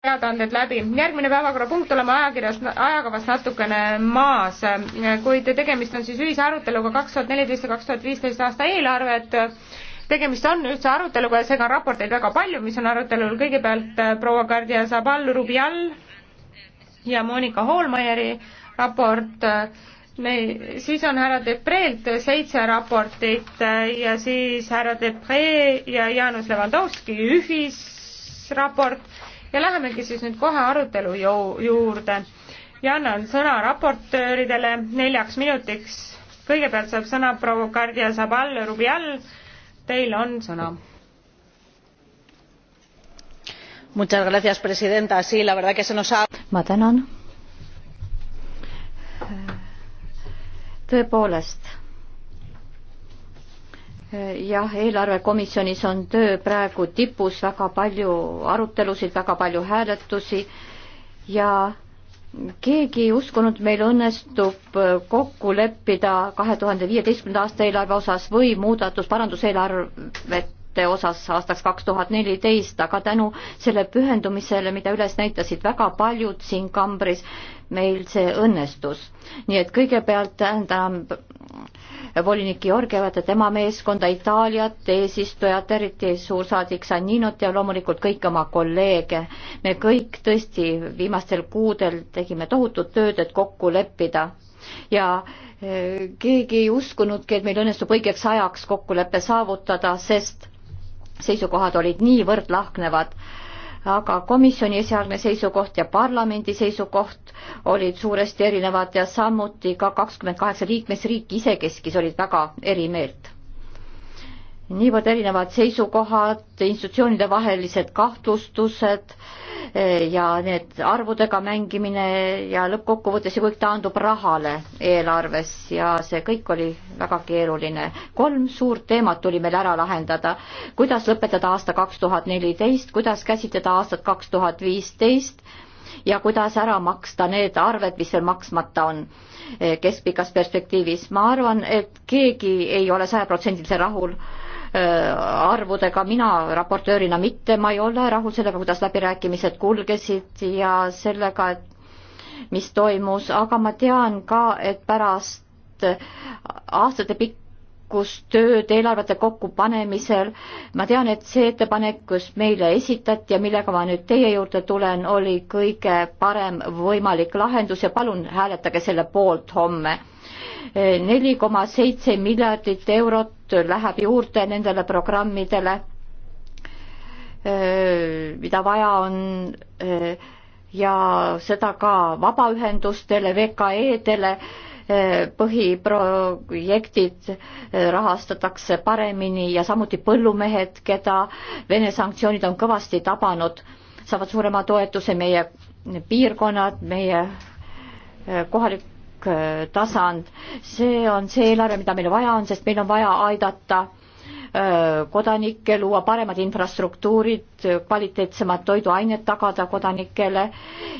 teadaanded läbi. järgmine päevakorrapunkt oleme ajakirjas, ajakavast natukene maas, kuid tegemist on siis ühise aruteluga kaks tuhat neliteist ja kaks tuhat viisteist aasta eelarvet. tegemist on üldse aruteluga ja seega on raporteid väga palju, mis on arutelul. kõigepealt äh, proua Gardia Zabal Rubial ja Monika Hoolmeieri raport. me, siis on härra Depreelt seitse raportit äh, ja siis härra Depre ja Jaanus Levandovski ühisraport ja lähemegi siis nüüd kohe arutelu juurde ja annan sõna raportööridele neljaks minutiks. kõigepealt saab sõna proua Kardia Sabal Rubial, teil on sõna. ma tänan. tõepoolest jah, eelarvekomisjonis on töö praegu tipus, väga palju arutelusid, väga palju hääletusi ja keegi ei uskunud, meil õnnestub kokku leppida kahe tuhande viieteistkümnenda aasta eelarve osas või muudatus paranduseelarvete osas aastaks kaks tuhat neliteist, aga tänu selle pühendumisele, mida üles näitasid väga paljud siin kambris, meil see õnnestus. nii et kõigepealt tähendab volinik Georgievat ja tema meeskonda Itaaliat, eesistujat, eriti suursaadik Sanninot ja loomulikult kõiki oma kolleege. me kõik tõesti viimastel kuudel tegime tohutut tööd, et kokku leppida ja eh, keegi ei uskunudki, et meil õnnestub õigeks ajaks kokkulepe saavutada, sest seisukohad olid niivõrd lahknevad aga komisjoni esialgne seisukoht ja parlamendi seisukoht olid suuresti erinevad ja samuti ka kakskümmend kaheksa liikmesriiki isekeskis olid väga eri meelt niivõrd erinevad seisukohad, institutsioonide vahelised kahtlustused eh, ja need arvudega mängimine ja lõppkokkuvõttes ju kõik taandub rahale eelarves ja see kõik oli väga keeruline. kolm suurt teemat tuli meil ära lahendada. kuidas lõpetada aasta kaks tuhat neliteist, kuidas käsitleda aastat kaks tuhat viisteist ja kuidas ära maksta need arved, mis veel maksmata on eh, keskpikas perspektiivis. ma arvan, et keegi ei ole sajaprotsendiliselt rahul Äh, arvudega, mina raportöörina mitte, ma ei ole rahul sellega, kuidas läbirääkimised kulgesid ja sellega, et mis toimus, aga ma tean ka, et pärast aastatepikkust tööd eelarvete kokkupanemisel, ma tean, et see ettepanek, kus meile esitati ja millega ma nüüd teie juurde tulen, oli kõige parem võimalik lahendus ja palun hääletage selle poolt homme neli koma seitse miljardit eurot läheb juurde nendele programmidele, mida vaja on ja seda ka vabaühendustele, VKE-dele põhiprojektid rahastatakse paremini ja samuti põllumehed, keda Vene sanktsioonid on kõvasti tabanud, saavad suurema toetuse meie piirkonnad, meie kohalik avalik äh, tasand, see on see eelarve, mida meil vaja on, sest meil on vaja aidata äh, kodanikke, luua paremad infrastruktuurid, kvaliteetsemad toiduained tagada kodanikele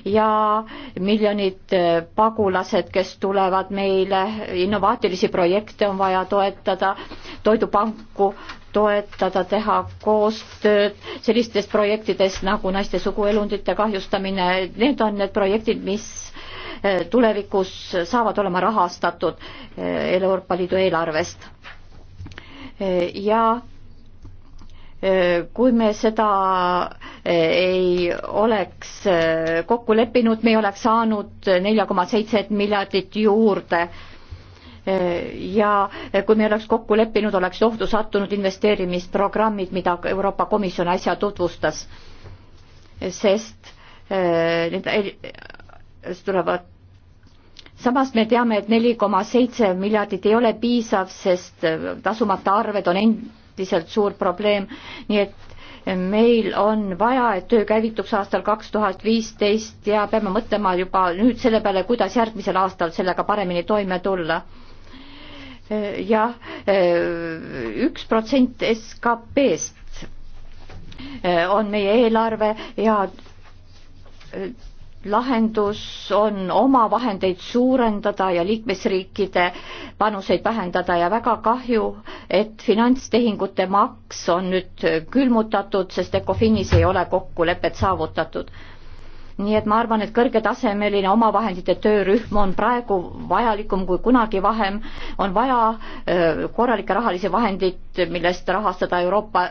ja miljonid äh, pagulased, kes tulevad meile, innovaatilisi projekte on vaja toetada, toidupanku toetada, teha koostööd sellistes projektides nagu naiste suguelundite kahjustamine, need on need projektid, mis tulevikus saavad olema rahastatud eh, Euroopa Liidu eelarvest. Eh, ja eh, kui me seda ei oleks kokku leppinud, me ei oleks saanud nelja koma seitset miljardit juurde. ja kui me ei oleks kokku leppinud, oleks ohtu sattunud investeerimisprogrammid, mida Euroopa Komisjon äsja tutvustas. sest need tulevad. samas me teame, et neli koma seitse miljardit ei ole piisav, sest tasumata arved on endiselt suur probleem, nii et meil on vaja, et töö käivituks aastal kaks tuhat viisteist ja peame mõtlema juba nüüd selle peale, kuidas järgmisel aastal sellega paremini toime tulla jah, eh, üks protsent SKP-st eh, on meie eelarve ja eh, lahendus on oma vahendeid suurendada ja liikmesriikide panuseid vähendada ja väga kahju, et finantstehingute maks on nüüd külmutatud, sest Ecofinis ei ole kokkulepet saavutatud. nii et ma arvan, et kõrgetasemeline omavahendite töörühm on praegu vajalikum kui kunagi vahem, on vaja korralikke rahalisi vahendeid, millest rahastada Euroopa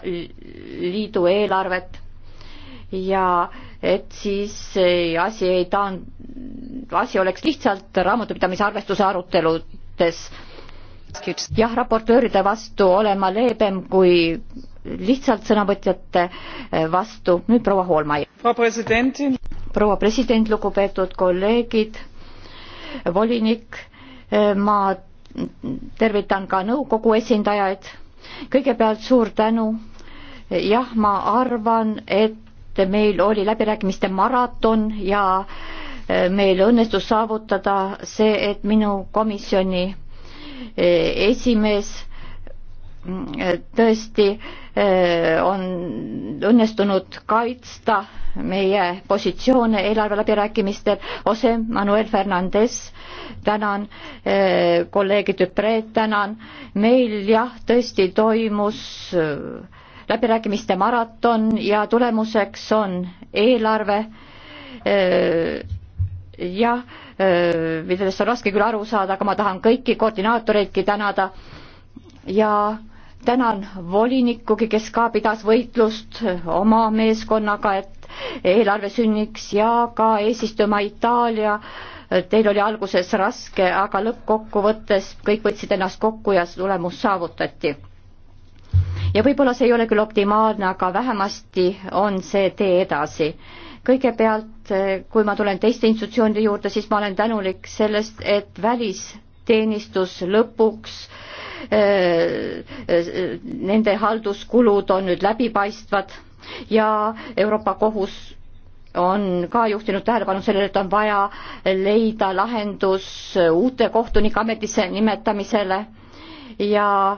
Liidu eelarvet ja et siis ei, asi ei taan-, asi oleks lihtsalt raamatupidamise arvestuse aruteludes. jah, raportööride vastu olema leebem kui lihtsalt sõnavõtjate eh, vastu. nüüd proua Hoolmai. proua president, lugupeetud kolleegid, volinik, eh, ma tervitan ka nõukogu esindajaid. kõigepealt suur tänu. jah, ma arvan, et et meil oli läbirääkimiste maraton ja e, meil õnnestus saavutada see, et minu komisjoni e, esimees e, tõesti on õnnestunud kaitsta meie positsioone eelarve läbirääkimistel. Jose Manuel Fernandez, tänan, kolleeg Dupre, tänan. meil jah, tõesti toimus äh, läbirääkimiste maraton ja tulemuseks on eelarve äh, jah, äh, millest on raske küll aru saada, aga ma tahan kõiki koordinaatoreidki tänada ja tänan volinikugi, kes ka pidas võitlust oma meeskonnaga, et eelarve sünniks ja ka eesistujamaa Itaalia. Teil oli alguses raske, aga lõppkokkuvõttes kõik võtsid ennast kokku ja tulemus saavutati ja võib-olla see ei ole küll optimaalne, aga vähemasti on see tee edasi. kõigepealt, eh, kui ma tulen teiste institutsioonide juurde, siis ma olen tänulik sellest, et välisteenistus lõpuks eh, eh, Nende halduskulud on nüüd läbipaistvad ja Euroopa Kohus on ka juhtinud tähelepanu sellele, et on vaja leida lahendus uute kohtunike ametisse nimetamisele ja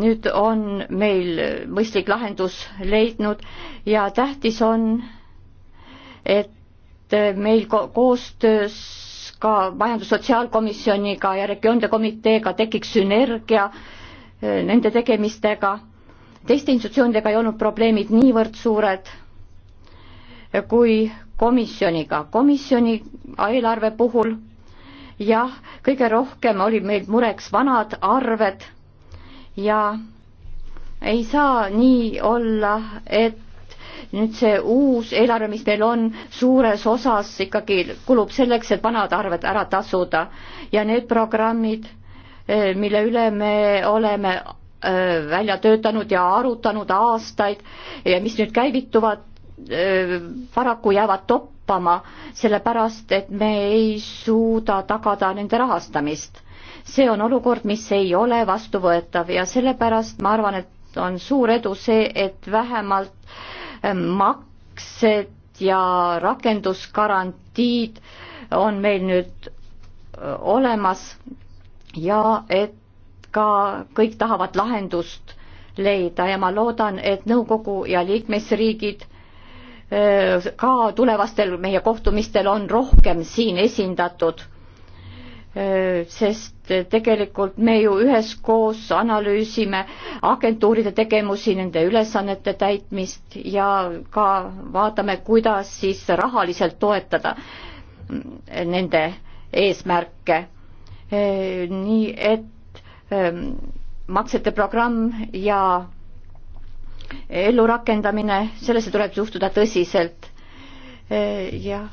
nüüd on meil mõistlik lahendus leidnud ja tähtis on, et meil ko koostöös ka majandus-sotsiaalkomisjoniga ja regioonide komiteega tekiks sünergia eh, nende tegemistega. teiste institutsioonidega ei olnud probleemid niivõrd suured kui komisjoniga. komisjoni eelarve puhul jah, kõige rohkem olid meil mureks vanad arved ja ei saa nii olla, et nüüd see uus eelarve, mis meil on, suures osas ikkagi kulub selleks, et vanad arved ära tasuda ja need programmid, eh, mille üle me oleme eh, välja töötanud ja arutanud aastaid ja mis nüüd käivituvad, eh, paraku jäävad toppama toppama, sellepärast et me ei suuda tagada nende rahastamist. see on olukord, mis ei ole vastuvõetav ja sellepärast ma arvan, et on suur edu see, et vähemalt eh, maksed ja rakendusgarantiid on meil nüüd eh, olemas ja et ka kõik tahavad lahendust leida ja ma loodan, et nõukogu ja liikmesriigid Äh, ka tulevastel meie kohtumistel on rohkem siin esindatud. Äh, sest tegelikult me ju üheskoos analüüsime agentuuride tegevusi, nende ülesannete täitmist ja ka vaatame, kuidas siis rahaliselt toetada nende eesmärke. Äh, nii et ähm, maksete programm ja ellurakendamine, sellesse tuleb suhtuda tõsiselt. jah,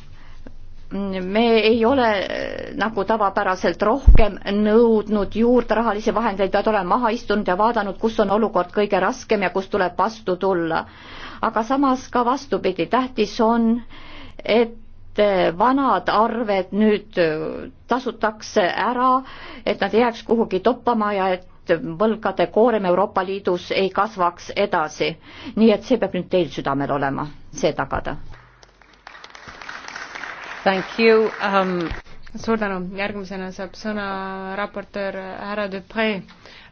me ei ole eh, nagu tavapäraselt rohkem nõudnud juurde rahalisi vahendeid, vaid oleme maha istunud ja vaadanud, kus on olukord kõige raskem ja kus tuleb vastu tulla. aga samas ka vastupidi, tähtis on, et eh, vanad arved nüüd eh, tasutakse ära, et nad ei jääks kuhugi toppama ja et et võlgade koorem Euroopa Liidus ei kasvaks edasi. nii et see peab nüüd teil südamel olema, see tagada. Thank you um.... suur tänu, järgmisena saab sõna raportöör härra Dupre.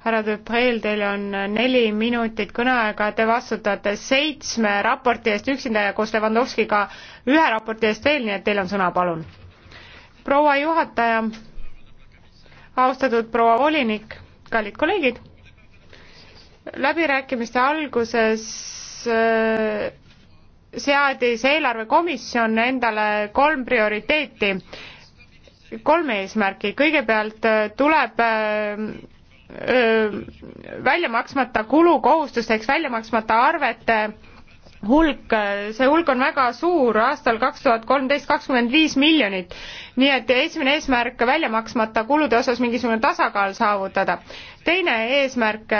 härra Dupreil, teil on neli minutit kõneaega, te vastutate seitsme raporti eest üksinda ja koos Levanovskiga ühe raporti eest veel, nii et teil on sõna, palun. proua juhataja austatud proua volinik, kallid kolleegid, läbirääkimiste alguses äh, seadis eelarvekomisjon endale kolm prioriteeti, kolm eesmärki, kõigepealt äh, tuleb äh, välja maksmata kulukohustusteks välja maksmata arvete hulk, see hulk on väga suur, aastal kaks tuhat kolmteist kakskümmend viis miljonit. nii et esimene eesmärk välja maksmata kulude osas mingisugune tasakaal saavutada. teine eesmärk,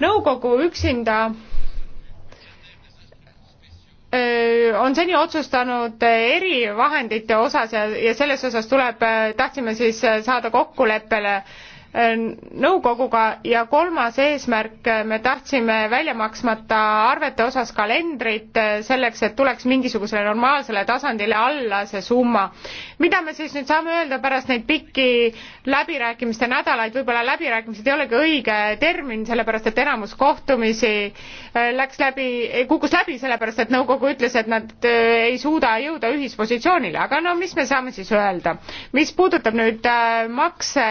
nõukogu üksinda on seni otsustanud erivahendite osas ja, ja selles osas tuleb, tahtsime siis saada kokkuleppele äh, Äh, nõukoguga ja kolmas eesmärk, äh, me tahtsime välja maksmata arvete osas kalendrit äh, selleks, et tuleks mingisugusele normaalsele tasandile alla see summa. mida me siis nüüd saame öelda pärast neid pikki läbirääkimiste nädalaid, võib-olla läbirääkimised ei olegi õige termin, sellepärast et enamus kohtumisi läks läbi, kukkus läbi sellepärast, et nõukogu ütles, et nad ei suuda jõuda ühispositsioonile, aga no mis me saame siis öelda. mis puudutab nüüd makse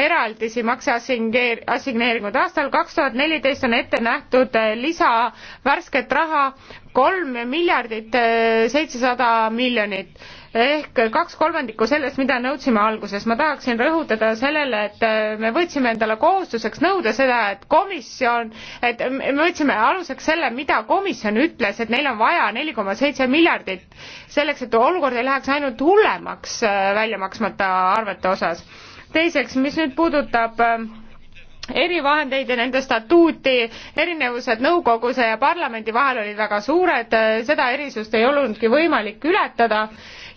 eraldi, tagatisi makseassigneeringud. aastal kaks tuhat neliteist on ette nähtud äh, lisa värsket raha kolm miljardit äh, seitsesada miljonit ehk kaks kolmandikku sellest, mida nõudsime alguses. ma tahaksin rõhutada sellele, et äh, me võtsime endale kohustuseks nõuda seda, et komisjon, et me võtsime aluseks selle, mida komisjon ütles, et neil on vaja neli koma seitse miljardit selleks, et olukord ei läheks ainult hullemaks välja maksmata arvete osas teiseks, mis nüüd puudutab ähm, erivahendeid ja nende statuuti, erinevused nõukoguse ja parlamendi vahel olid väga suured, äh, seda erisust ei olnudki võimalik ületada.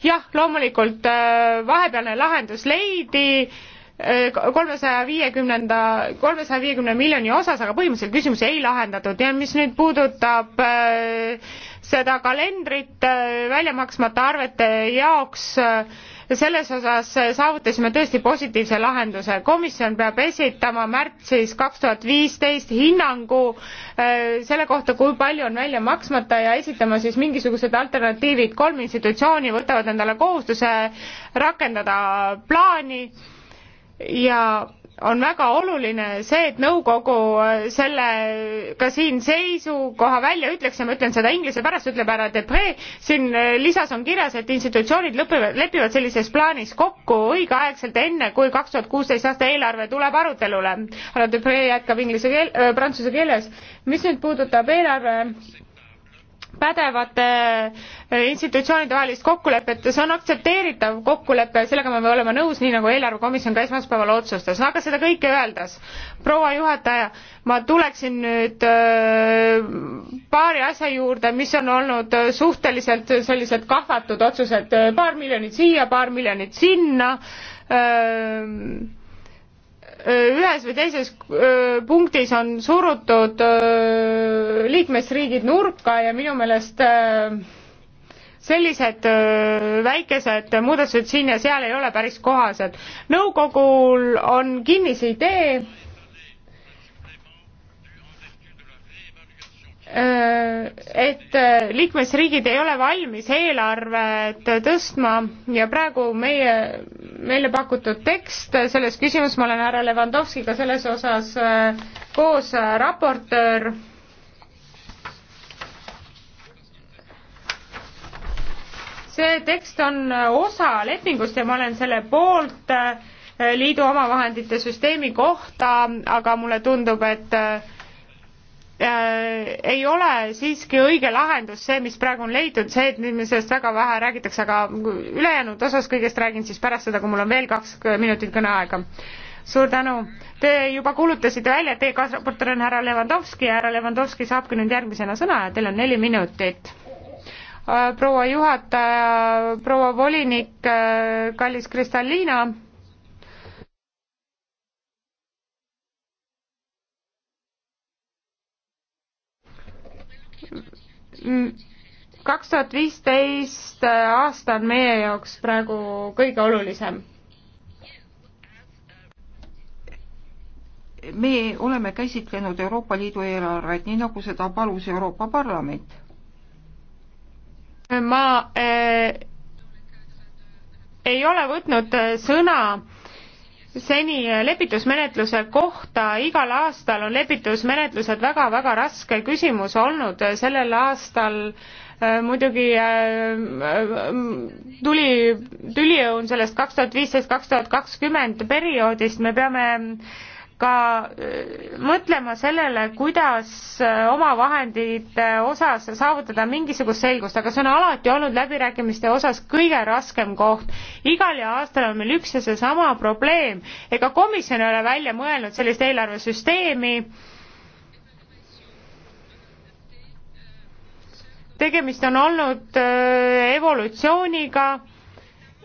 jah, loomulikult äh, vahepealne lahendus leidi äh, kolmesaja viiekümnenda, kolmesaja viiekümne miljoni osas, aga põhimõtteliselt küsimusi ei lahendatud ja mis nüüd puudutab seda kalendrit väljamaksmata arvete jaoks, selles osas äh, saavutasime tõesti positiivse lahenduse. komisjon peab esitama märtsis kaks tuhat viisteist hinnangu äh, selle kohta, kui palju on välja maksmata ja esitama siis mingisugused alternatiivid. kolm institutsiooni võtavad endale kohustuse rakendada plaani ja on väga oluline see, et nõukogu äh, selle ka siin seisukoha välja ütleks ja ma ütlen seda inglise pärast, ütleb härra Debre, siin äh, lisas on kirjas, et institutsioonid lõpevad, lepivad sellises plaanis kokku õigeaegselt enne, kui kaks tuhat kuusteist aasta eelarve tuleb arutelule. härra Debre jätkab inglise keel äh,, prantsuse keeles. mis nüüd puudutab eelarve pädevate äh, institutsioonide vahelist kokkulepet, see on aktsepteeritav kokkulepe, sellega me oleme nõus, nii nagu eelarvekomisjon ka esmaspäeval otsustas, aga seda kõike öeldes, proua juhataja, ma tuleksin nüüd äh, paari asja juurde, mis on olnud äh, suhteliselt sellised kahvatud otsused, paar miljonit siia, paar miljonit sinna öö, ühes või teises punktis on surutud liikmesriigid nurka ja minu meelest sellised väikesed muudatused siin ja seal ei ole päris kohased. nõukogul on kinnis idee Äh, et äh, liikmesriigid ei ole valmis eelarvet tõstma ja praegu meie, meile pakutud tekst selles küsimus, ma olen härra Levandovskiga selles osas äh, koos raportöör, see tekst on osa lepingust ja ma olen selle poolt liidu omavahendite süsteemi kohta, aga mulle tundub, et Äh, ei ole siiski õige lahendus see, mis praegu on leitud, see, et nüüd me sellest väga vähe räägitakse, aga ülejäänud osas kõigest räägin siis pärast seda, kui mul on veel kaks minutit kõneaega. suur tänu. Te juba kuulutasite välja, et teie kaasraportor on härra Levanovski ja härra Levanovski saabki nüüd järgmisena sõna ja teil on neli minutit. Äh, proua juhataja, proua volinik, äh, kallis Kristaliina kaks tuhat viisteist äh, aasta on meie jaoks praegu kõige olulisem. me oleme käsitlenud Euroopa Liidu eelarvet nii, nagu seda palus Euroopa Parlament. ma äh, ei ole võtnud äh, sõna seni lepitusmenetluse kohta igal aastal on lepitusmenetlused väga-väga raske küsimus olnud, sellel aastal äh, muidugi äh, äh, tuli tüliõun sellest kaks tuhat viisteist, kaks tuhat kakskümmend perioodist, me peame ka äh, mõtlema sellele, kuidas äh, omavahendite osas saavutada mingisugust selgust, aga see on alati olnud läbirääkimiste osas kõige raskem koht. igal aastal on meil üks ja seesama probleem, ega komisjon ei ole välja mõelnud sellist eelarvesüsteemi, tegemist on olnud äh, evolutsiooniga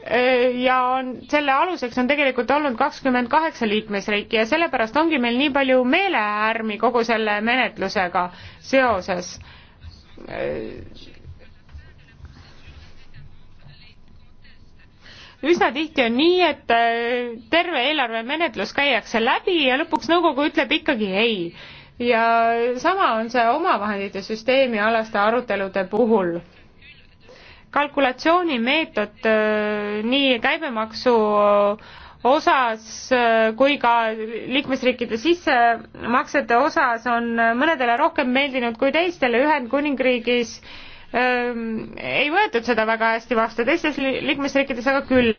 Äh, ja on, selle aluseks on tegelikult olnud kakskümmend kaheksa liikmesriiki ja sellepärast ongi meil nii palju meeleäärmi kogu selle menetlusega seoses. Äh, üsna tihti on nii, et äh, terve eelarvemenetlus käiakse läbi ja lõpuks nõukogu ütleb ikkagi ei. ja sama on see omavahendite süsteemi alaste arutelude puhul kalkulatsioonimeetod äh, nii käibemaksu äh, osas äh, kui ka liikmesriikide sissemaksete osas on mõnedele rohkem meeldinud kui teistele, Ühendkuningriigis ähm, ei võetud seda väga hästi vastu, teistes liikmesriikides aga küll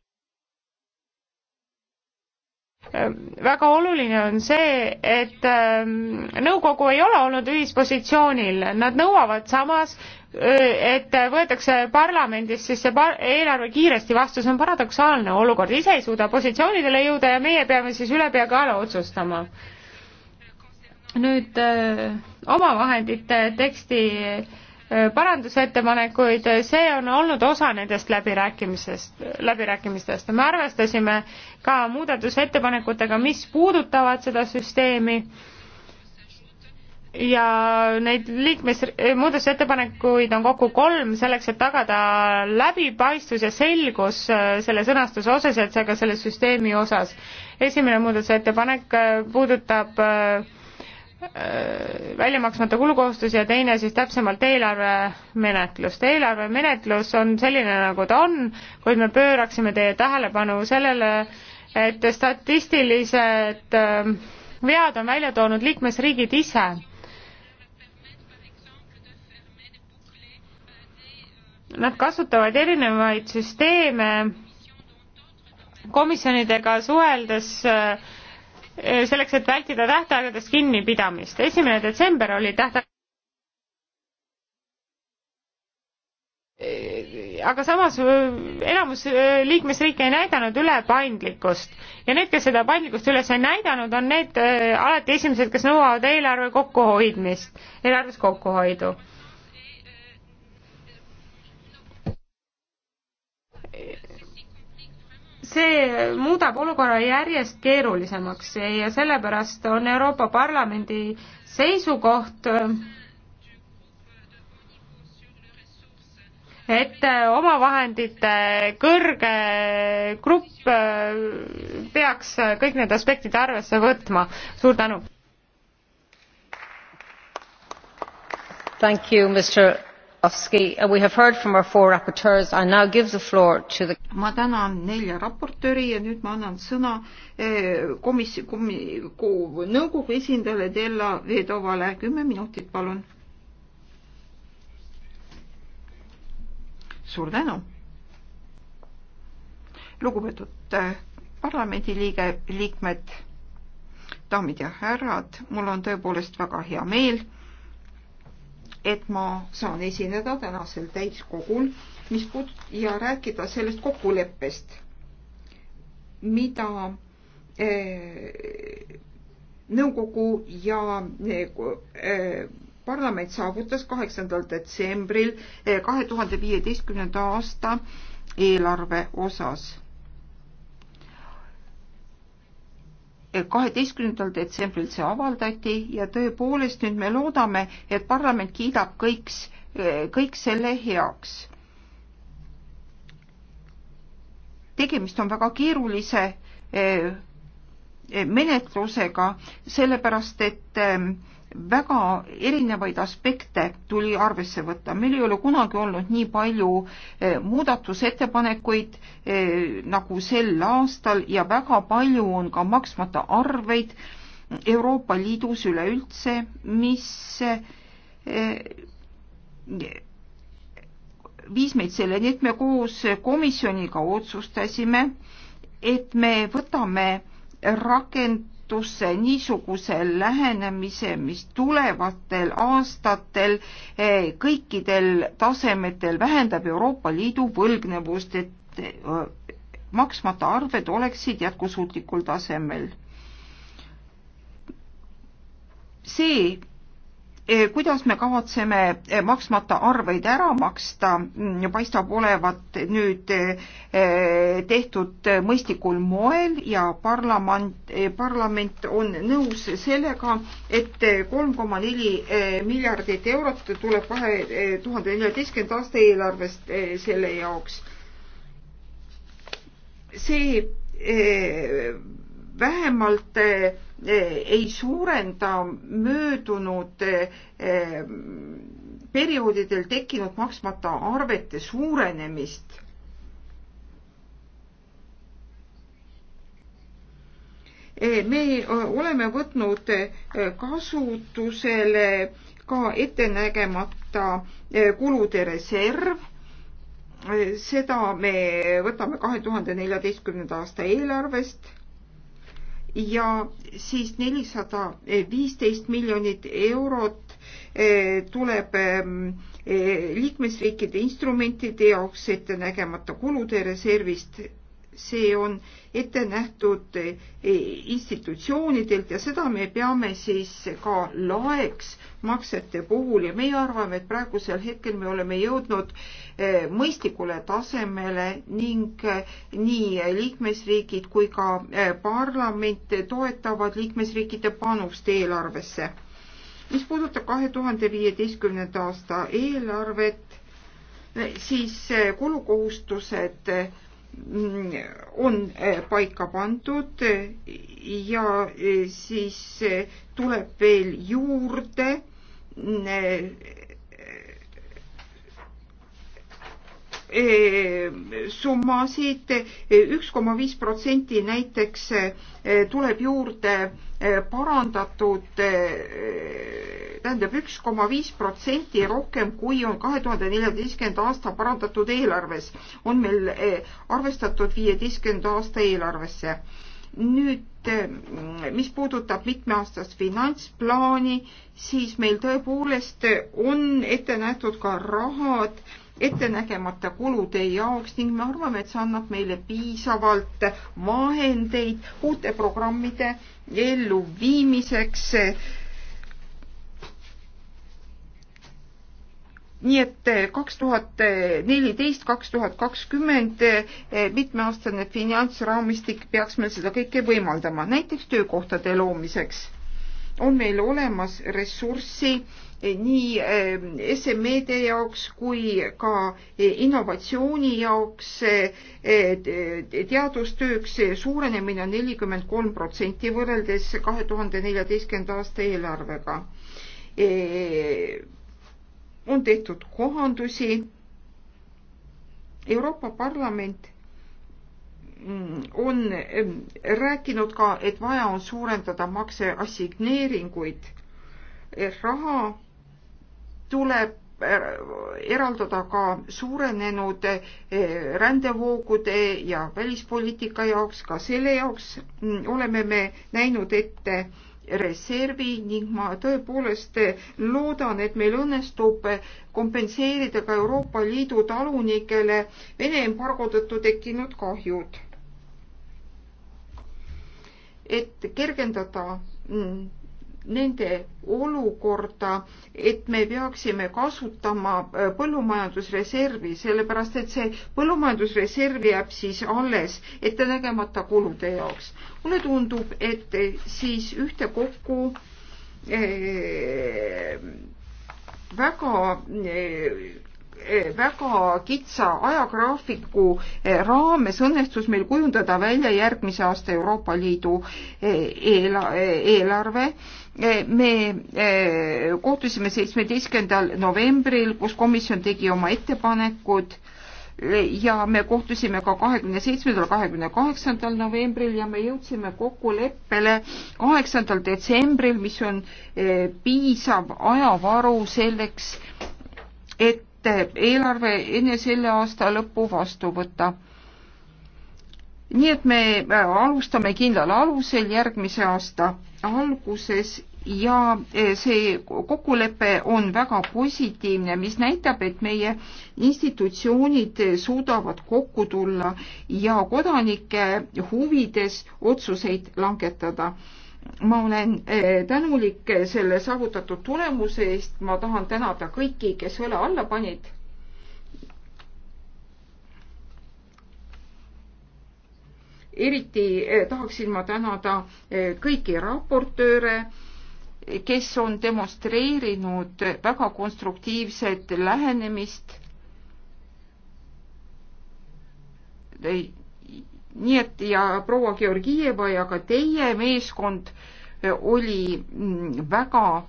ähm, väga oluline on see, et ähm, nõukogu ei ole olnud ühispositsioonil, nad nõuavad samas, et võetakse parlamendis siis see par eelarve kiiresti vastu, see on paradoksaalne olukord, ise ei suuda positsioonidele jõuda ja meie peame siis ülepeakaela otsustama. nüüd öö, omavahendite teksti öö, parandusettepanekuid, see on olnud osa nendest läbirääkimisest, läbirääkimistest ja me arvestasime ka muudatusettepanekutega, mis puudutavad seda süsteemi ja neid liikmes, eh, muudatusettepanekuid on kokku kolm, selleks et tagada läbipaistvus ja selgus eh, selle sõnastuse osas ja seega selle süsteemi osas. esimene muudatusettepanek eh, puudutab välja maksmata kulukohustusi ja teine siis täpsemalt eelarvemenetlust. eelarvemenetlus on selline, nagu ta on, kuid me pööraksime teie tähelepanu sellele, et statistilised vead on välja toonud liikmesriigid ise Nad kasutavad erinevaid süsteeme komisjonidega suheldes äh, selleks, et vältida tähtaegadest kinnipidamist. esimene detsember oli tähtaeg. aga samas äh, enamus äh, liikmesriike ei näidanud üle paindlikkust ja need, kes seda paindlikkust üles ei näidanud, on need alati esimesed, kes nõuavad eelarve kokkuhoidmist, eelarves kokkuhoidu see muudab olukorra järjest keerulisemaks ja sellepärast on Euroopa Parlamendi seisukoht et omavahendite kõrge grupp peaks kõik need aspektid arvesse võtma. suur tänu! Thank you, Mr ma tänan nelja raportööri ja nüüd ma annan sõna eh, komis- komi- ko- nõukogu esindajale Della Vedovale kümme minutit palun suur tänu lugupeetud eh, parlamendiliige liikmed daamid ja härrad mul on tõepoolest väga hea meel et ma saan esineda tänasel täiskogul, mis put- ja rääkida sellest kokkuleppest, mida eh, nõukogu ja eh, parlament saavutas kaheksandal detsembril eh, kahe tuhande viieteistkümnenda aasta eelarve osas kaheteistkümnendal detsembril see avaldati ja tõepoolest nüüd me loodame, et parlament kiidab kõiks, kõik selle heaks. tegemist on väga keerulise eh, eh, menetlusega, sellepärast et eh, väga erinevaid aspekte tuli arvesse võtta. meil ei ole kunagi olnud nii palju eh, muudatusettepanekuid eh, nagu sel aastal ja väga palju on ka maksmata arveid Euroopa Liidus üleüldse, mis eh, viis meid selleni, et me koos komisjoniga otsustasime, et me võtame rakend-, kasutusse niisuguse lähenemise, mis tulevatel aastatel eh, kõikidel tasemetel vähendab Euroopa Liidu võlgnevust, et eh, maksmata arved oleksid jätkusuutlikul tasemel. see Eh, kuidas me kavatseme eh, maksmata arveid ära maksta, mm, paistab olevat nüüd eh, tehtud mõistlikul moel ja parlament, parlament on nõus sellega, et kolm koma neli miljardit eurot tuleb kahe tuhande neljateistkümnenda aasta eelarvest selle jaoks. see vähemalt Eh, ei suurenda möödunud eh, perioodidel tekkinud maksmata arvete suurenemist. Eh, me oleme võtnud kasutusele ka ettenägemata kulude reserv. seda me võtame kahe tuhande neljateistkümnenda aasta eelarvest ja siis nelisada viisteist miljonit eurot eh, tuleb ehm, eh, liikmesriikide instrumentide jaoks ettenägemata kulude reservist see on ette nähtud institutsioonidelt ja seda me peame siis ka laeks maksete puhul ja meie arvame, et praegusel hetkel me oleme jõudnud eh, mõistlikule tasemele ning eh, nii liikmesriigid kui ka eh, parlament toetavad liikmesriikide panust eelarvesse. mis puudutab kahe tuhande viieteistkümnenda aasta eelarvet, siis kulukohustused on eh, paika pandud ja eh, siis eh, tuleb veel juurde Eh, summasid, üks koma viis protsenti näiteks eh, tuleb juurde eh, parandatud, tähendab üks koma viis protsenti rohkem, kui on kahe tuhande neljateistkümnenda aasta parandatud eelarves, on meil arvestatud viieteistkümnenda aasta eelarvesse. nüüd, mis puudutab mitmeaastast finantsplaani, siis meil tõepoolest on ette nähtud ka rahad ettenägemata kulude jaoks ning me arvame, et see annab meile piisavalt vahendeid uute programmide elluviimiseks. nii et kaks tuhat neliteist, kaks tuhat kakskümmend mitmeaastane finantsraamistik peaks meil seda kõike võimaldama, näiteks töökohtade loomiseks on meil olemas ressurssi nii eh, SME-de jaoks kui ka eh, innovatsiooni jaoks eh, teadustööks suurenemine on nelikümmend kolm protsenti võrreldes kahe tuhande neljateistkümnenda aasta eelarvega. on tehtud kohandusi. Euroopa Parlament mm, on mm, rääkinud ka, et vaja on suurendada makseassigneeringuid. raha tuleb äh, eraldada ka suurenenud äh, rändevoogude ja välispoliitika jaoks, ka selle jaoks mm, oleme me näinud ette reservi ning ma tõepoolest loodan, et meil õnnestub kompenseerida ka Euroopa Liidu talunikele Vene embargo tõttu tekkinud kahjud. et kergendada mm, nende olukorda, et me peaksime kasutama äh, põllumajandusreservi, sellepärast et see põllumajandusreserv jääb siis alles ettenägemata kulude jaoks. mulle tundub, et siis ühtekokku äh, väga äh, väga kitsa ajagraafiku raames õnnestus meil kujundada välja järgmise aasta Euroopa Liidu eelarve me eh, kohtusime seitsmeteistkümnendal novembril, kus komisjon tegi oma ettepanekud ja me kohtusime ka kahekümne seitsmendal, kahekümne kaheksandal novembril ja me jõudsime kokkuleppele kaheksandal detsembril, mis on eh, piisav ajavaru selleks, et eh, eelarve enne selle aasta lõppu vastu võtta. nii et me alustame kindlal alusel järgmise aasta alguses ja eh, see kokkulepe on väga positiivne, mis näitab, et meie institutsioonid eh, suudavad kokku tulla ja kodanike huvides otsuseid langetada ma olen eh, tänulik selle saavutatud tulemuse eest, ma tahan tänada kõiki, kes õla alla panid. eriti tahaksin ma tänada kõiki raportööre kes on demonstreerinud väga konstruktiivset lähenemist. nii et ja proua Georgieva ja ka teie meeskond oli mm, väga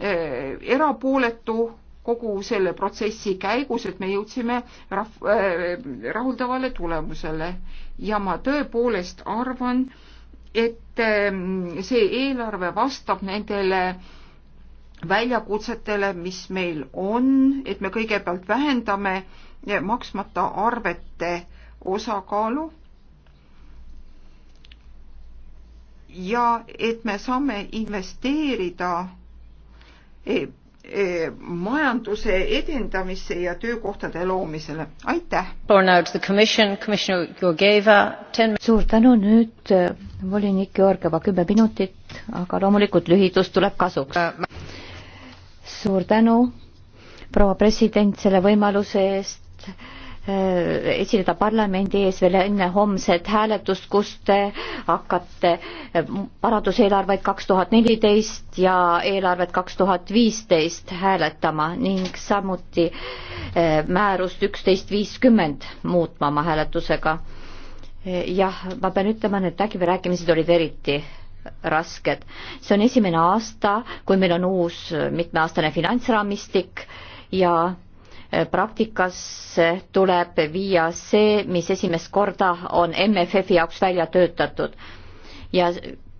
eh, erapooletu kogu selle protsessi käigus, et me jõudsime rahv- äh,, rahuldavale tulemusele ja ma tõepoolest arvan, et ähm, see eelarve vastab nendele väljakutsetele, mis meil on, et me kõigepealt vähendame eh, maksmata arvete osakaalu ja et me saame investeerida eh, Eh, majanduse edendamisse ja töökohtade loomisele. aitäh! suur tänu, nüüd eh, volinik Georgieva kümme minutit, aga loomulikult lühidus tuleb kasuks. suur tänu, proua president, selle võimaluse eest Äh, esineda parlamendi ees veel enne homset hääletust, kus te hakkate äh, paranduseelarveid kaks tuhat neliteist ja eelarvet kaks tuhat viisteist hääletama ning samuti äh, määrust üksteist viiskümmend muutma oma hääletusega. jah, ma pean ütlema, need läbirääkimised olid eriti rasked. see on esimene aasta, kui meil on uus mitmeaastane finantsraamistik ja praktikasse tuleb viia see, mis esimest korda on MFF-i jaoks välja töötatud. ja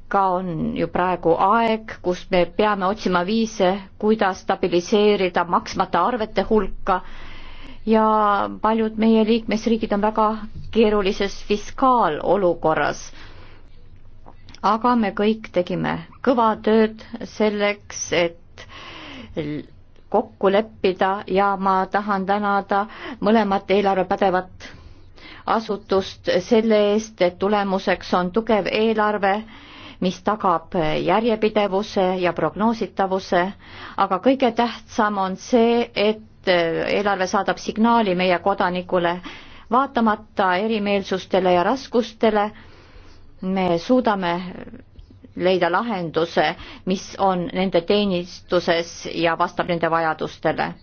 ka on ju praegu aeg, kus me peame otsima viise, kuidas stabiliseerida maksmata arvete hulka ja paljud meie liikmesriigid on väga keerulises fiskaalolukorras. aga me kõik tegime kõva tööd selleks, et kokku leppida ja ma tahan tänada mõlemat eelarvepädevat asutust selle eest, et tulemuseks on tugev eelarve, mis tagab järjepidevuse ja prognoositavuse, aga kõige tähtsam on see, et eelarve saadab signaali meie kodanikule, vaatamata erimeelsustele ja raskustele, me suudame leida lahenduse, mis on nende teenistuses ja vastab nende vajadustele.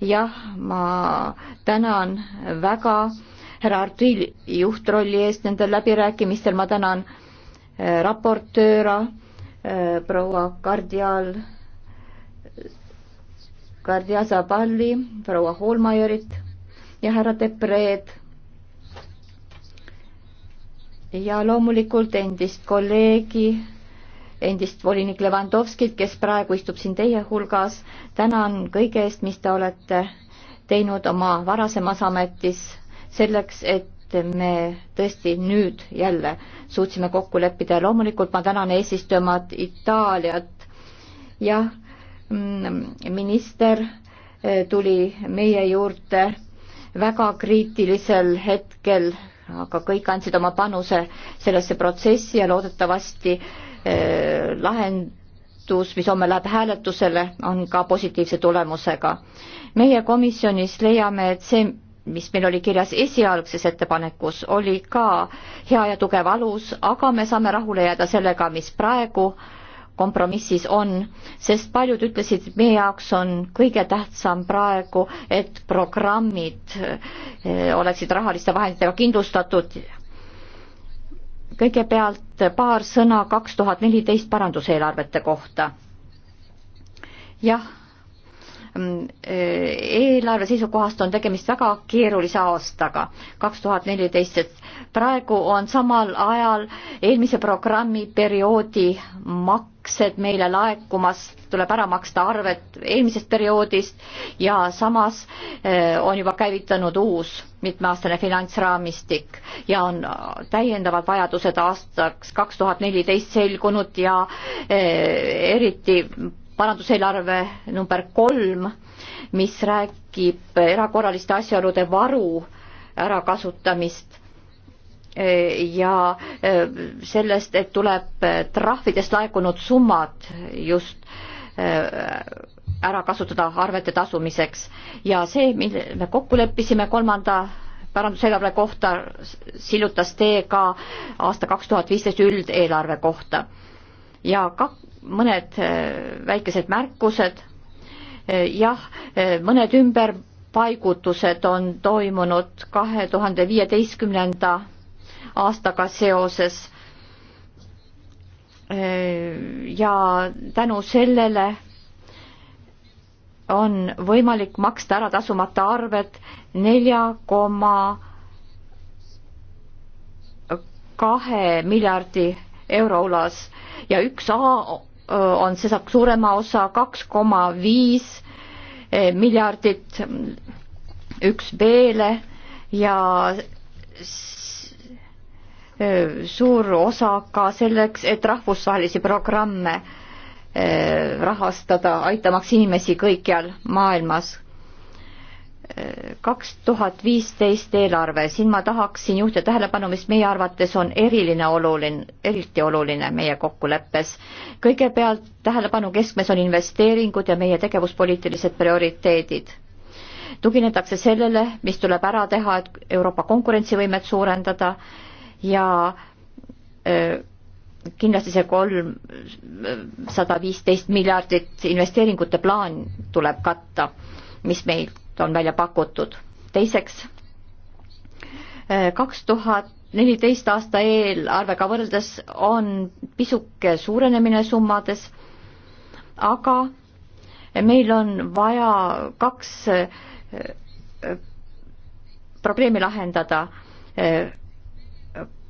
jah, ma tänan väga härra Artil juhtrolli eest nendel läbirääkimistel, ma tänan äh, raportööra äh, proua kardial, kardia Zaballi, proua Holmajörit ja härra Depreed ja loomulikult endist kolleegi endist volinik Levandovskit, kes praegu istub siin teie hulgas. tänan kõige eest, mis te olete teinud oma varasemas ametis selleks, et me tõesti nüüd jälle suutsime kokku leppida ja loomulikult ma tänan eesistujamaad Itaaliat. jah, mm, minister eh, tuli meie juurde väga kriitilisel hetkel, aga kõik andsid oma panuse sellesse protsessi ja loodetavasti äh, Äh, lahendus, mis homme läheb hääletusele, on ka positiivse tulemusega. meie komisjonis leiame, et see, mis meil oli kirjas esialgses ettepanekus, oli ka hea ja tugev alus, aga me saame rahule jääda sellega, mis praegu kompromissis on, sest paljud ütlesid, et meie jaoks on kõige tähtsam praegu, et programmid äh, oleksid rahaliste vahenditega kindlustatud kõigepealt paar sõna kaks tuhat neliteist paranduseelarvete kohta. jah Mm, eh, eelarve seisukohast on tegemist väga keerulise aastaga, kaks tuhat neliteist, et praegu on samal ajal eelmise programmi perioodi maksed meile laekumas, tuleb ära maksta arved eelmisest perioodist ja samas eh, on juba käivitanud uus mitmeaastane finantsraamistik ja on eh, täiendavad vajadused aastaks kaks tuhat neliteist selgunud ja eriti paranduseelarve number kolm, mis räägib erakorraliste asjaolude varu ärakasutamist ja e, sellest, et tuleb trahvidest laekunud summad just e, ära kasutada arvete tasumiseks ja see, mille me kokku leppisime kolmanda paranduseelarve kohta, sillutas tee ka aasta kaks tuhat viisteist üldeelarve kohta. ja kak-, mõned äh, väikesed märkused. Äh, jah, äh, mõned ümberpaigutused on toimunud kahe tuhande viieteistkümnenda aastaga seoses. ja tänu sellele on võimalik maksta ära tasumata arved nelja koma kahe miljardi euro ulas ja üks A on, see saab suurema osa, kaks koma viis eh, miljardit üks B-le ja eh, suur osa ka selleks, et rahvusvahelisi programme eh, rahastada, aitamaks inimesi kõikjal maailmas kaks tuhat viisteist eelarve, siin ma tahaksin juhtida tähelepanu, mis meie arvates on eriline oluline, eriti oluline meie kokkuleppes. kõigepealt tähelepanu keskmes on investeeringud ja meie tegevuspoliitilised prioriteedid. tuginetakse sellele, mis tuleb ära teha, et Euroopa konkurentsivõimet suurendada ja öö, kindlasti see kolmsada viisteist miljardit investeeringute plaan tuleb katta, mis meil on välja pakutud. teiseks, eh, kaks tuhat neliteist aasta eelarvega võrreldes on pisuke suurenemine summades, aga meil on vaja kaks eh, probleemi lahendada. Eh,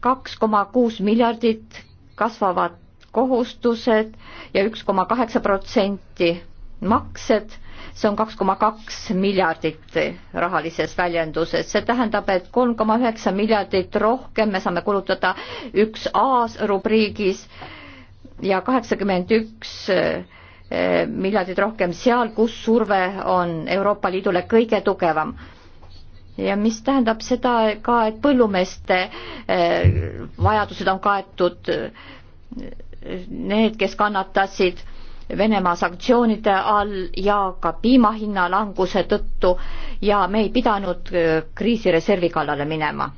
kaks koma kuus miljardit kasvavad kohustused ja üks koma kaheksa protsenti maksed, see on kaks koma kaks miljardit rahalises väljenduses, see tähendab, et kolm koma üheksa miljardit rohkem me saame kulutada üks A-s rubriigis ja kaheksakümmend üks eh, miljardit rohkem seal, kus surve on Euroopa Liidule kõige tugevam ja mis tähendab seda ka, et põllumeeste eh, vajadused on kaetud, need, kes kannatasid Venemaa sanktsioonide all ja ka piimahinna languse tõttu ja me ei pidanud äh, kriisireservi kallale minema.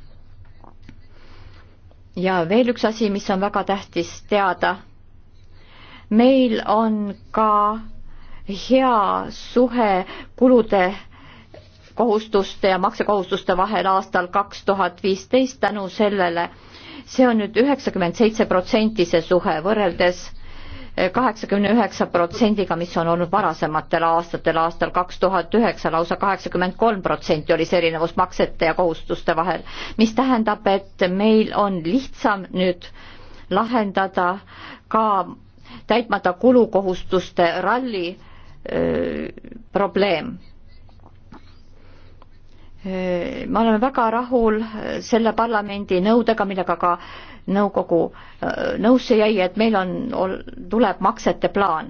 ja veel üks asi, mis on väga tähtis teada. meil on ka hea suhe kulude kohustuste ja maksekohustuste vahel aastal kaks tuhat viisteist tänu sellele see on nüüd üheksakümmend seitse protsenti see suhe võrreldes kaheksakümne üheksa protsendiga, mis on olnud varasematel aastatel, aastal kaks tuhat üheksa lausa kaheksakümmend kolm protsenti oli see erinevus maksete ja kohustuste vahel, mis tähendab, et meil on lihtsam nüüd lahendada ka täitmata kulukohustuste ralli öö, probleem Äh, me oleme väga rahul äh, selle parlamendi nõudega, millega ka nõukogu äh, nõusse jäi, et meil on, tuleb maksete plaan,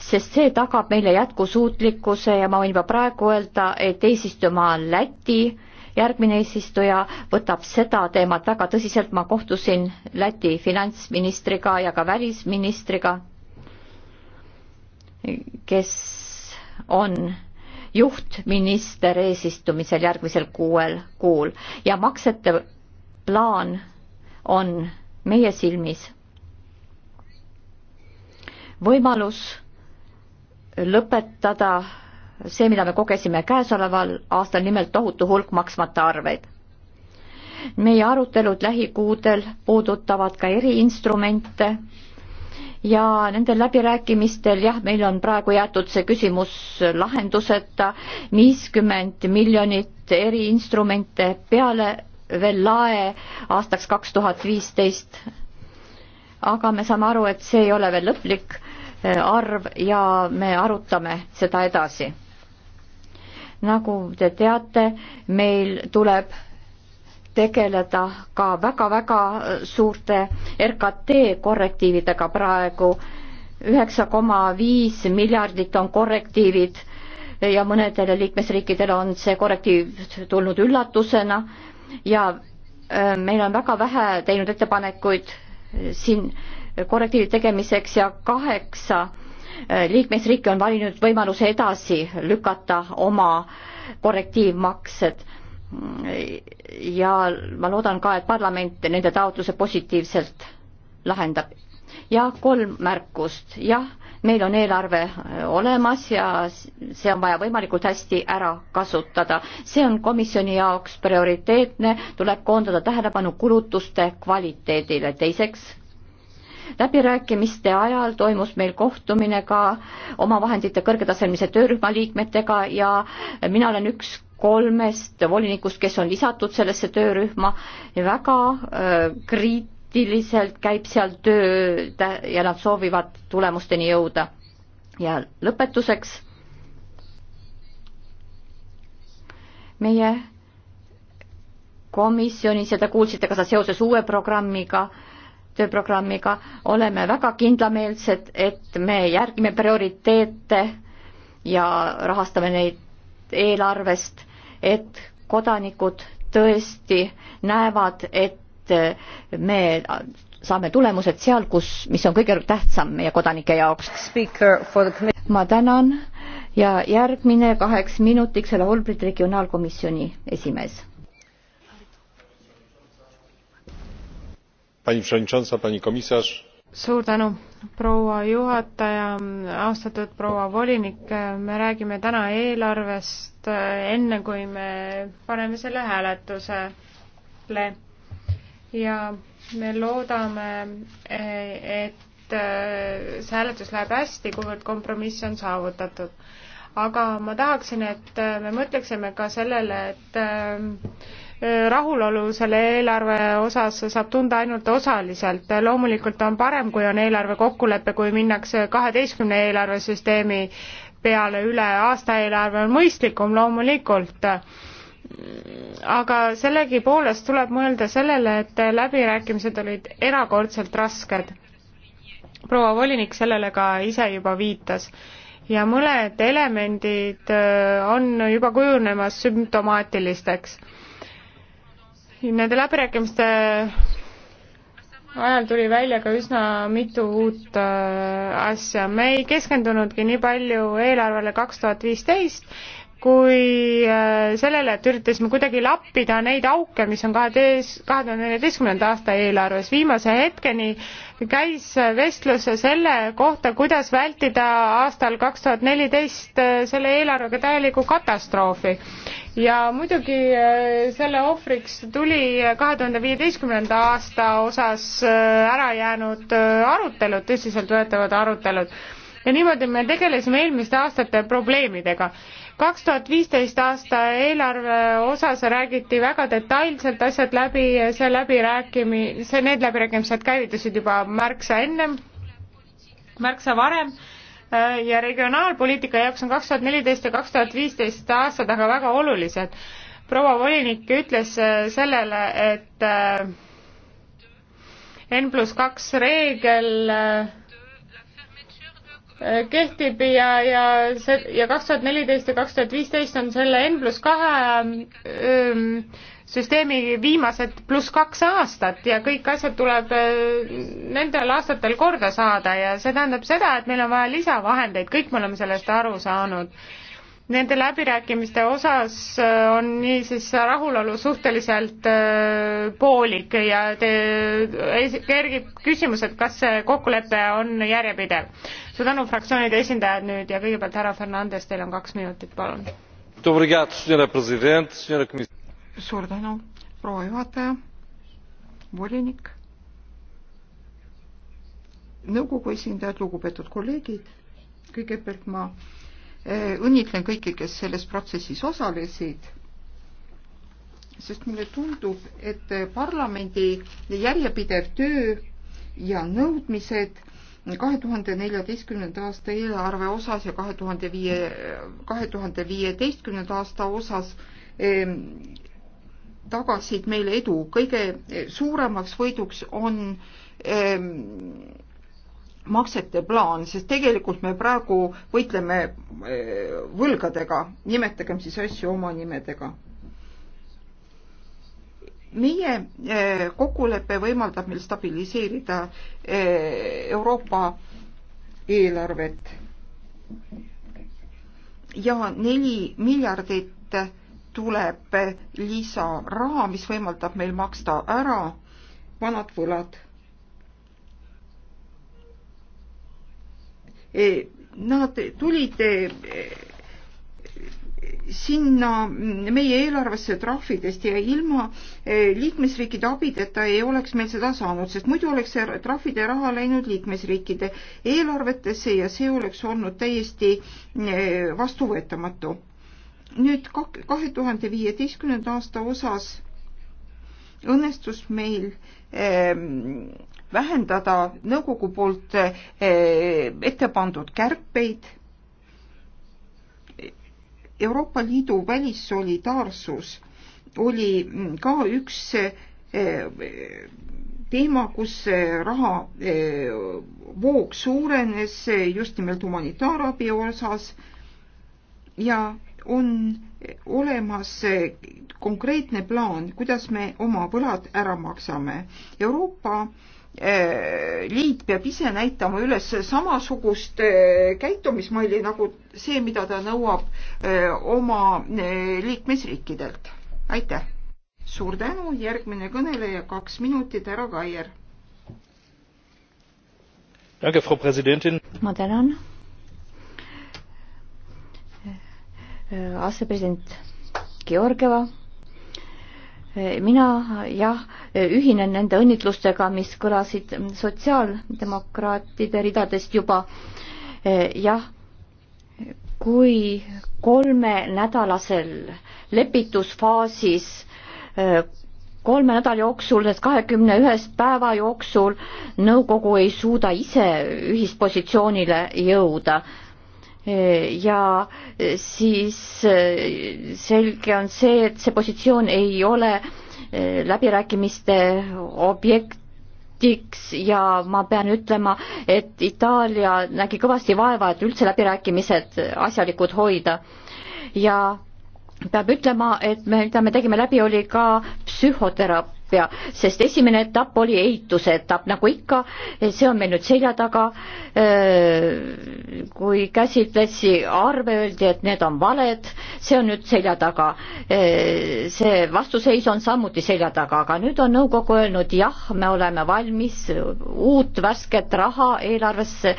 sest see tagab meile jätkusuutlikkuse ja ma võin juba praegu öelda, et eesistumaa Läti järgmine eesistuja võtab seda teemat väga tõsiselt, ma kohtusin Läti finantsministriga ja ka välisministriga, kes on juhtminister eesistumisel järgmisel kuuel kuul ja maksete plaan on meie silmis võimalus lõpetada see, mida me kogesime käesoleval aastal, nimelt tohutu hulk maksmata arveid. meie arutelud lähikuudel puudutavad ka eriinstrumente ja nendel läbirääkimistel jah, meil on praegu jäetud see küsimus lahenduseta, viiskümmend miljonit eriinstrumente peale veel lae aastaks kaks tuhat viisteist. aga me saame aru, et see ei ole veel lõplik eh, arv ja me arutame seda edasi. nagu te teate, meil tuleb tegeleda ka väga-väga suurte RKT korrektiividega praegu. üheksa koma viis miljardit on korrektiivid ja mõnedele liikmesriikidele on see korrektiiv tulnud üllatusena ja äh, meil on väga vähe teinud ettepanekuid siin korrektiivi tegemiseks ja kaheksa äh, liikmesriiki on valinud võimaluse edasi lükata oma korrektiivmaksed ja ma loodan ka, et parlament nende taotluse positiivselt lahendab. ja kolm märkust, jah, meil on eelarve olemas ja see on vaja võimalikult hästi ära kasutada. see on komisjoni jaoks prioriteetne, tuleb koondada tähelepanu kulutuste kvaliteedile. teiseks, läbirääkimiste ajal toimus meil kohtumine ka omavahendite kõrgetasemelise töörühma liikmetega ja mina olen üks kolmest volinikust, kes on lisatud sellesse töörühma, väga äh, kriitiliselt käib seal töö ja nad soovivad tulemusteni jõuda. ja lõpetuseks meie komisjonis ja te kuulsite ka seda seoses uue programmiga, tööprogrammiga, oleme väga kindlameelsed, et me järgime prioriteete ja rahastame neid eelarvest et kodanikud tõesti näevad, et me saame tulemused seal, kus, mis on kõige tähtsam meie kodanike jaoks. ma tänan ja järgmine kaheks minutiks selle Holbrit regionaalkomisjoni esimees. suur tänu proua juhataja, austatud proua volinik, me räägime täna eelarvest eh, enne, kui me paneme selle hääletusele. ja me loodame, eh, et eh, see hääletus läheb hästi, kuivõrd kompromiss on saavutatud. aga ma tahaksin, et me mõtleksime ka sellele, et Äh, rahulolu selle eelarve osas saab tunda ainult osaliselt. loomulikult on parem, kui on eelarve kokkulepe, kui minnakse kaheteistkümne eelarvesüsteemi peale üle, aastaeelarve on mõistlikum loomulikult, aga sellegipoolest tuleb mõelda sellele, et läbirääkimised olid erakordselt rasked. proua volinik sellele ka ise juba viitas ja mõned elemendid äh, on juba kujunemas sümptomaatilisteks nende läbirääkimiste ajal tuli välja ka üsna mitu uut äh, asja. me ei keskendunudki nii palju eelarvele kaks tuhat viisteist, kui äh, sellele, et üritasime kuidagi lappida neid auke, mis on kaheteis, kahe tuhande neljateistkümnenda aasta eelarves. viimase hetkeni käis vestlus selle kohta, kuidas vältida aastal kaks tuhat neliteist äh, selle eelarvega täielikku katastroofi ja muidugi äh, selle ohvriks tuli äh, kahe tuhande viieteistkümnenda aasta osas äh, ära jäänud arutelud, tõsiseltvõetavad arutelud. ja niimoodi me tegelesime eelmiste aastate probleemidega. kaks tuhat viisteist aasta eelarve osas räägiti väga detailselt asjad läbi, see läbirääkimi-, see, need läbirääkimised käivitusid juba märksa ennem, märksa varem Äh, ja regionaalpoliitika jaoks on kaks tuhat neliteist ja kaks tuhat viisteist aastad aga väga olulised. proua volinik ütles äh, sellele, et äh, N pluss kaks reegel kehtib ja, ja see ja kaks tuhat neliteist ja kaks tuhat viisteist on selle N pluss kahe süsteemi viimased pluss kaks aastat ja kõik asjad tuleb äh, nendel aastatel korda saada ja see tähendab seda, et meil on vaja lisavahendeid, kõik me oleme sellest aru saanud. Nende läbirääkimiste osas äh, on niisiis rahulolu suhteliselt äh, poolik ja te, kergib küsimus, et kas see kokkulepe on järjepidev. suur tänu, fraktsioonide esindajad nüüd ja kõigepealt härra Fernandes, teil on kaks minutit, palun suur tänu, proua juhataja, volinik, nõukogu esindajad, lugupeetud kolleegid, kõigepealt ma eh, õnnitlen kõiki, kes selles protsessis osalesid, sest mulle tundub, et parlamendi järjepidev töö ja nõudmised kahe tuhande neljateistkümnenda aasta eelarve osas ja kahe tuhande viie, kahe tuhande viieteistkümnenda aasta osas tagasid meile edu. kõige eh, suuremaks võiduks on ähm, maksete plaan, sest tegelikult me praegu võitleme äh, võlgadega, nimetagem siis asju oma nimedega. meie äh, kokkulepe võimaldab meil stabiliseerida äh, Euroopa eelarvet ja neli miljardit tuleb lisaraha, mis võimaldab meil maksta ära vanad võlad. E, nad tulid e, sinna meie eelarvesse trahvidest ja ilma e, liikmesriikide abideta ei oleks meil seda saanud, sest muidu oleks see trahvide raha läinud liikmesriikide eelarvetesse ja see oleks olnud täiesti vastuvõetamatu nüüd kahe tuhande viieteistkümnenda aasta osas õnnestus meil ehm, vähendada nõukogu poolt eh, ette pandud kärpeid. Euroopa Liidu välissolidaarsus oli ka üks eh, teema, kus eh, raha voog suurenes just nimelt humanitaarabi osas ja on olemas konkreetne plaan, kuidas me oma võlad ära maksame. Euroopa eh, Liit peab ise näitama üles samasugust eh, käitumismalli nagu see, mida ta nõuab eh, oma liikmesriikidelt. aitäh! suur tänu, järgmine kõneleja, kaks minutit, härra Kaier. ma tänan asepresident Georgieva. mina jah, ühinen nende õnnitlustega, mis kõlasid sotsiaaldemokraatide ridadest juba. jah, kui kolmenädalasel lepitusfaasis kolme nädala jooksul, need kahekümne ühest päeva jooksul nõukogu ei suuda ise ühispositsioonile jõuda, ja siis äh, selge on see, et see positsioon ei ole äh, läbirääkimiste objektiks ja ma pean ütlema, et Itaalia nägi kõvasti vaeva, et üldse läbirääkimised asjalikud hoida ja peab ütlema, et me, mida me tegime läbi, oli ka psühhoteraapia niipea, sest esimene etapp oli ehituse etapp, nagu ikka, see on meil nüüd selja taga. Äh, kui käsitlesi arve öeldi, et need on valed, see on nüüd selja taga. Äh, see vastuseis on samuti selja taga, aga nüüd on nõukogu öelnud jah, me oleme valmis uut värsket raha eelarvesse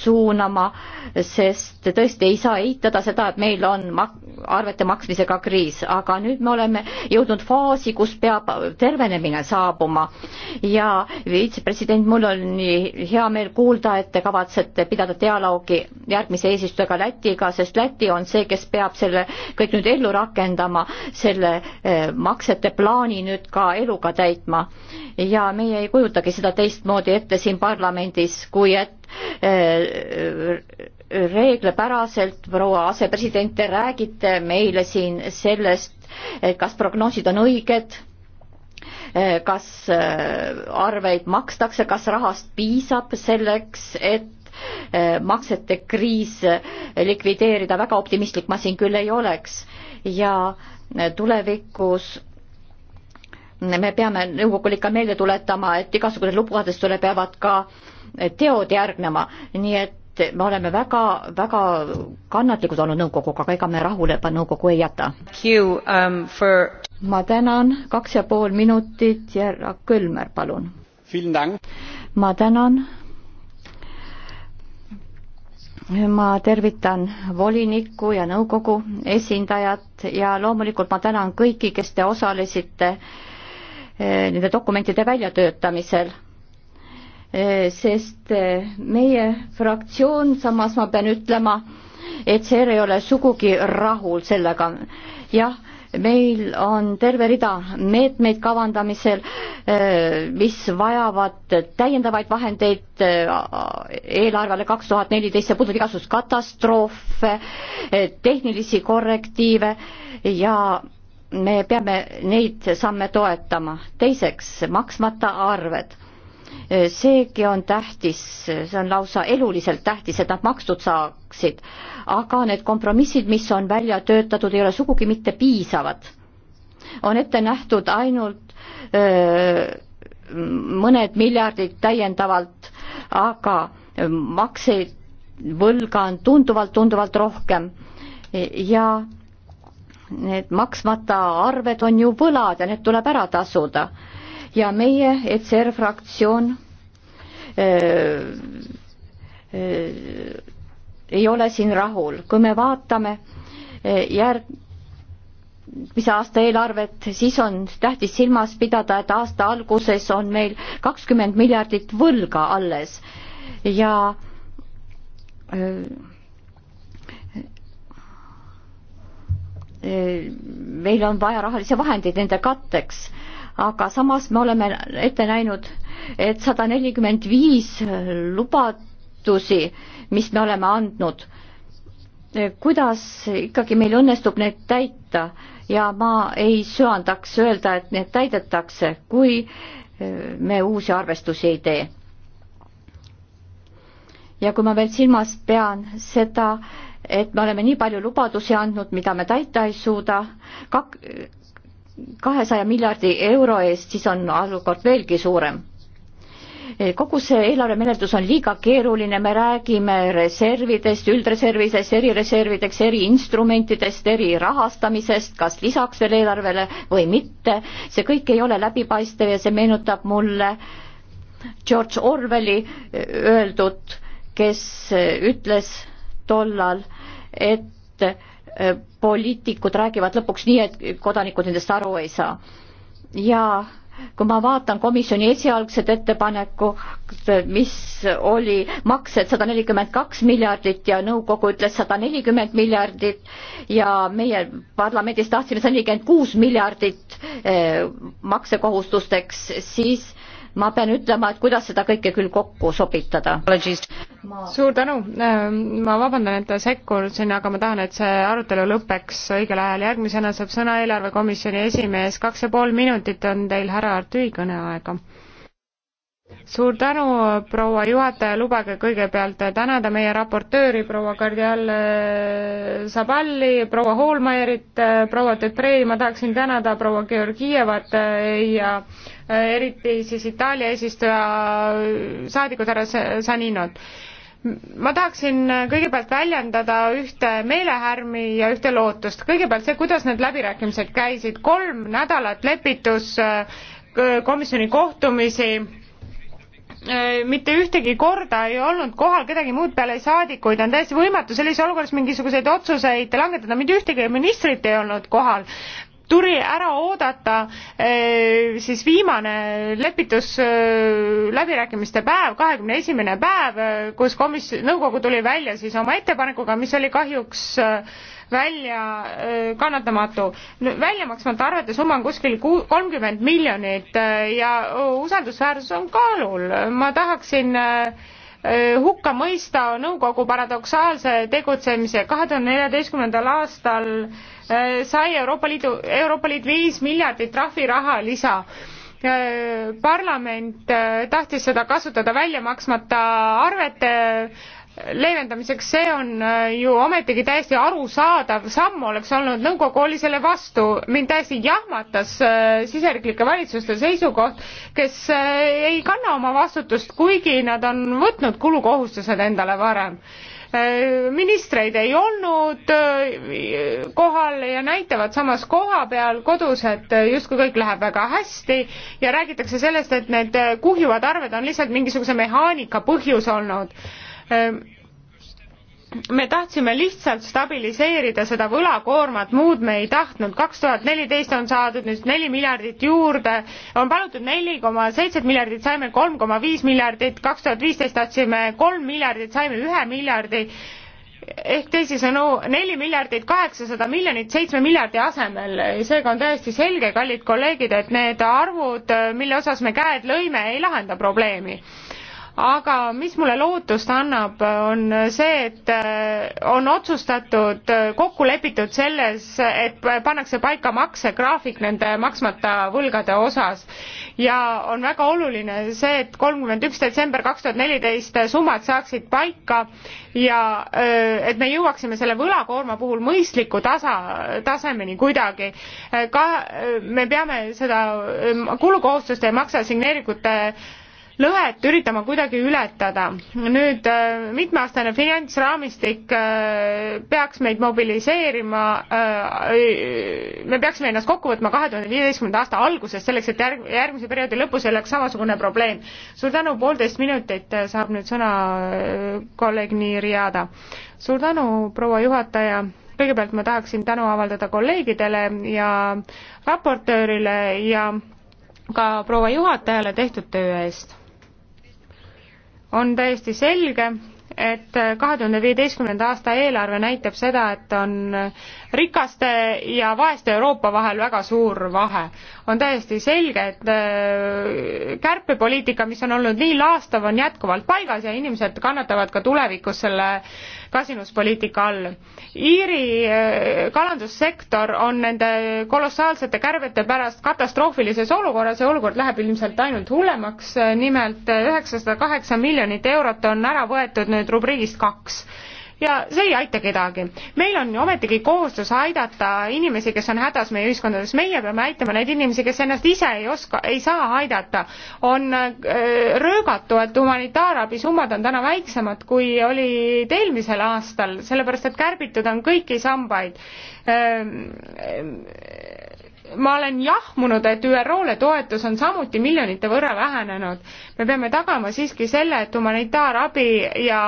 suunama, sest tõesti ei saa eitada seda, et meil on mak-, arvete maksmisega kriis, aga nüüd me oleme jõudnud faasi, kus peab terve halvenemine saabuma ja viitsepresident, mul on nii hea meel kuulda, et te kavatsete pidada dialoogi järgmise eesistujaga Lätiga, sest Läti on see, kes peab selle kõik nüüd ellu rakendama, selle eh, maksete plaani nüüd ka eluga täitma. ja meie ei kujutagi seda teistmoodi ette siin parlamendis, kui et eh, reeglepäraselt, proua asepresident, te räägite meile siin sellest, kas prognoosid on õiged Eh, kas eh, arveid makstakse, kas rahast piisab selleks, et eh, maksete kriis likvideerida, väga optimistlik ma siin küll ei oleks ja tulevikus mm, me peame nõukogule ikka meelde tuletama, et igasugused lubadustele peavad ka teod järgnema, nii et et me oleme väga-väga kannatlikud olnud nõukoguga, aga ega me rahule nõukogu ei jäta. Um, for... ma tänan, kaks ja pool minutit ja Kölmer, palun. ma tänan. ma tervitan volinikku ja nõukogu esindajat ja loomulikult ma tänan kõiki, kes te osalesite eh, nende dokumentide väljatöötamisel Eh, sest eh, meie fraktsioon, samas ma pean ütlema, et see ei ole sugugi rahul sellega. jah, meil on terve rida meetmeid kavandamisel, eh, mis vajavad täiendavaid vahendeid eelarvele kaks tuhat neliteist, see puudutab igasugust katastroofe, tehnilisi korrektiive ja me peame neid samme toetama. teiseks, maksmata arved seegi on tähtis, see on lausa eluliselt tähtis, et nad makstud saaksid. aga need kompromissid, mis on välja töötatud, ei ole sugugi mitte piisavad. on ette nähtud ainult öö, mõned miljardid täiendavalt, aga makseid võlga on tunduvalt-tunduvalt rohkem ja need maksmata arved on ju võlad ja need tuleb ära tasuda ja meie ECR fraktsioon äh, äh, ei ole siin rahul, kui me vaatame äh, järg-, mis aasta eelarvet, siis on tähtis silmas pidada, et aasta alguses on meil kakskümmend miljardit võlga alles ja äh, äh, meil on vaja rahalisi vahendeid nende katteks aga samas me oleme ette näinud, et sada nelikümmend viis lubadusi, mis me oleme andnud, kuidas ikkagi meil õnnestub need täita ja ma ei söandaks öelda, et need täidetakse, kui e, me uusi arvestusi ei tee. ja kui ma veel silmas pean seda, et me oleme nii palju lubadusi andnud, mida me täita ei suuda, kak-, kahesaja miljardi euro eest, siis on olukord veelgi suurem. kogu see eelarvemenetlus on liiga keeruline, me räägime reservidest, üldreservidest, erireservideks, eriinstrumentidest, erirahastamisest, kas lisaks veel eelarvele või mitte, see kõik ei ole läbipaistev ja see meenutab mulle George Orwelli öeldut, kes ütles tollal, et Äh, poliitikud räägivad lõpuks nii, et kodanikud nendest aru ei saa. ja kui ma vaatan komisjoni esialgset ettepanekut, mis oli maksed sada nelikümmend kaks miljardit ja nõukogu ütles sada nelikümmend miljardit ja meie parlamendis tahtsime sada nelikümmend kuus miljardit äh, maksekohustusteks, siis ma pean ütlema, et kuidas seda kõike küll kokku sobitada. suur tänu, ähm, ma vabandan, et sekkun siin, aga ma tahan, et see arutelu lõpeks õigel ajal. järgmisena saab sõna eelarvekomisjoni esimees, kaks ja pool minutit on teil härra Artüi kõneaega suur tänu, proua juhataja, lubage kõigepealt tänada meie raportööri, proua kardial äh, Zaballi, proua Hoolmeierit, äh, proua Detrei, ma tahaksin tänada proua Georgievat äh, ja Äh, eriti siis Itaalia eesistuja saadikud härra Saninot. ma tahaksin äh, kõigepealt väljendada ühte meelehärmi ja ühte lootust. kõigepealt see, kuidas need läbirääkimised käisid, kolm nädalat lepitus äh, komisjoni kohtumisi mitte ühtegi korda ei olnud kohal kedagi muud peale saadikuid, on täiesti võimatu sellises olukorras mingisuguseid otsuseid langetada, mitte ühtegi ministrit ei olnud kohal tuli ära oodata eh, siis viimane lepitus eh, läbirääkimiste päev, kahekümne esimene päev, eh, kus komis-, nõukogu tuli välja siis oma ettepanekuga, mis oli kahjuks välja kannatamatu. väljamaksmata arvete summa on kuskil kolmkümmend miljonit ja oh, usaldusväärsus on kaalul. ma tahaksin hukka mõista nõukogu paradoksaalse tegutsemise kahe tuhande neljateistkümnendal aastal Eh, sai Euroopa Liidu, Euroopa Liit viis miljardit trahviraha lisa eh, parlament eh, tahtis seda kasutada väljamaksmata arvete leevendamiseks, see on ju ometigi täiesti arusaadav samm oleks olnud, nõukogu oli selle vastu, mind täiesti jahmatas siseriiklike valitsuste seisukoht, kes ei kanna oma vastutust, kuigi nad on võtnud kulukohustused endale varem Äh, ministreid ei olnud äh, kohal ja näitavad samas koha peal kodus, et äh, justkui kõik läheb väga hästi ja räägitakse sellest, et need kuhjuvad arved on lihtsalt mingisuguse mehaanika põhjus olnud me tahtsime lihtsalt stabiliseerida seda võlakoormat, muud me ei tahtnud. kaks tuhat neliteist on saadud nüüd neli miljardit juurde, on palutud neli koma seitset miljardit, saime kolm koma viis miljardit, kaks tuhat viisteist tahtsime kolm miljardit, saime ühe miljardi ehk teisisõnu neli miljardit kaheksasada miljonit seitsme miljardi asemel, seega on täiesti selge, kallid kolleegid, et need arvud, mille osas me käed lõime, ei lahenda probleemi aga mis mulle lootust annab, on see, et äh, on otsustatud, äh, kokku lepitud selles, et pannakse paika maksegraafik nende maksmata võlgade osas ja on väga oluline see, et kolmkümmend üks detsember kaks tuhat neliteist summad saaksid paika ja äh, et me jõuaksime selle võlakoorma puhul mõistliku tasa, tasemeni kuidagi. ka me peame seda kulukohustuste ja makseassigneeringute lõhet üritama kuidagi ületada. nüüd äh, mitmeaastane finantsraamistik äh, peaks meid mobiliseerima, äh, me peaksime ennast kokku võtma kahe tuhande viieteistkümnenda aasta alguses, selleks et järg, järgmise perioodi lõpus ei oleks samasugune probleem. suur tänu, poolteist minutit saab nüüd sõna kolleeg Niriada. suur tänu, proua juhataja kõigepealt ma tahaksin tänu avaldada kolleegidele ja raportöörile ja ka proua juhatajale tehtud töö eest on täiesti selge, et kahe tuhande viieteistkümnenda aasta eelarve näitab seda, et on rikaste ja vaeste Euroopa vahel väga suur vahe. on täiesti selge, et äh, kärpepoliitika, mis on olnud nii laastav, on jätkuvalt paigas ja inimesed kannatavad ka tulevikus selle kasinuspoliitika all. Iiri äh, kalandussektor on nende kolossaalsete kärbete pärast katastroofilises olukorras ja olukord läheb ilmselt ainult hullemaks, nimelt üheksasada kaheksa miljonit eurot on ära võetud nüüd rubriigist kaks ja see ei aita kedagi. meil on ju ometigi kohustus aidata inimesi, kes on hädas meie ühiskondades, meie peame aitama neid inimesi, kes ennast ise ei oska, ei saa aidata. on äh, röögatu, et humanitaarabi summad on täna väiksemad, kui olid eelmisel aastal, sellepärast et kärbitud on kõiki sambaid ähm, äh, ma olen jahmunud, et ÜRO-le toetus on samuti miljonite võrra vähenenud. me peame tagama siiski selle, et humanitaarabi ja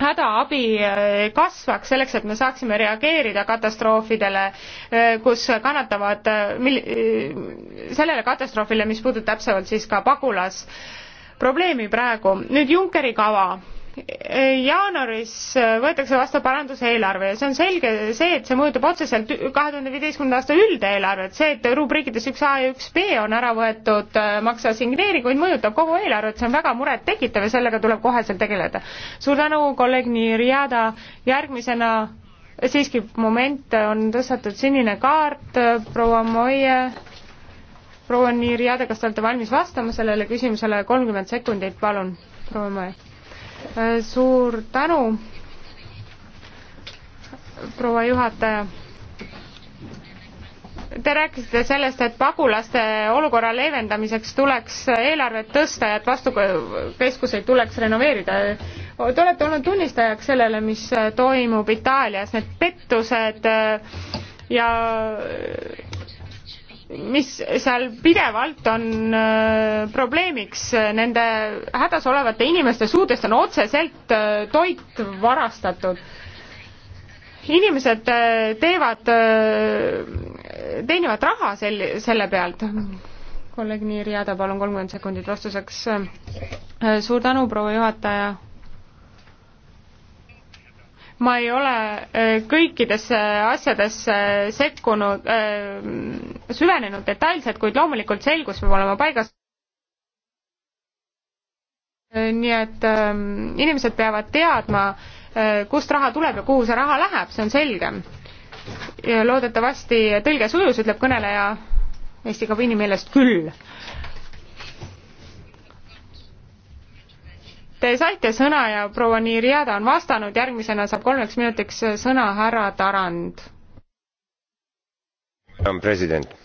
hädaabi äh, kasvaks selleks, et me saaksime reageerida katastroofidele, äh, kus kannatavad, äh, mil-, sellele katastroofile, mis puudutab täpsemalt siis ka pagulasprobleemi praegu. nüüd Junckeri kava jaanuaris võetakse vastu paranduseelarve ja see on selge see, et see mõjutab otseselt kahe tuhande viieteistkümnenda aasta üldeelarvet, see, et rubriikides üks A ja üks B on ära võetud äh, makseassigneeringuid, mõjutab kogu eelarvet, see on väga murettekitav ja sellega tuleb koheselt tegeleda. suur tänu, kolleeg Nirjada, järgmisena siiski moment, on tõstetud sinine kaart, proua Moie, proua Nirjada, kas te olete valmis vastama sellele küsimusele, kolmkümmend sekundit, palun, proua Moie Äh, suur tänu, proua juhataja. Te rääkisite sellest, et pagulaste olukorra leevendamiseks tuleks eelarvet tõsta ja et vastukeskuseid tuleks renoveerida. Te olete olnud tunnistajaks sellele, mis toimub Itaalias, need pettused äh, ja mis seal pidevalt on äh, probleemiks, äh, nende hädas olevate inimeste suudest on otseselt äh, toit varastatud. inimesed teevad, teenivad raha sel-, selle pealt. kolleeg Niiri Jada, palun kolmkümmend sekundit vastuseks. suur tänu, proua juhataja ma ei ole äh, kõikidesse asjadesse sekkunud, äh, süvenenud detailselt, kuid loomulikult selgus peab olema paigas. Äh, nii et ähm, inimesed peavad teadma, kust raha tuleb ja kuhu see raha läheb, see on selge. loodetavasti tõlge sujus, ütleb kõneleja Eesti kabiini meelest küll Te saite sõna ja proua Nirjada on vastanud, järgmisena saab kolmeks minutiks sõna härra Tarand. president.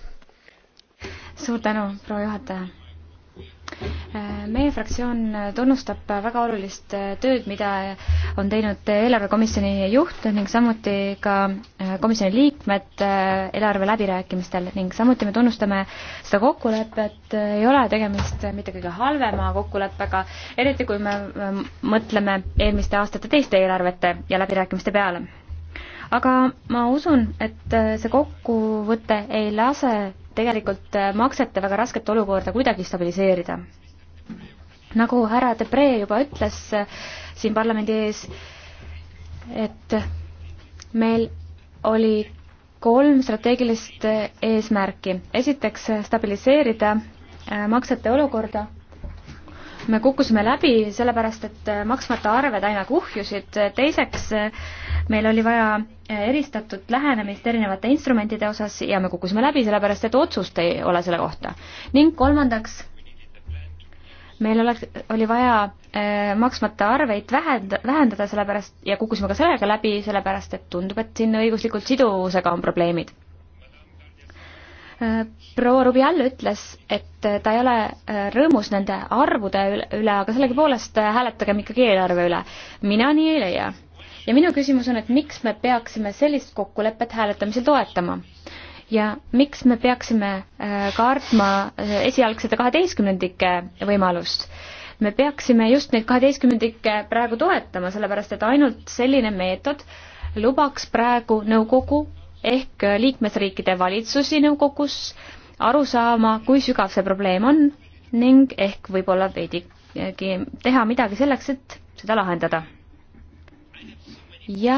suur tänu, proua juhataja meie fraktsioon tunnustab väga olulist tööd, mida on teinud eelarvekomisjoni juht ning samuti ka komisjoni liikmed eelarve läbirääkimistel ning samuti me tunnustame seda kokkulepet, ei ole tegemist mitte kõige halvema kokkuleppega, eriti kui me mõtleme eelmiste aastate teiste eelarvete ja läbirääkimiste peale. aga ma usun, et see kokkuvõte ei lase tegelikult äh, maksete väga rasket olukorda kuidagi stabiliseerida. nagu härra Debre juba ütles äh, siin parlamendi ees, et meil oli kolm strateegilist äh, eesmärki. esiteks stabiliseerida maksete olukorda me kukkusime läbi, sellepärast et äh, maksmata arved aina kuhjusid, teiseks äh, meil oli vaja äh, eristatud lähenemist erinevate instrumentide osas ja me kukkusime läbi, sellepärast et otsust ei ole selle kohta. ning kolmandaks, meil oleks, oli vaja maksmata arveid vähenda, vähendada, sellepärast, ja kukkusime ka sellega läbi, sellepärast et tundub, et siin õiguslikult siduvusega on probleemid Äh, proua Rubial ütles, et äh, ta ei ole äh, rõõmus nende arvude üle, aga sellegipoolest hääletagem ikkagi eelarve üle. mina nii ei leia. ja minu küsimus on, et miks me peaksime sellist kokkulepet hääletamisel toetama? ja miks me peaksime kartma esialgsete kaheteistkümnendike võimalust? me peaksime just neid kaheteistkümnendikke praegu toetama, sellepärast et ainult selline meetod lubaks praegu nõukogu ehk liikmesriikide valitsusi nõukogus aru saama, kui sügav see probleem on ning ehk võib-olla veidigi teha midagi selleks, et seda lahendada. ja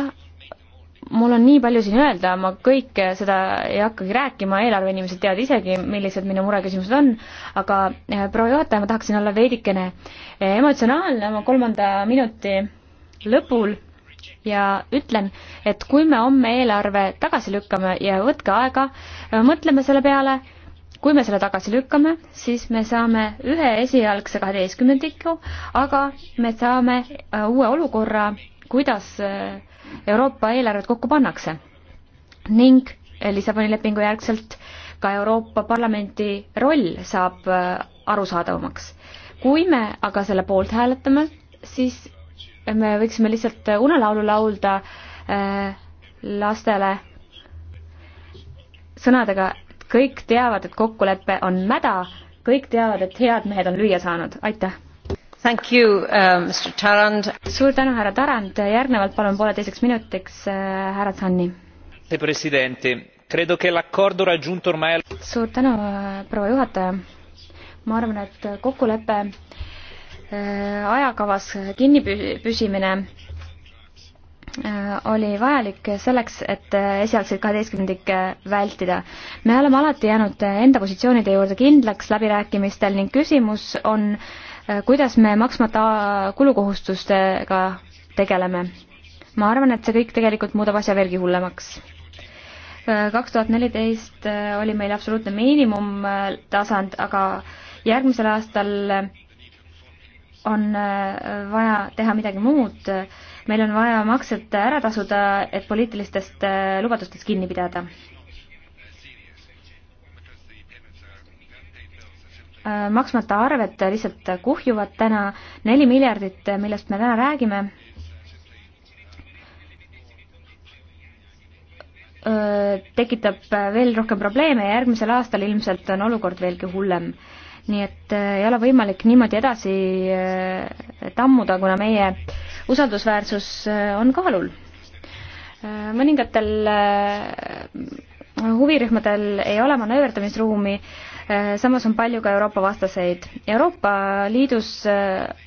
mul on nii palju siin öelda, ma kõike seda ei hakkagi rääkima, eelarveinimesed teavad isegi, millised minu mureküsimused on, aga eh, proua juhataja, ma tahaksin olla veidikene eh, emotsionaalne oma kolmanda minuti lõpul ja ütlen, et kui me homme eelarve tagasi lükkame ja võtke aega, äh, mõtleme selle peale, kui me selle tagasi lükkame, siis me saame ühe esialgse kaheteistkümnendiku, aga me saame äh, uue olukorra, kuidas äh, Euroopa eelarvet kokku pannakse. ning Lissaboni lepingu järgselt ka Euroopa Parlamenti roll saab arusaadavamaks. kui me aga selle poolt hääletame, siis me võiksime lihtsalt äh, unelaulu laulda äh, lastele sõnadega, et kõik teavad, et kokkulepe on mäda, kõik teavad, et head mehed on lüüa saanud, aitäh! Thank you, uh, Mr. Tarand. suur tänu, härra Tarand, järgnevalt palun pooleteiseks minutiks äh, härra Zanni. suur tänu, proua juhataja. ma arvan, et kokkulepe Äh, ajakavas kinni püsimine äh, oli vajalik selleks, et äh, esialgseid kaheteistkümnendikke vältida. me oleme alati jäänud enda positsioonide juurde kindlaks läbirääkimistel ning küsimus on, kuidas me maksmata kulukohustustega tegeleme. ma arvan, et see kõik tegelikult muudab asja veelgi hullemaks. kaks tuhat neliteist oli meil absoluutne miinimumtasand, aga järgmisel aastal on äh, vaja teha midagi muud, meil on vaja maksed ära tasuda, et poliitilistest äh, lubadustest kinni pidada. Äh, maksmata arved lihtsalt kuhjuvad täna, neli miljardit, millest me täna räägime, tekitab veel rohkem probleeme ja järgmisel aastal ilmselt on olukord veelgi hullem nii et äh, ei ole võimalik niimoodi edasi äh, tammuda, kuna meie usaldusväärsus äh, on kaalul. mõningatel huvirühmadel ei ole manööverdamisruumi, samas on palju ka Euroopa vastaseid. Euroopa Liidus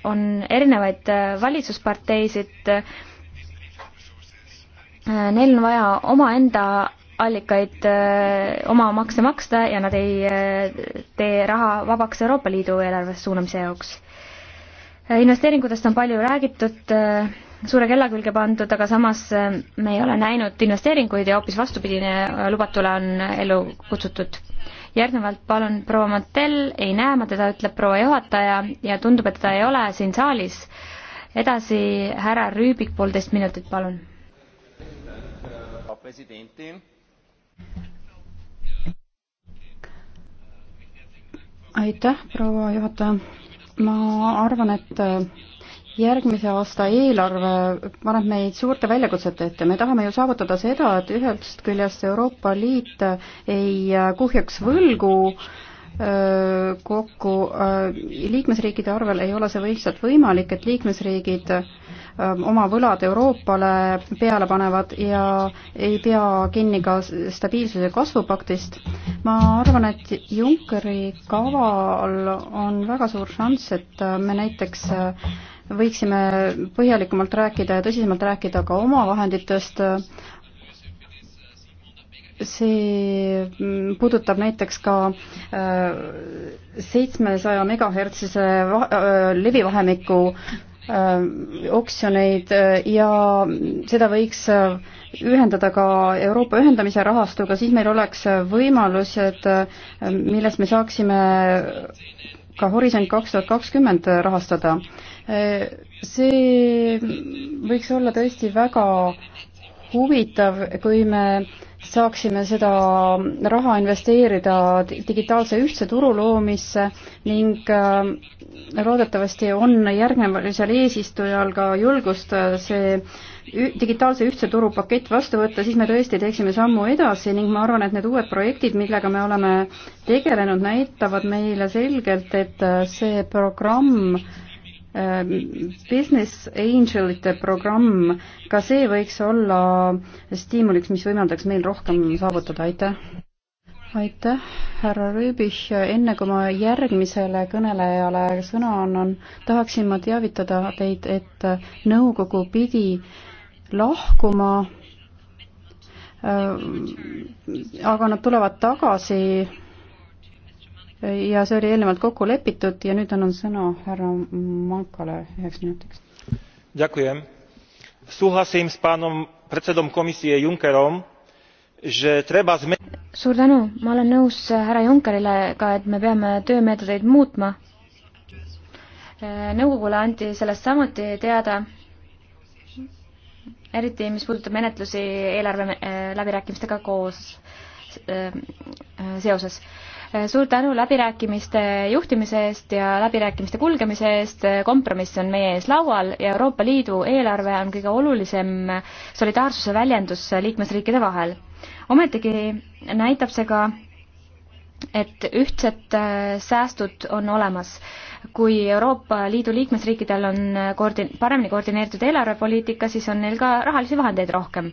on erinevaid valitsusparteisid, neil on vaja omaenda allikaid äh, oma makse maksta ja nad ei äh, tee raha vabaks Euroopa Liidu eelarvesse suunamise jaoks. Äh, investeeringutest on palju räägitud, suure kella külge pandud, aga samas me ei ole näinud investeeringuid ja hoopis vastupidine lubatule on ellu kutsutud. järgnevalt palun proua Mattel, ei näe ma teda, ütleb proua juhataja ja tundub, et teda ei ole siin saalis. edasi härra Rüübik, poolteist minutit, palun frau präsidentin! aitäh, proua juhataja. ma arvan, et järgmise aasta eelarve paneb meid suurte väljakutsete ette. me tahame ju saavutada seda, et ühest küljest Euroopa Liit ei kuhjaks võlgu äh, kokku liikmesriikide arvel ei ole see lihtsalt võimalik, et liikmesriigid oma võlad Euroopale peale panevad ja ei pea kinni ka stabiilsuse kasvupaktist. ma arvan, et Junckeri kaval on väga suur šanss, et me näiteks võiksime põhjalikumalt rääkida ja tõsisemalt rääkida ka omavahenditest, see mm, puudutab näiteks ka äh, seitsmesaja megahertsise äh, levivahemiku äh, oksjoneid ja seda võiks ühendada ka Euroopa ühendamise rahastuga, siis meil oleks võimalused, millest me saaksime ka Horisont kaks tuhat kakskümmend rahastada. see võiks olla tõesti väga huvitav, kui me äh, saaksime seda raha investeerida digitaalse ühtse turu loomisse ning äh, loodetavasti on järgneval eesistujal ka julgust äh, see digitaalse ühtse turu pakett vastu võtta, siis me tõesti teeksime sammu edasi ning ma arvan, et need uued projektid, millega me oleme tegelenud, näitavad meile selgelt, et äh, see programm Ehm, business Angelite programm, ka see võiks olla stiimuliks, mis võimaldaks meil rohkem saavutada, aitäh! aitäh, härra Rüübich, enne kui ma järgmisele kõnelejale sõna annan, tahaksin ma teavitada teid, et nõukogu pidi lahkuma, ehm, aga nad tulevad tagasi ja see oli eelnevalt kokku lepitud ja nüüd annan sõna härra Mankale üheks minutiks. Súhlasím s pánom predsedom komisie Junckerom, že treba zme- suur tänu, ma olen nõus härra Junckeriga, et me peame töömeetodeid muutma. nõukogule anti sellest samuti teada, eriti mis puudutab menetlusi eelarve äh, läbirääkimistega koos äh, seoses Äh, suur tänu läbirääkimiste juhtimise eest ja läbirääkimiste kulgemise eest, äh, kompromiss on meie ees laual ja Euroopa Liidu eelarve on kõige olulisem solidaarsuse väljendus liikmesriikide vahel. ometigi näitab see ka, et ühtsed äh, säästud on olemas. kui Euroopa Liidu liikmesriikidel on koordi-, paremini koordineeritud eelarvepoliitika, siis on neil ka rahalisi vahendeid rohkem.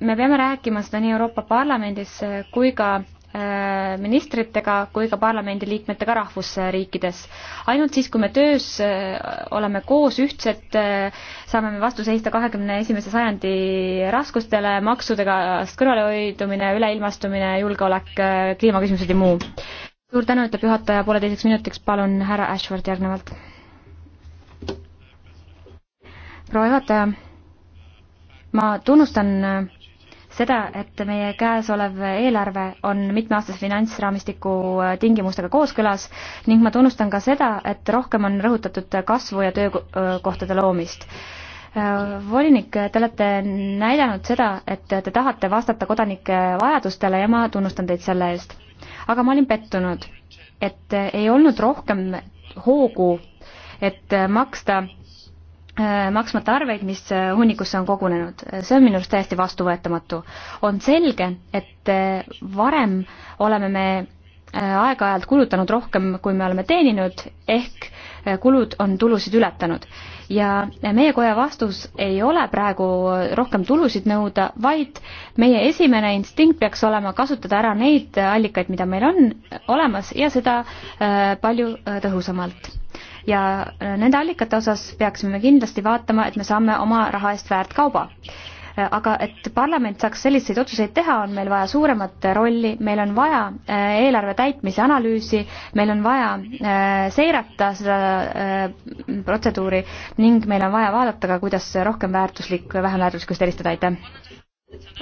Me peame rääkima seda nii Euroopa Parlamendis kui ka Äh, ministritega kui ka parlamendiliikmetega rahvusriikides. ainult siis, kui me töös äh, oleme koos ühtsed, äh, saame me vastu seista kahekümne esimese sajandi raskustele, maksudega kõrvalehoidumine, üleilmastumine, julgeolek, kliimaküsimused ja muu. suur tänu, ütleb juhataja, pooleteiseks minutiks palun härra Ashford järgnevalt. proua juhataja, ma tunnustan seda, et meie käesolev eelarve on mitmeaastase finantsraamistiku äh, tingimustega kooskõlas ning ma tunnustan ka seda, et rohkem on rõhutatud kasvu ja töökohtade loomist äh, volinik, te olete näidanud seda, et te tahate vastata kodanike vajadustele ja ma tunnustan teid selle eest. aga ma olin pettunud, et ei olnud rohkem hoogu, et maksta Äh, maksmata arveid, mis äh, hunnikusse on kogunenud. see on minu arust täiesti vastuvõetamatu. on selge, et äh, varem oleme me aeg-ajalt kulutanud rohkem, kui me oleme teeninud, ehk kulud on tulusid ületanud. ja meie koja vastus ei ole praegu rohkem tulusid nõuda, vaid meie esimene instinkt peaks olema kasutada ära neid allikaid, mida meil on olemas ja seda palju tõhusamalt ja äh, nende allikate osas peaksime kindlasti vaatama, et me saame oma raha eest väärt kauba äh, aga et parlament saaks selliseid otsuseid teha, on meil vaja suuremat rolli, meil on vaja äh, eelarve täitmise analüüsi, meil on vaja seirata seda protseduuri ning meil on vaja vaadata ka, kuidas rohkem väärtuslik, vähem väärtuslikust eristada, aitäh!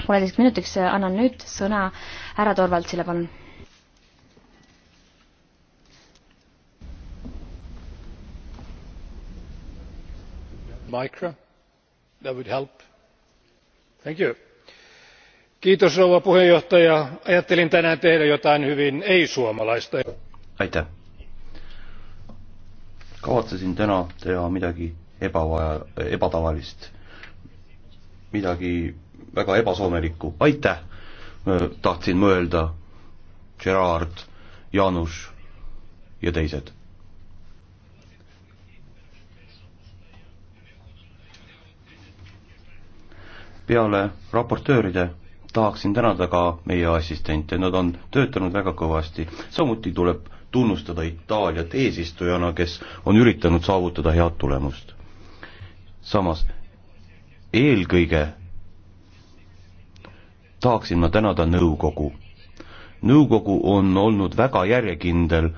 pooleteiseks minutiks annan nüüd sõna härra Torvaldsile, palun arvoisa puhemies ajattelin tänään tehdä jotain hyvin ei suomalaista. kavatsesin täna teha midagi ebavaja- ebatavalist midagi väga ebasoomelikku. aitäh tahtsin mõelda gerard janus ja teised. peale raportööride tahaksin tänada ka meie assistente, nad on töötanud väga kõvasti, samuti tuleb tunnustada Itaaliat eesistujana, kes on üritanud saavutada head tulemust. samas eelkõige tahaksin ma tänada nõukogu. nõukogu on olnud väga järjekindel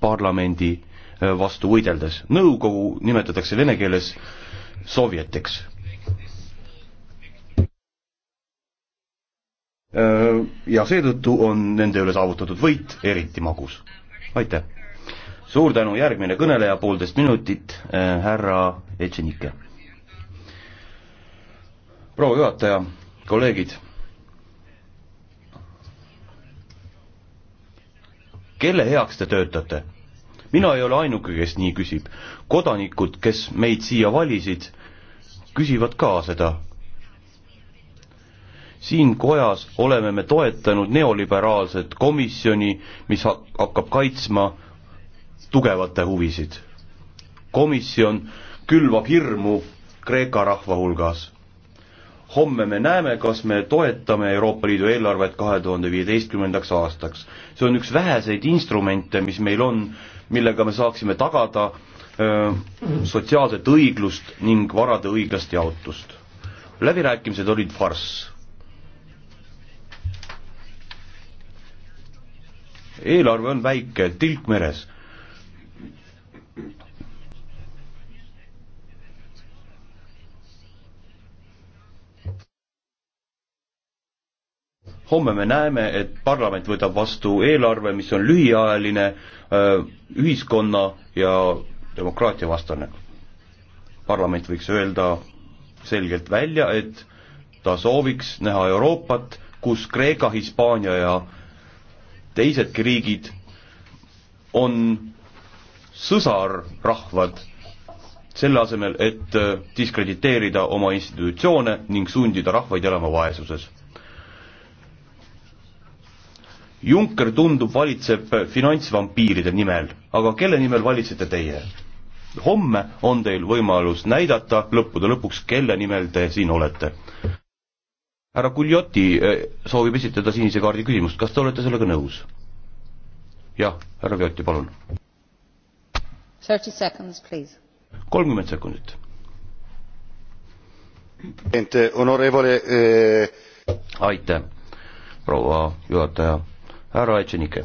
parlamendi eh, vastu võideldes. nõukogu nimetatakse vene keeles äh, soovijateks. Äh, ja seetõttu on nende üle saavutatud võit eriti magus. aitäh! suur tänu, järgmine kõneleja, poolteist minutit, äh, härra Etšenike. proua juhataja, kolleegid, kelle heaks te töötate? mina ei ole ainuke, kes nii küsib. kodanikud, kes meid siia valisid, küsivad ka seda. siin kojas oleme me toetanud neoliberaalset komisjoni, mis hakkab kaitsma tugevate huvisid. komisjon külvab hirmu Kreeka rahva hulgas. homme me näeme, kas me toetame Euroopa Liidu eelarvet kahe tuhande viieteistkümnendaks aastaks. see on üks väheseid instrumente, mis meil on millega me saaksime tagada sotsiaalset õiglust ning varade õiglast jaotust. läbirääkimised olid farss. eelarve on väike, tilk meres homme me näeme, et parlament võtab vastu eelarve, mis on lühiajaline, äh, ühiskonna ja demokraatia vastane. parlament võiks öelda selgelt välja, et ta sooviks näha Euroopat, kus Kreeka, Hispaania ja teisedki riigid on sõsarrahvad, selle asemel, et diskrediteerida oma institutsioone ning sundida rahvaid elama vaesuses Juncker tundub, valitseb finantsvampiiride nimel, aga kelle nimel valitsete teie? homme on teil võimalus näidata lõppude lõpuks, kelle nimel te siin olete. härra Guljoti eh, soovib esitada sinise kaardi küsimust, kas te olete sellega nõus? jah, härra Guljoti, palun. kolmkümmend sekundit. Eh, aitäh, proua juhataja härra Etšenike.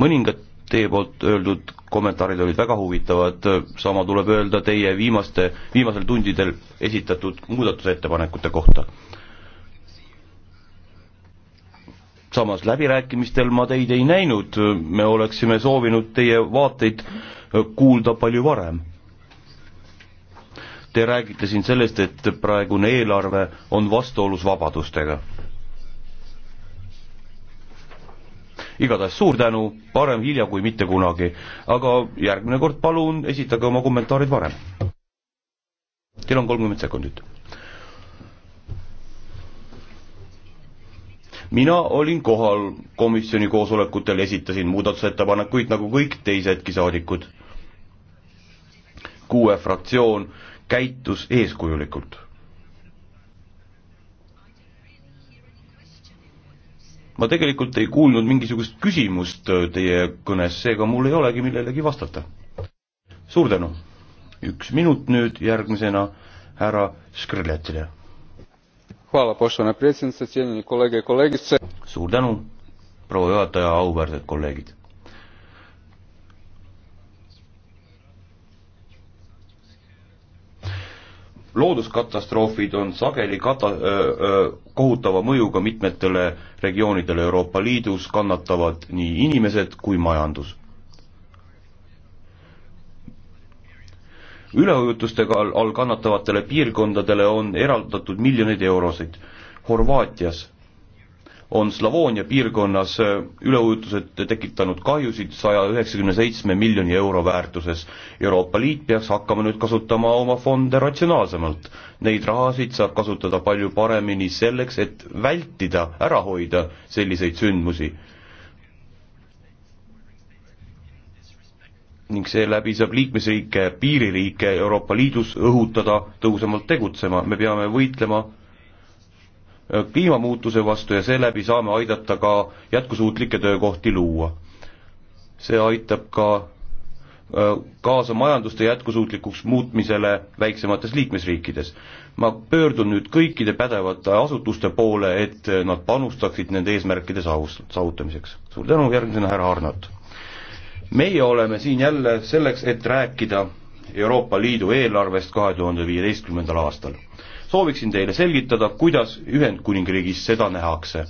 mõningad teie poolt öeldud kommentaarid olid väga huvitavad, sama tuleb öelda teie viimaste, viimasel tundidel esitatud muudatusettepanekute kohta. samas läbirääkimistel ma teid ei näinud, me oleksime soovinud teie vaateid kuulda palju varem. Te räägite siin sellest, et praegune eelarve on vastuolus vabadustega igatahes suur tänu, parem hilja kui mitte kunagi. aga järgmine kord palun esitage oma kommentaarid varem. Teil on kolmkümmend sekundit. mina olin kohal komisjoni koosolekutel, esitasin muudatusettepanekuid nagu kõik teisedki saadikud. kuue fraktsioon käitus eeskujulikult ma tegelikult ei kuulnud mingisugust küsimust äh, teie kõnes, seega mul ei olegi millelegi vastata. suur tänu! üks minut nüüd järgmisena härra Skrletile. suur tänu, proua juhataja, auväärsed kolleegid! looduskatastroofid on sageli kata- äh,, kohutava mõjuga mitmetele regioonidele Euroopa Liidus, kannatavad nii inimesed kui majandus. üleujutustega all kannatavatele piirkondadele on eraldatud miljoneid eurosid. Horvaatias on Slavoonia piirkonnas äh, üleujutused tekitanud kahjusid saja üheksakümne seitsme miljoni euro väärtuses. Euroopa Liit peaks hakkama nüüd kasutama oma fonde ratsionaalsemalt. Neid rahasid saab kasutada palju paremini selleks, et vältida, ära hoida selliseid sündmusi. ning seeläbi saab liikmesriike, piiririike Euroopa Liidus õhutada tõhusamalt tegutsema, me peame võitlema kliimamuutuse vastu ja seeläbi saame aidata ka jätkusuutlikke töökohti luua. see aitab ka äh, kaasa majanduste jätkusuutlikuks muutmisele väiksemates liikmesriikides. ma pöördun nüüd kõikide pädevate asutuste poole, et nad panustaksid nende eesmärkide saavus-, saavutamiseks. suur tänu, järgmisena härra Arnot. meie oleme siin jälle selleks, et rääkida Euroopa Liidu eelarvest kahe tuhande viieteistkümnendal aastal sooviksin teile selgitada, kuidas Ühendkuningriigis seda nähakse.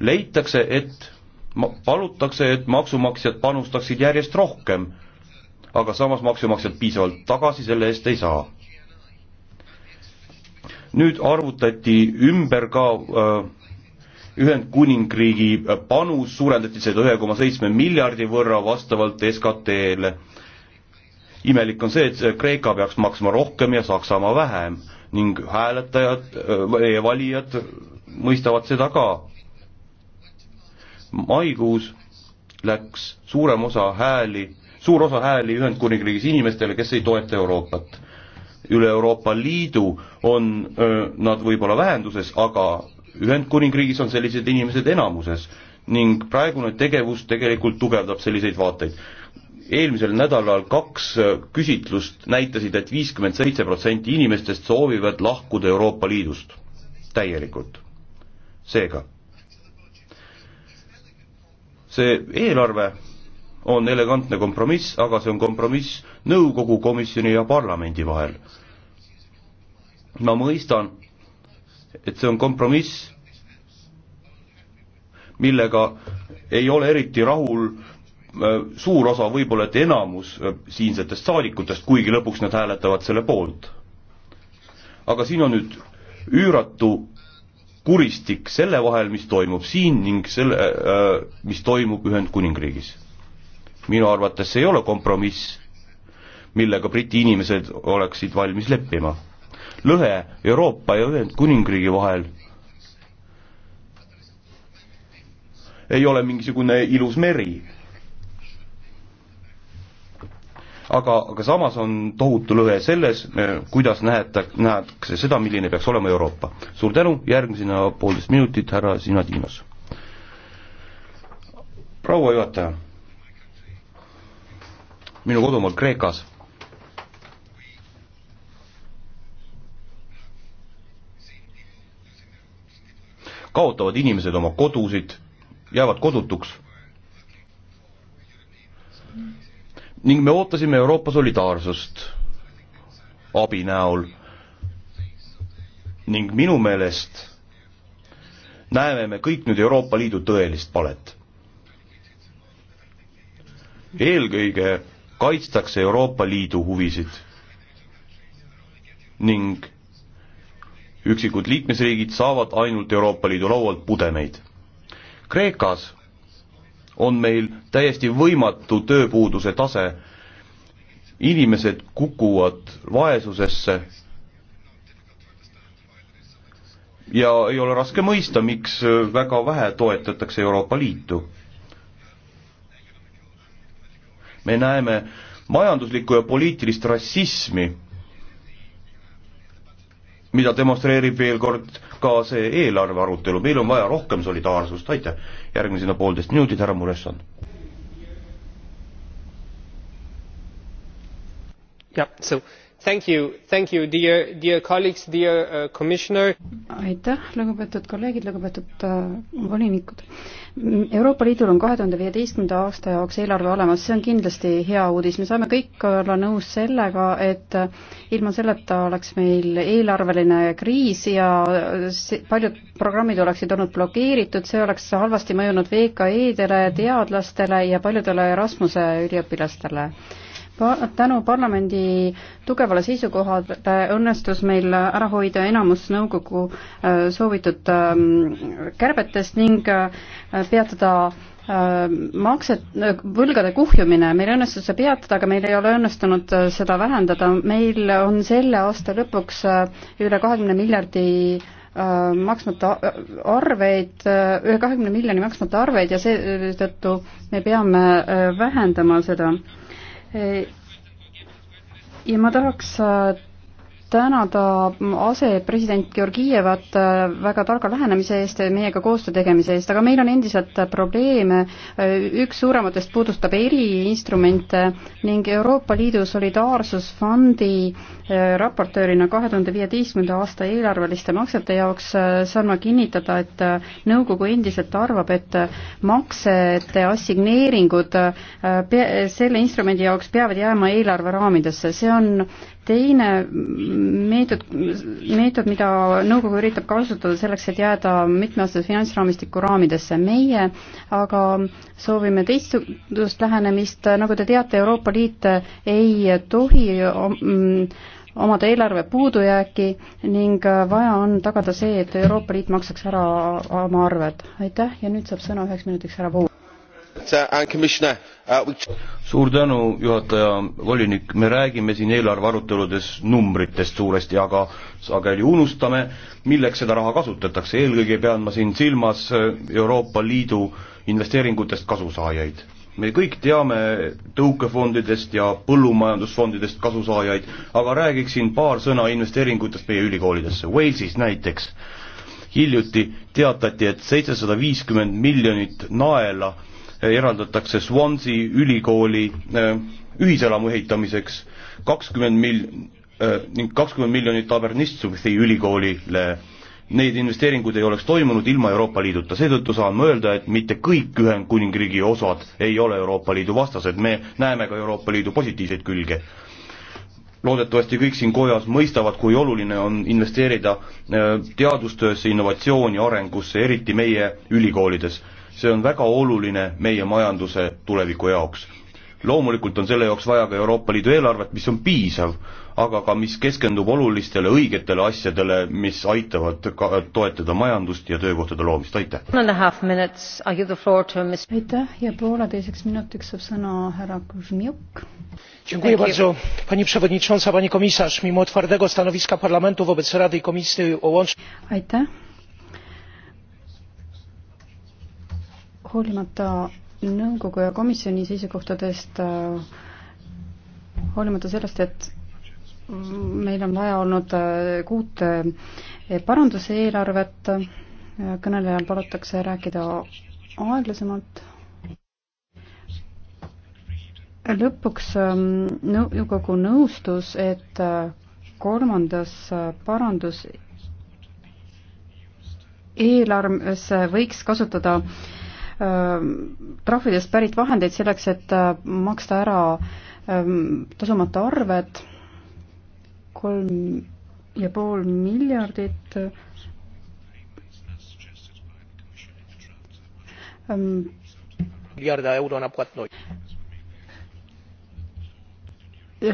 leitakse, et ma-, palutakse, et maksumaksjad panustaksid järjest rohkem, aga samas maksumaksjad piisavalt tagasi selle eest ei saa. nüüd arvutati ümber ka öö, äh, Ühendkuningriigi äh, panus suurendati seda ühe koma seitsme miljardi võrra vastavalt SKT-le. imelik on see, et Kreeka peaks maksma rohkem ja Saksamaa vähem ning hääletajad äh, ja valijad mõistavad seda ka. maikuus läks suurem osa hääli, suur osa hääli Ühendkuningriigis inimestele, kes ei toeta Euroopat. üle Euroopa Liidu on öö, äh, nad võib-olla vähenduses, aga Ühendkuningriigis on sellised inimesed enamuses ning praegune tegevus tegelikult tugevdab selliseid vaateid eelmisel nädalal kaks äh, küsitlust näitasid et, et viiskümmend seitse protsenti inimestest soovivad lahkuda Euroopa Liidust täielikult. seega, see eelarve on elegantne kompromiss, aga see on kompromiss nõukogu, komisjoni ja parlamendi vahel. ma mõistan, et see on kompromiss, millega ei ole eriti rahul äh, Äh, suur osa, võib-olla et enamus äh, siinsetest saadikutest, kuigi lõpuks nad hääletavad selle poolt. aga siin on nüüd üüratu kuristik selle vahel, mis toimub siin ning selle, äh, mis toimub Ühendkuningriigis. minu arvates see ei ole kompromiss, millega Briti inimesed oleksid valmis leppima. lõhe Euroopa ja Ühendkuningriigi vahel ei ole mingisugune ilus meri aga, aga samas on tohutu lõhe selles, eh, kuidas näete, nähakse seda, milline peaks olema Euroopa. suur tänu, järgmisena poolteist minutit, härra Sinadinos. proua juhataja, minu kodumaal Kreekas kaotavad inimesed oma kodusid, jäävad kodutuks ning me ootasime Euroopa solidaarsust abi näol. ning minu meelest näeme me kõik nüüd Euroopa Liidu tõelist palet. eelkõige kaitstakse Euroopa Liidu huvisid ning üksikud liikmesriigid saavad ainult Euroopa Liidu laualt pudemeid. Kreekas on meil täiesti võimatu tööpuuduse tase. inimesed kukuvad vaesusesse ja ei ole raske mõista, miks väga vähe toetatakse Euroopa Liitu. me näeme majanduslikku ja poliitilist rassismi mida demonstreerib veel kord ka see eelarve arutelu, meil on vaja rohkem solidaarsust, aitäh. järgmisena poolteist minutit, härra Muresson. jah, so Uh, aitäh lugupeetud kolleegid lugupeetud äh, volinikud euroopa liidul on kahe tuhande viieteistkümnenda aasta jaoks eelarve olemas see on kindlasti hea uudis me saame kõik olla nõus sellega et äh, ilma selleta oleks meil eelarveline kriis ja äh, paljud programmid oleksid olnud blokeeritud see oleks halvasti mõjunud VKE-dele teadlastele ja paljudele Erasmuse üliõpilastele pa-, tänu parlamendi tugevale seisukohale õnnestus meil ära hoida enamus nõukogu äh, soovitud ähm, kärbetest ning äh, peatada äh, makset, võlgade kuhjumine, meil õnnestus see peatada, aga meil ei ole õnnestunud seda vähendada, meil on selle aasta lõpuks üle kahekümne miljardi maksmata arveid, üle kahekümne miljoni maksmata arveid ja seetõttu me peame vähendama seda ja ma tahaks äh, tänada asepresident Georgievat äh, väga targa lähenemise eest ja meiega koostöö tegemise eest, aga meil on endiselt probleeme. Äh, üks suurematest puudutab eriinstrumente ning Euroopa Liidu Solidaarsusfondi äh, raportöörina kahe tuhande viieteistkümnenda aasta eelarveliste maksete jaoks saan ma kinnitada, et nõukogu endiselt arvab, et maksete assigneeringud selle instrumendi jaoks peavad jääma eelarve raamidesse, see on teine meetod, meetod, mida nõukogu üritab kasutada selleks, et jääda mitmeaastase finantsraamistiku raamidesse. meie aga soovime teistsugust lähenemist, nagu te teate, Euroopa Liit ei tohi omada eelarve puudujääki ning vaja on tagada see, et Euroopa Liit maksaks ära oma arved. aitäh ja nüüd saab sõna üheks minutiks härra Puur. Uh, uh, suur tänu, juhataja, volinik, me räägime siin eelarve aruteludes numbritest suuresti, aga sageli unustame, milleks seda raha kasutatakse, eelkõige pean ma siin silmas äh, Euroopa Liidu investeeringutest kasusaajaid. me kõik teame tõukefondidest ja põllumajandusfondidest kasusaajaid, aga räägiksin paar sõna investeeringutest meie ülikoolidesse, Walesis näiteks hiljuti teatati, et seitsesada viiskümmend miljonit naela eraldatakse Swansea ülikooli äh, ühiselamu ehitamiseks kakskümmend mil-, äh, ning kakskümmend miljonit Abernisthusi ülikoolile. Need investeeringud ei oleks toimunud ilma Euroopa Liiduta, seetõttu saan ma öelda, et mitte kõik Ühendkuningriigi osad ei ole Euroopa Liidu vastased, me näeme ka Euroopa Liidu positiivseid külgi loodetavasti kõik siin kojas mõistavad, kui oluline on investeerida äh, teadustöösse, innovatsiooni, arengusse, eriti meie ülikoolides see on väga oluline meie majanduse tuleviku jaoks. loomulikult on selle jaoks vaja ka Euroopa Liidu eelarvet, mis on piisav, aga ka mis keskendub olulistele õigetele asjadele, mis aitavad ka toetada majandust ja töökohtade loomist, aitäh! aitäh ja pooleteiseks minutiks saab sõna härra Kuzmjuk. Dziękuję bardzo Pani Przewodnicząca, Pani Komisarz. Mimo twardego stanowiska Parlamentu wobec Rady i Komisji o łącznym... Aitäh hoolimata nõukogu ja komisjoni seisukohtadest, äh, hoolimata sellest, et meil on vaja olnud äh, kuut äh, paranduseelarvet, kõnelejal palutakse rääkida aeglasemalt. lõpuks ähm, nõukogu nõustus, et kolmandas parandus eelarves võiks kasutada äh, trahvidest pärit vahendeid selleks, et äh, maksta ära tasumata arved, kolm ja pool miljardit miljarda eurona płatność.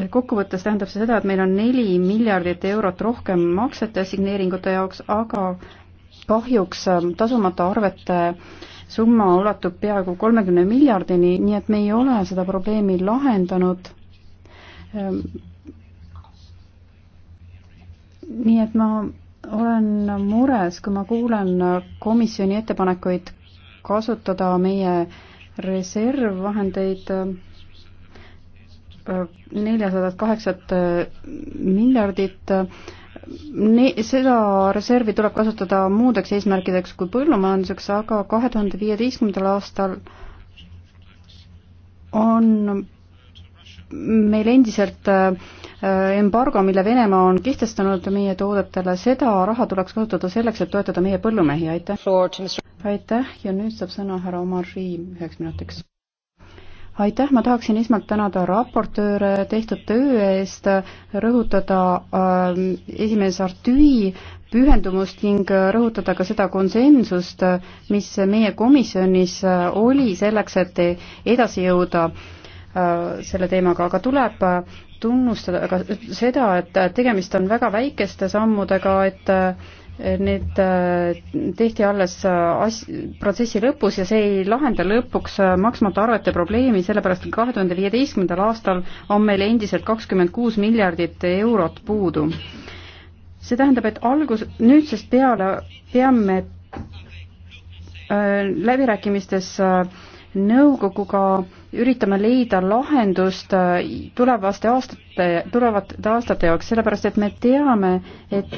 kokkuvõttes tähendab see seda, et meil on neli miljardit eurot rohkem maksete signeeringute jaoks, aga kahjuks ähm, tasumata arvete äh, summa ulatub peaaegu kolmekümne miljardini, nii et me ei ole seda probleemi lahendanud. Ehm, nii et ma olen mures, kui ma kuulen komisjoni ettepanekuid kasutada meie reservvahendeid ehm, neljasadat kaheksat miljardit seda reservi tuleb kasutada muudeks eesmärkideks kui põllumajanduseks, aga kahe tuhande viieteistkümnendal aastal on meil endiselt äh, embargo, mille Venemaa on kehtestanud meie toodetele, seda raha tuleks kasutada selleks, et toetada meie põllumehi, aitäh. aitäh ja nüüd saab sõna härra Omar Riim üheks minutiks aitäh, ma tahaksin esmalt tänada raportööre tehtud töö eest, rõhutada äh, esimees Artüi pühendumust ning rõhutada ka seda konsensust, mis meie komisjonis oli selleks, et edasi jõuda äh, selle teemaga, aga tuleb tunnustada ka seda, et tegemist on väga väikeste sammudega, et äh, need äh, tehti alles äh, as-, protsessi lõpus ja see ei lahenda lõpuks äh, maksmata arvete probleemi, sellepärast et kahe tuhande viieteistkümnendal aastal on meil endiselt kakskümmend kuus miljardit eurot puudu. see tähendab, et algus, nüüdsest peale peame läbirääkimistes nõukoguga üritame leida lahendust tulevaste aastate, tulevate aastate jaoks, sellepärast et me teame, et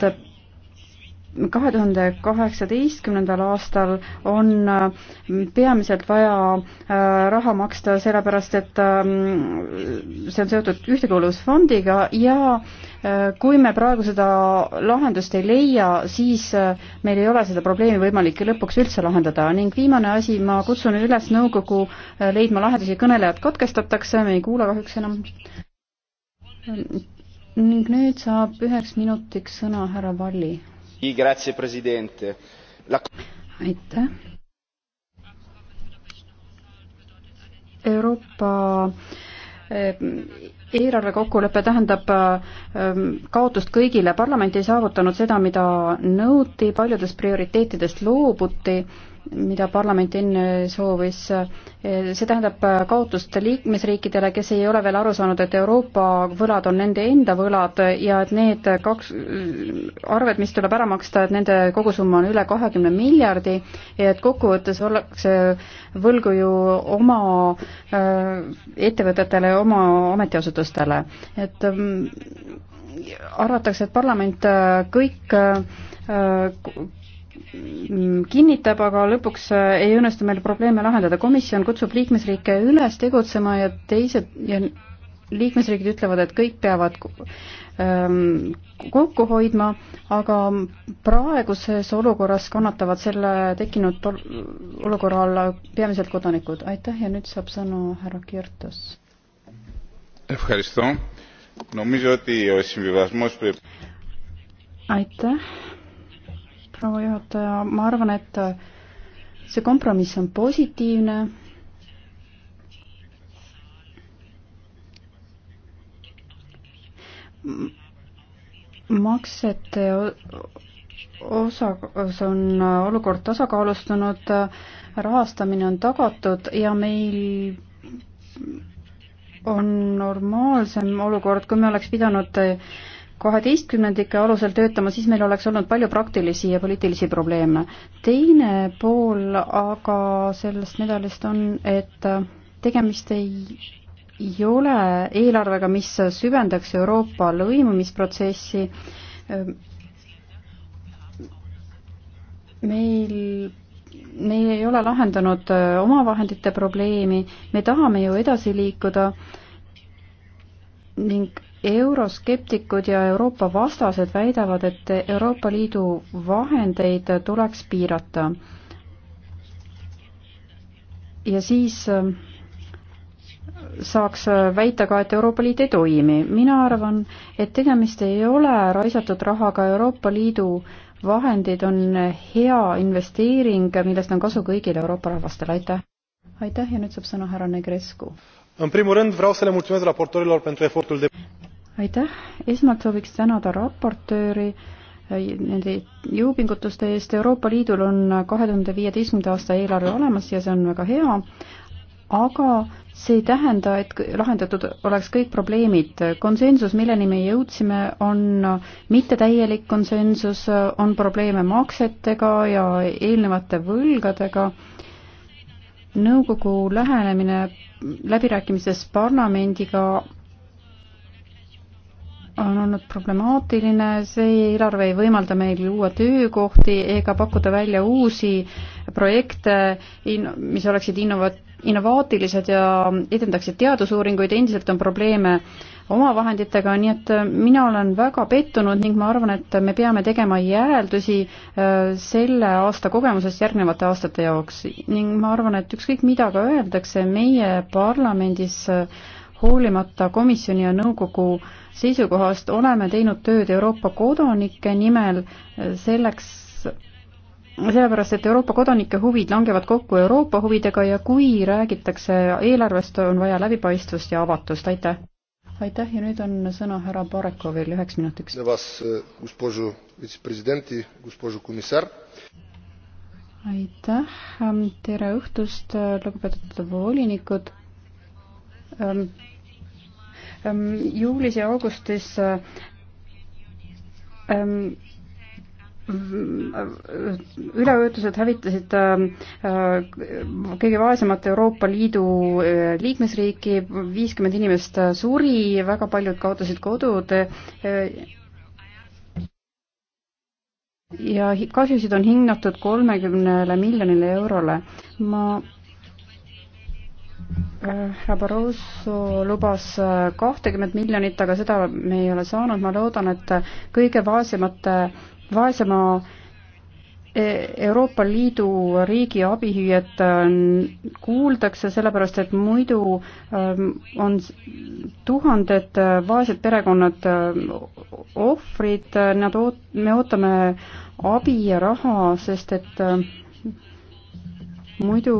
kahe tuhande kaheksateistkümnendal aastal on äh, peamiselt vaja äh, raha maksta, sellepärast et ähm, see on seotud ühtekuuluvusfondiga ja äh, kui me praegu seda lahendust ei leia, siis meil ei ole seda probleemi võimalik lõpuks üldse lahendada ning viimane asi, ma kutsun üles nõukogu leidma lahendusi, kõnelejad katkestatakse, me ei kuule kahjuks enam ning nüüd saab üheks minutiks sõna härra Valli aitäh. Euroopa eh, eelarve kokkulepe tähendab eh, kaotust kõigile, parlament ei saavutanud seda, mida nõuti, paljudest prioriteetidest loobuti mida parlament enne soovis. see tähendab kaotust liikmesriikidele, kes ei ole veel aru saanud, et Euroopa võlad on nende enda võlad ja et need kaks arved, mis tuleb ära maksta, et nende kogusumma on üle kahekümne miljardi ja et kokkuvõttes ollakse võlgu ju oma äh, ettevõtetele, oma ametiasutustele. et ähm, arvatakse, et parlament äh, kõik äh, Mm, kinnitab, aga lõpuks äh, ei õnnestu meil probleeme lahendada. komisjon kutsub liikmesriike üles tegutsema ja teised ja liikmesriigid ütlevad, et kõik peavad ähm, kokku hoidma, aga praeguses olukorras kannatavad selle tekkinud olukorra alla peamiselt kodanikud. aitäh ja nüüd saab sõna härra Kirtus. aitäh proua juhataja, ma arvan, et see kompromiss on positiivne. maksete osas on olukord tasakaalustunud, rahastamine on tagatud ja meil on normaalsem olukord, kui me oleks pidanud kaheteistkümnendike alusel töötama, siis meil oleks olnud palju praktilisi ja poliitilisi probleeme. teine pool aga sellest medalist on, et tegemist ei ei ole eelarvega, mis süvendaks Euroopa lõimumisprotsessi. meil me ei ole lahendanud omavahendite probleemi, me tahame ju edasi liikuda ning euroskeptikud ja Euroopa vastased väidavad, et Euroopa Liidu vahendeid tuleks piirata. ja siis äh, saaks äh, väita ka, et Euroopa Liit ei toimi. mina arvan, et tegemist ei ole raisatud rahaga, Euroopa Liidu vahendid on hea investeering, millest on kasu kõigile Euroopa rahvastele, aitäh! aitäh ja nüüd saab sõna härra Negrescu. în primul rând vreau să le mulțumesc raportorilor pentru efortul de aitäh, esmalt sooviks tänada raportööri äh, nende jõupingutuste eest, Euroopa Liidul on kahe tuhande viieteistkümnenda aasta eelarve olemas ja see on väga hea, aga see ei tähenda, et lahendatud oleks kõik probleemid. konsensus, milleni me jõudsime, on mittetäielik konsensus, on probleeme maksetega ja eelnevate võlgadega. nõukogu lähenemine läbirääkimistes parlamendiga on olnud problemaatiline, see eelarve ei võimalda meil luua töökohti ega pakkuda välja uusi projekte, mis oleksid innovat-, innovaatilised ja edendaksid teadusuuringuid, endiselt on probleeme omavahenditega, nii et äh, mina olen väga pettunud ning ma arvan, et me peame tegema järeldusi äh, selle aasta kogemusest järgnevate aastate jaoks ning ma arvan, et ükskõik mida ka öeldakse, meie parlamendis äh, hoolimata komisjoni ja nõukogu seisukohast oleme teinud tööd Euroopa kodanike nimel selleks, sellepärast, et Euroopa kodanike huvid langevad kokku Euroopa huvidega ja kui räägitakse eelarvest, on vaja läbipaistvust ja avatust, aitäh! aitäh ja nüüd on sõna härra Barekovil üheks minutiks. aitäh, tere õhtust, lugupeetud volinikud Ähm, ähm, juulis ja augustis ähm, äh, üleujutused hävitasid äh, kõige vaesemat Euroopa Liidu äh, liikmesriiki, viiskümmend inimest suri, väga paljud kaotasid kodud. ja kahjusid on hinnatud kolmekümnele miljonile eurole. ma härra äh, Barroso lubas äh, kahtekümmet miljonit, aga seda me ei ole saanud, ma loodan, et kõige vaesemate, vaesema e, Euroopa Liidu riigi abi, et äh, kuuldakse, sellepärast et muidu ähm, on tuhanded vaesed perekonnad ohvrid, nad oot-, me ootame abi ja raha, sest et muidu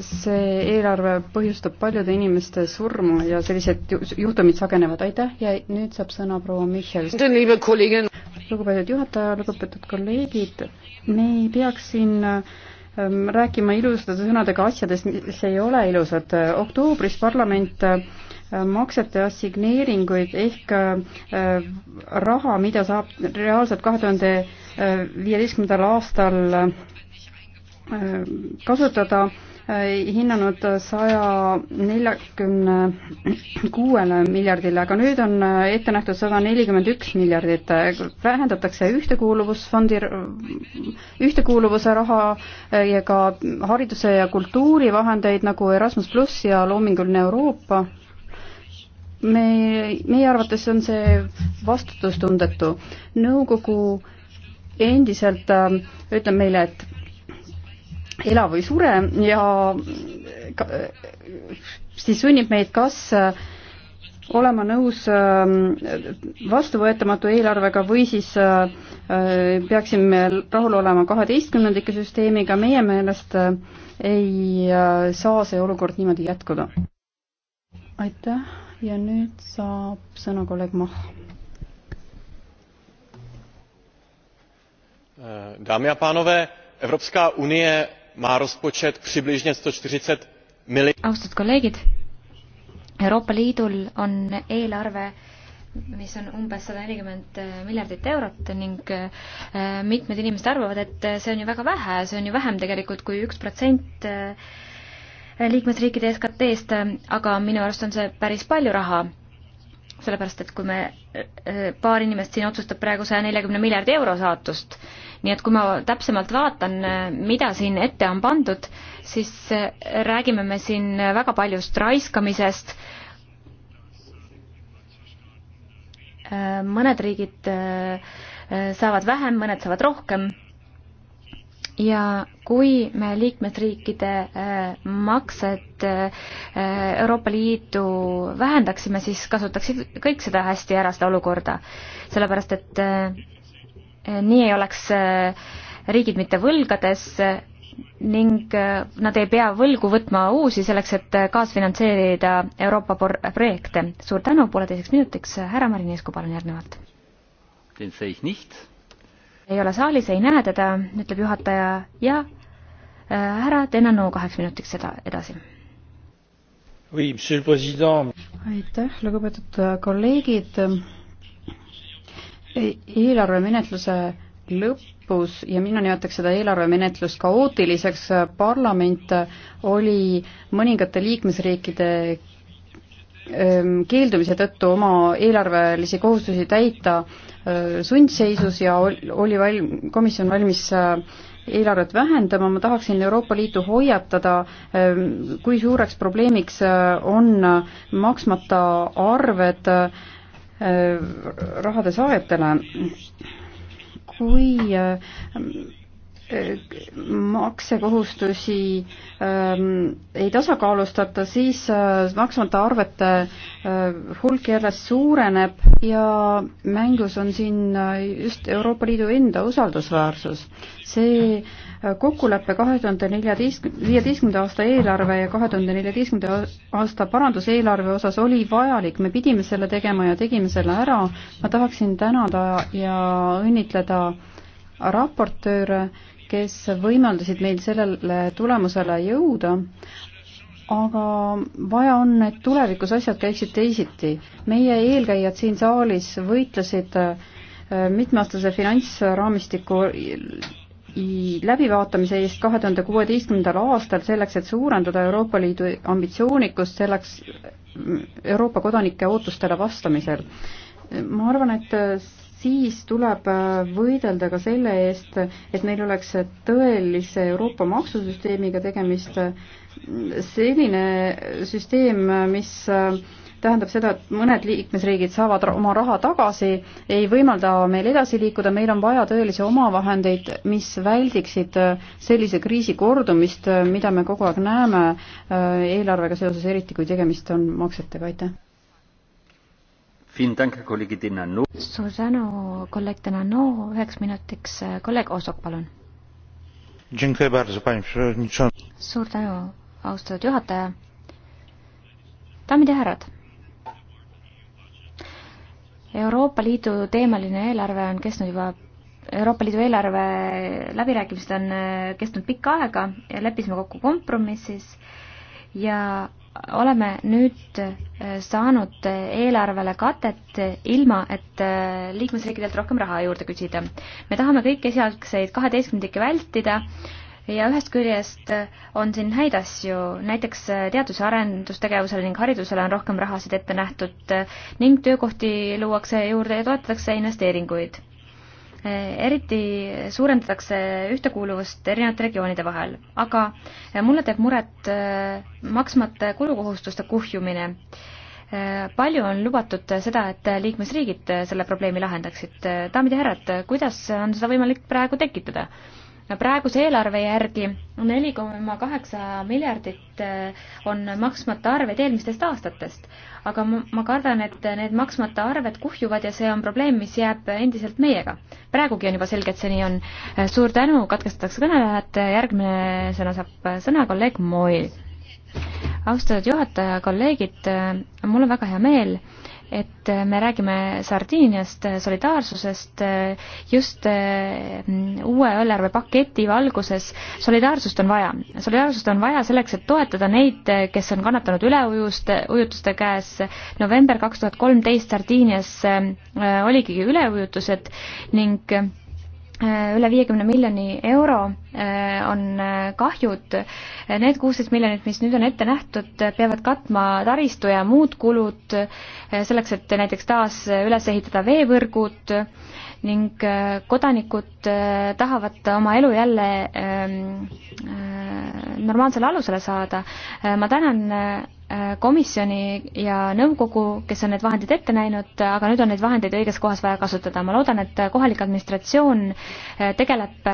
see eelarve põhjustab paljude inimeste surma ja sellised juhtumid sagenevad. aitäh ja nüüd saab sõna proua Michal. lugupeetud juhataja, lugupeetud kolleegid, me ei peaks siin ähm, rääkima ilusate sõnadega asjadest, mis ei ole ilusad. oktoobris parlament äh, maksete assigneeringuid ehk äh, raha, mida saab reaalselt kahe tuhande äh, viieteistkümnendal aastal kasutada Äh, hinnanud saja neljakümne kuuele miljardile, aga nüüd on äh, ette nähtud sada nelikümmend üks miljardit. vähendatakse ühtekuuluvusfondi, ühtekuuluvuse raha äh, ja ka hariduse ja kultuuri vahendeid nagu Erasmus pluss ja Loominguline Euroopa. me, meie arvates on see vastutustundetu. nõukogu endiselt ütleb meile, et ela või sure ja siis sunnib meid kas äh, olema nõus äh, vastuvõetamatu eelarvega või siis äh, peaksime rahul olema kaheteistkümnendike süsteemiga, meie meelest ei saa see olukord niimoodi jätkuda. aitäh ja nüüd saab sõna kolleeg Mah. Dámy a pánové, Evropská unie má rozpočet přibližně 140 miljonit. Austatud kolleegid, Euroopa Liidul on eelarve mis on umbes sada nelikümmend eh, miljardit eurot ning eh, mitmed inimesed arvavad, et eh, see on ju väga vähe, see on ju vähem tegelikult kui üks protsent liikmesriikide SKT-st, aga minu arust on see päris palju raha. sellepärast, et kui me, paar inimest siin otsustab praegu saja neljakümne miljardi euro saatust, nii et kui ma täpsemalt vaatan, mida siin ette on pandud, siis äh, räägime me siin väga paljust raiskamisest, äh, mõned riigid äh, saavad vähem, mõned saavad rohkem ja kui me liikmesriikide maksed Euroopa Liidu vähendaksime, siis kasutaksid kõik seda hästi ära, seda olukorda. sellepärast, et Eh, nii ei oleks eh, riigid mitte võlgades eh, ning nad ei pea võlgu võtma uusi selleks, et kaasfinantseerida Euroopa projekte. suur tänu, pooleteiseks minutiks, härra Marin Jesko, palun järgnevalt. ei ole saalis, ei näe teda, ütleb juhataja ja härra Denano kaheks minutiks seda edasi oui,. aitäh, lugupeetud kolleegid eelarvemenetluse lõpus ja mina nimetaks seda eelarvemenetlust kaootiliseks, parlament oli mõningate liikmesriikide ähm, keeldumise tõttu oma eelarvelisi kohustusi täita äh, sundseisus ja oli valm-, komisjon valmis äh, eelarvet vähendama, ma tahaksin Euroopa Liitu hoiatada, ähm, kui suureks probleemiks äh, on maksmata arved Äh, rahade saajatele. kui äh, maksekohustusi ähm, ei tasakaalustata, siis äh, maksmata arvete äh, hulk järjest suureneb ja mängus on siin äh, just Euroopa Liidu enda usaldusväärsus. see äh, kokkulepe kahe tuhande neljateistkümne, viieteistkümnenda aasta eelarve ja kahe tuhande neljateistkümnenda aasta paranduseelarve osas oli vajalik, me pidime selle tegema ja tegime selle ära, ma tahaksin tänada ja õnnitleda raportööre kes võimaldasid meil sellele tulemusele jõuda, aga vaja on, et tulevikus asjad käiksid teisiti. meie eelkäijad siin saalis võitlesid äh, mitmeaastase finantsraamistiku läbivaatamise eest kahe tuhande kuueteistkümnendal aastal selleks, et suurendada Euroopa Liidu ambitsioonikust selleks mm, Euroopa kodanike ootustele vastamisel. ma arvan, et äh, siis tuleb äh, võidelda ka selle eest, et meil oleks tõelise Euroopa maksusüsteemiga tegemist, selline süsteem, mis äh, tähendab seda, et mõned liikmesriigid saavad oma raha tagasi, ei võimalda meil edasi liikuda, meil on vaja tõelisi omavahendeid, mis väldiksid äh, sellise kriisi kordumist, mida me kogu aeg näeme eelarvega seoses, eriti kui tegemist on maksetega, aitäh! suur tänu, kolleeg Denano, üheks minutiks äh, kolleeg Ossok, palun. suur tänu, austatud juhataja. daamid ja härrad. Euroopa Liidu teemaline eelarve on kestnud juba Euroopa Liidu eelarve läbirääkimised on äh, kestnud pikka aega ja leppisime kokku kompromissis ja oleme nüüd äh, saanud eelarvele katet, ilma et äh, liikmesriikidelt rohkem raha juurde küsida. me tahame kõiki esialgseid kaheteistkümnendikke vältida ja ühest küljest äh, on siin häid asju, näiteks teadus- ja arendustegevusele ning haridusele on rohkem rahasid ette nähtud ning töökohti luuakse juurde ja toetatakse investeeringuid eriti suurendatakse ühtekuuluvust erinevate regioonide vahel, aga mulle teeb muret äh, maksmata kulukohustuste kuhjumine. Äh, palju on lubatud seda, et liikmesriigid selle probleemi lahendaksid. Äh, daamid ja härrad, kuidas on seda võimalik praegu tekitada? praeguse eelarve järgi neli koma kaheksa miljardit äh, on maksmata arveid eelmistest aastatest, aga ma kardan, et need maksmata arved kuhjuvad ja see on probleem, mis jääb endiselt meiega. praegugi on juba selge, et see nii on. Äh, suur tänu, katkestatakse kõnelejad, järgmisena saab äh, sõna kolleeg Moil. austatud juhataja, kolleegid, mul on väga hea meel et me räägime Sardiiniast, solidaarsusest just mm, uue eelarvepaketi valguses. solidaarsust on vaja, solidaarsust on vaja selleks, et toetada neid, kes on kannatanud üleujuste, ujutuste käes. november kaks tuhat kolmteist Sardiinias mm, oligi üleujutused ning Äh, üle viiekümne miljoni euro äh, on äh, kahjud. Need kuusteist miljonit, mis nüüd on ette nähtud, peavad katma taristu ja muud kulud selleks, et näiteks taas üles ehitada veevõrgud ning kodanikud tahavad oma elu jälle ähm, normaalsele alusele saada. ma tänan Äh, komisjoni ja nõukogu, kes on need vahendid ette näinud, aga nüüd on neid vahendeid õiges kohas vaja kasutada. ma loodan, et äh, kohalik administratsioon äh, tegeleb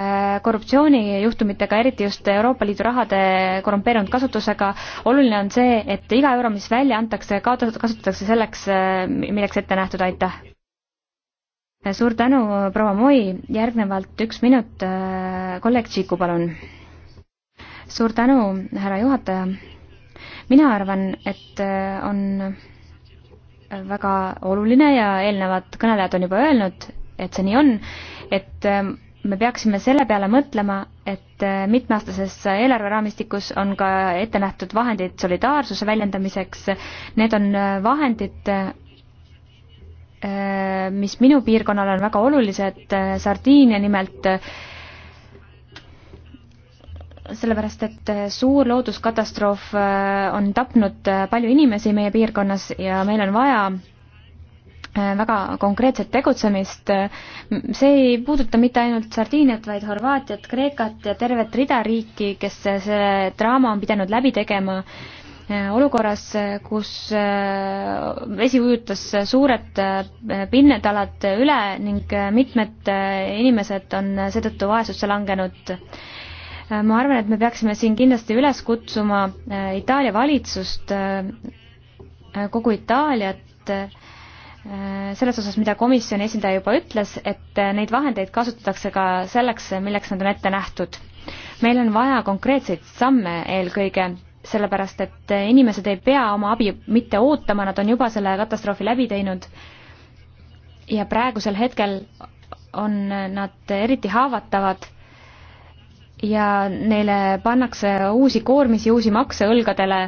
korruptsioonijuhtumitega, eriti just Euroopa Liidu rahade korrumpeerunud kasutusega. oluline on see, et iga euro, mis välja antakse, kasutatakse selleks, milleks ette nähtud, aitäh! suur tänu, proua Moi, järgnevalt üks minut, kolleeg Tšiku, palun! suur tänu, härra juhataja mina arvan, et äh, on väga oluline ja eelnevad kõnelejad on juba öelnud, et see nii on, et äh, me peaksime selle peale mõtlema, et äh, mitmeaastases eelarveraamistikus on ka ette nähtud vahendid solidaarsuse väljendamiseks. Need on vahendid, mis minu piirkonnal on väga olulised, Sardiinia nimelt sellepärast et äh, suur looduskatastroof äh, on tapnud äh, palju inimesi meie piirkonnas ja meil on vaja väga konkreetset tegutsemist. see ei puuduta mitte ainult Sardiiniat, vaid Horvaatiat, Kreekat ja tervet rida riiki, kes selle draama on pidanud läbi tegema olukorras, kus vesi ujutas suured pinnetalad üle ning mitmed inimesed on seetõttu vaesusse langenud Äh, ma arvan, et me peaksime siin kindlasti üles kutsuma äh, Itaalia valitsust, äh, kogu Itaaliat, selles osas, mida komisjoni esindaja juba ütles, et neid vahendeid kasutatakse ka selleks, milleks nad on ette nähtud. meil on vaja konkreetseid samme eelkõige, sellepärast et inimesed ei pea oma abi mitte ootama, nad on juba selle katastroofi läbi teinud ja praegusel hetkel on nad eriti haavatavad ja neile pannakse uusi koormisi, uusi makse õlgadele.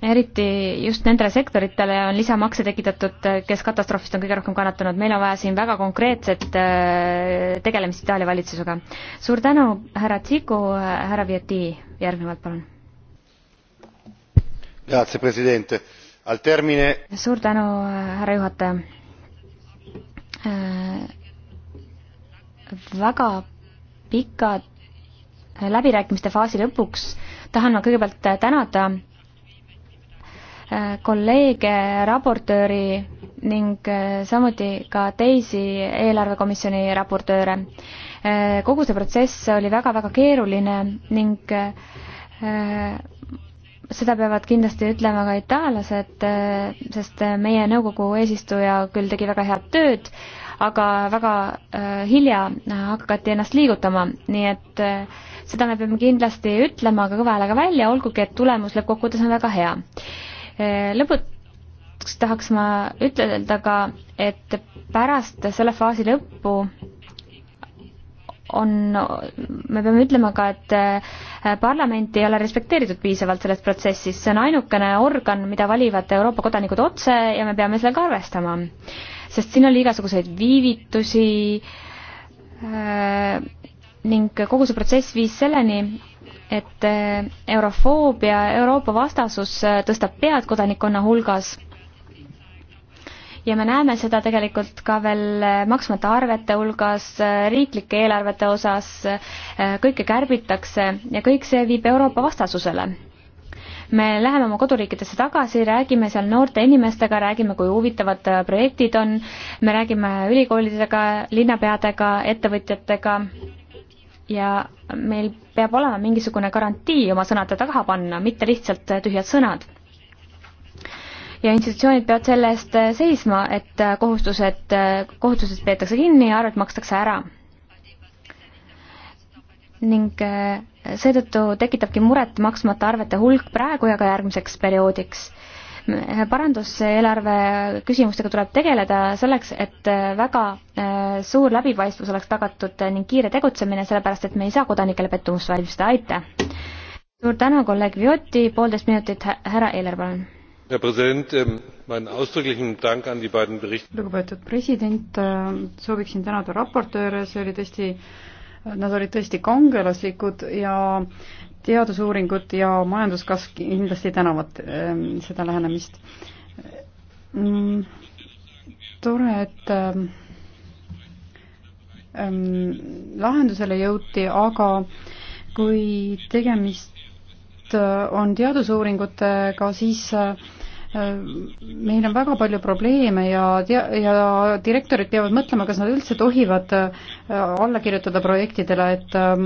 eriti just nendele sektoritele on lisamakse tekitatud, kes katastroofist on kõige rohkem kannatanud. meil on vaja siin väga konkreetset äh, tegelemist Itaalia valitsusega. suur tänu, härra Tsiku, härra Vieti, järgnevalt palun. Termine... suur tänu, härra juhataja. Äh, väga pika läbirääkimiste faasi lõpuks tahan ma kõigepealt tänada äh, kolleege, raportööri ning äh, samuti ka teisi eelarvekomisjoni raportööre. Äh, kogu see protsess oli väga-väga keeruline ning seda peavad kindlasti ütlema ka itaallased, sest meie nõukogu eesistuja küll tegi väga head tööd, aga väga äh, hilja äh, hakati ennast liigutama, nii et äh, seda me peame kindlasti ütlema ka kõva häälega välja, olgugi et tulemus lõppkokkuvõttes on väga hea. lõpuks tahaks ma ütelda ka, et pärast selle faasi lõppu on, me peame ütlema ka, et parlamenti ei ole respekteeritud piisavalt selles protsessis, see on ainukene organ, mida valivad Euroopa kodanikud otse ja me peame sellega arvestama sest siin oli igasuguseid viivitusi äh, ning kogu see protsess viis selleni, et äh, eurofoobia, Euroopa vastasus äh, tõstab pead kodanikkonna hulgas. ja me näeme seda tegelikult ka veel äh, maksmata arvete hulgas, äh, riiklike eelarvete osas, äh, kõike kärbitakse ja kõik see viib Euroopa vastasusele me läheme oma koduriikidesse tagasi, räägime seal noorte inimestega, räägime, kui huvitavad äh, projektid on, me räägime ülikoolidega, linnapeadega, ettevõtjatega ja meil peab olema mingisugune garantii oma sõnade taha panna, mitte lihtsalt äh, tühjad sõnad. ja institutsioonid peavad selle eest äh, seisma, et kohustused, kohustusest peetakse kinni ja arved makstakse ära ning seetõttu tekitabki muret maksmata arvete hulk praegu ja ka järgmiseks perioodiks. paranduseelarve küsimustega tuleb tegeleda selleks, et väga äh, suur läbipaistvus oleks tagatud ning kiire tegutsemine, sellepärast et me ei saa kodanikele pettumust valmistada, aitäh! suur tänu, kolleeg Viotti, poolteist minutit, härra Eiler, palun! herr präsident! Ähm, meinen ausdrücklichen dank an die beiden berichterstatter. lugupeetud president äh, sooviksin tänada raportööre see oli tõesti Nad olid tõesti kangelaslikud ja teadusuuringud ja majanduskasv kindlasti tänavad ehm, seda lähenemist. Mm, tore, et ehm, ehm, lahendusele jõuti, aga kui tegemist eh, on teadusuuringutega, siis eh, meil on väga palju probleeme ja tea-, ja direktorid peavad mõtlema, kas nad üldse tohivad äh, alla kirjutada projektidele, et ähm,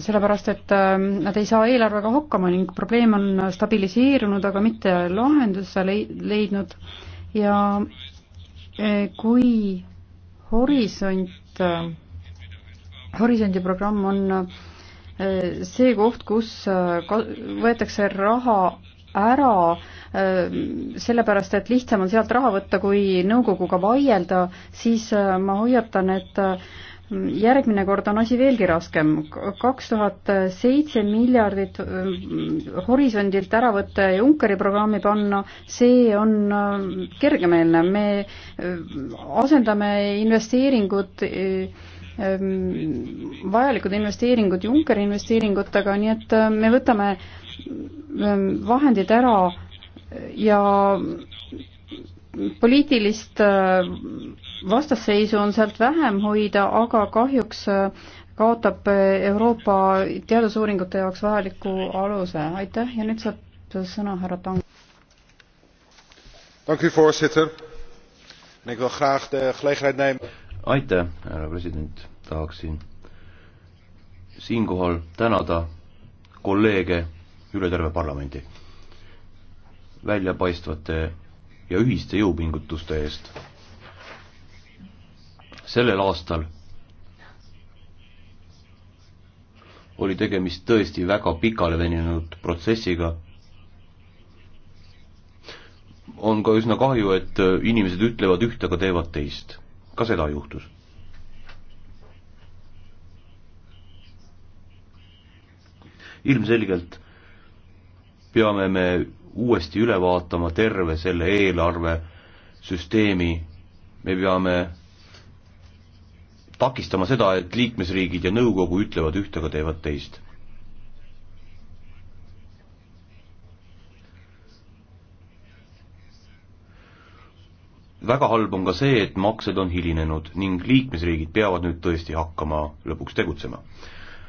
sellepärast, et ähm, nad ei saa eelarvega hakkama ning probleem on stabiliseerunud, aga mitte lahendusse leidnud ja äh, kui horisont, äh, horisondi programm on see koht, kus võetakse raha ära äh, Äh, sellepärast, et lihtsam on sealt raha võtta, kui nõukoguga vaielda, siis äh, ma hoiatan, et äh, järgmine kord on asi veelgi raskem. kaks tuhat seitse miljardit horisondilt ära võtta ja Junckeri programmi panna, see on kergemeelne. me asendame investeeringud ähm, vajalikud investeeringud Junckeri investeeringutega, nii et me võtame vahendid ära ja poliitilist äh, vastasseisu on sealt vähem hoida, aga kahjuks äh, kaotab äh, Euroopa teadusuuringute jaoks vajaliku aluse. aitäh ja nüüd saab sõna härra Tang. aitäh, härra president, tahaksin siinkohal tänada kolleege üle terve parlamendi väljapaistvate ja ühiste jõupingutuste eest. sellel aastal oli tegemist tõesti väga pikale veninud protsessiga. on ka üsna kahju, et inimesed ütlevad üht, aga teevad teist. ka seda juhtus. ilmselgelt peame me uuesti üle vaatama terve selle eelarvesüsteemi. me peame takistama seda, et liikmesriigid ja nõukogu ütlevad üht, aga teevad teist. väga halb on ka see, et maksed on hilinenud ning liikmesriigid peavad nüüd tõesti hakkama lõpuks tegutsema.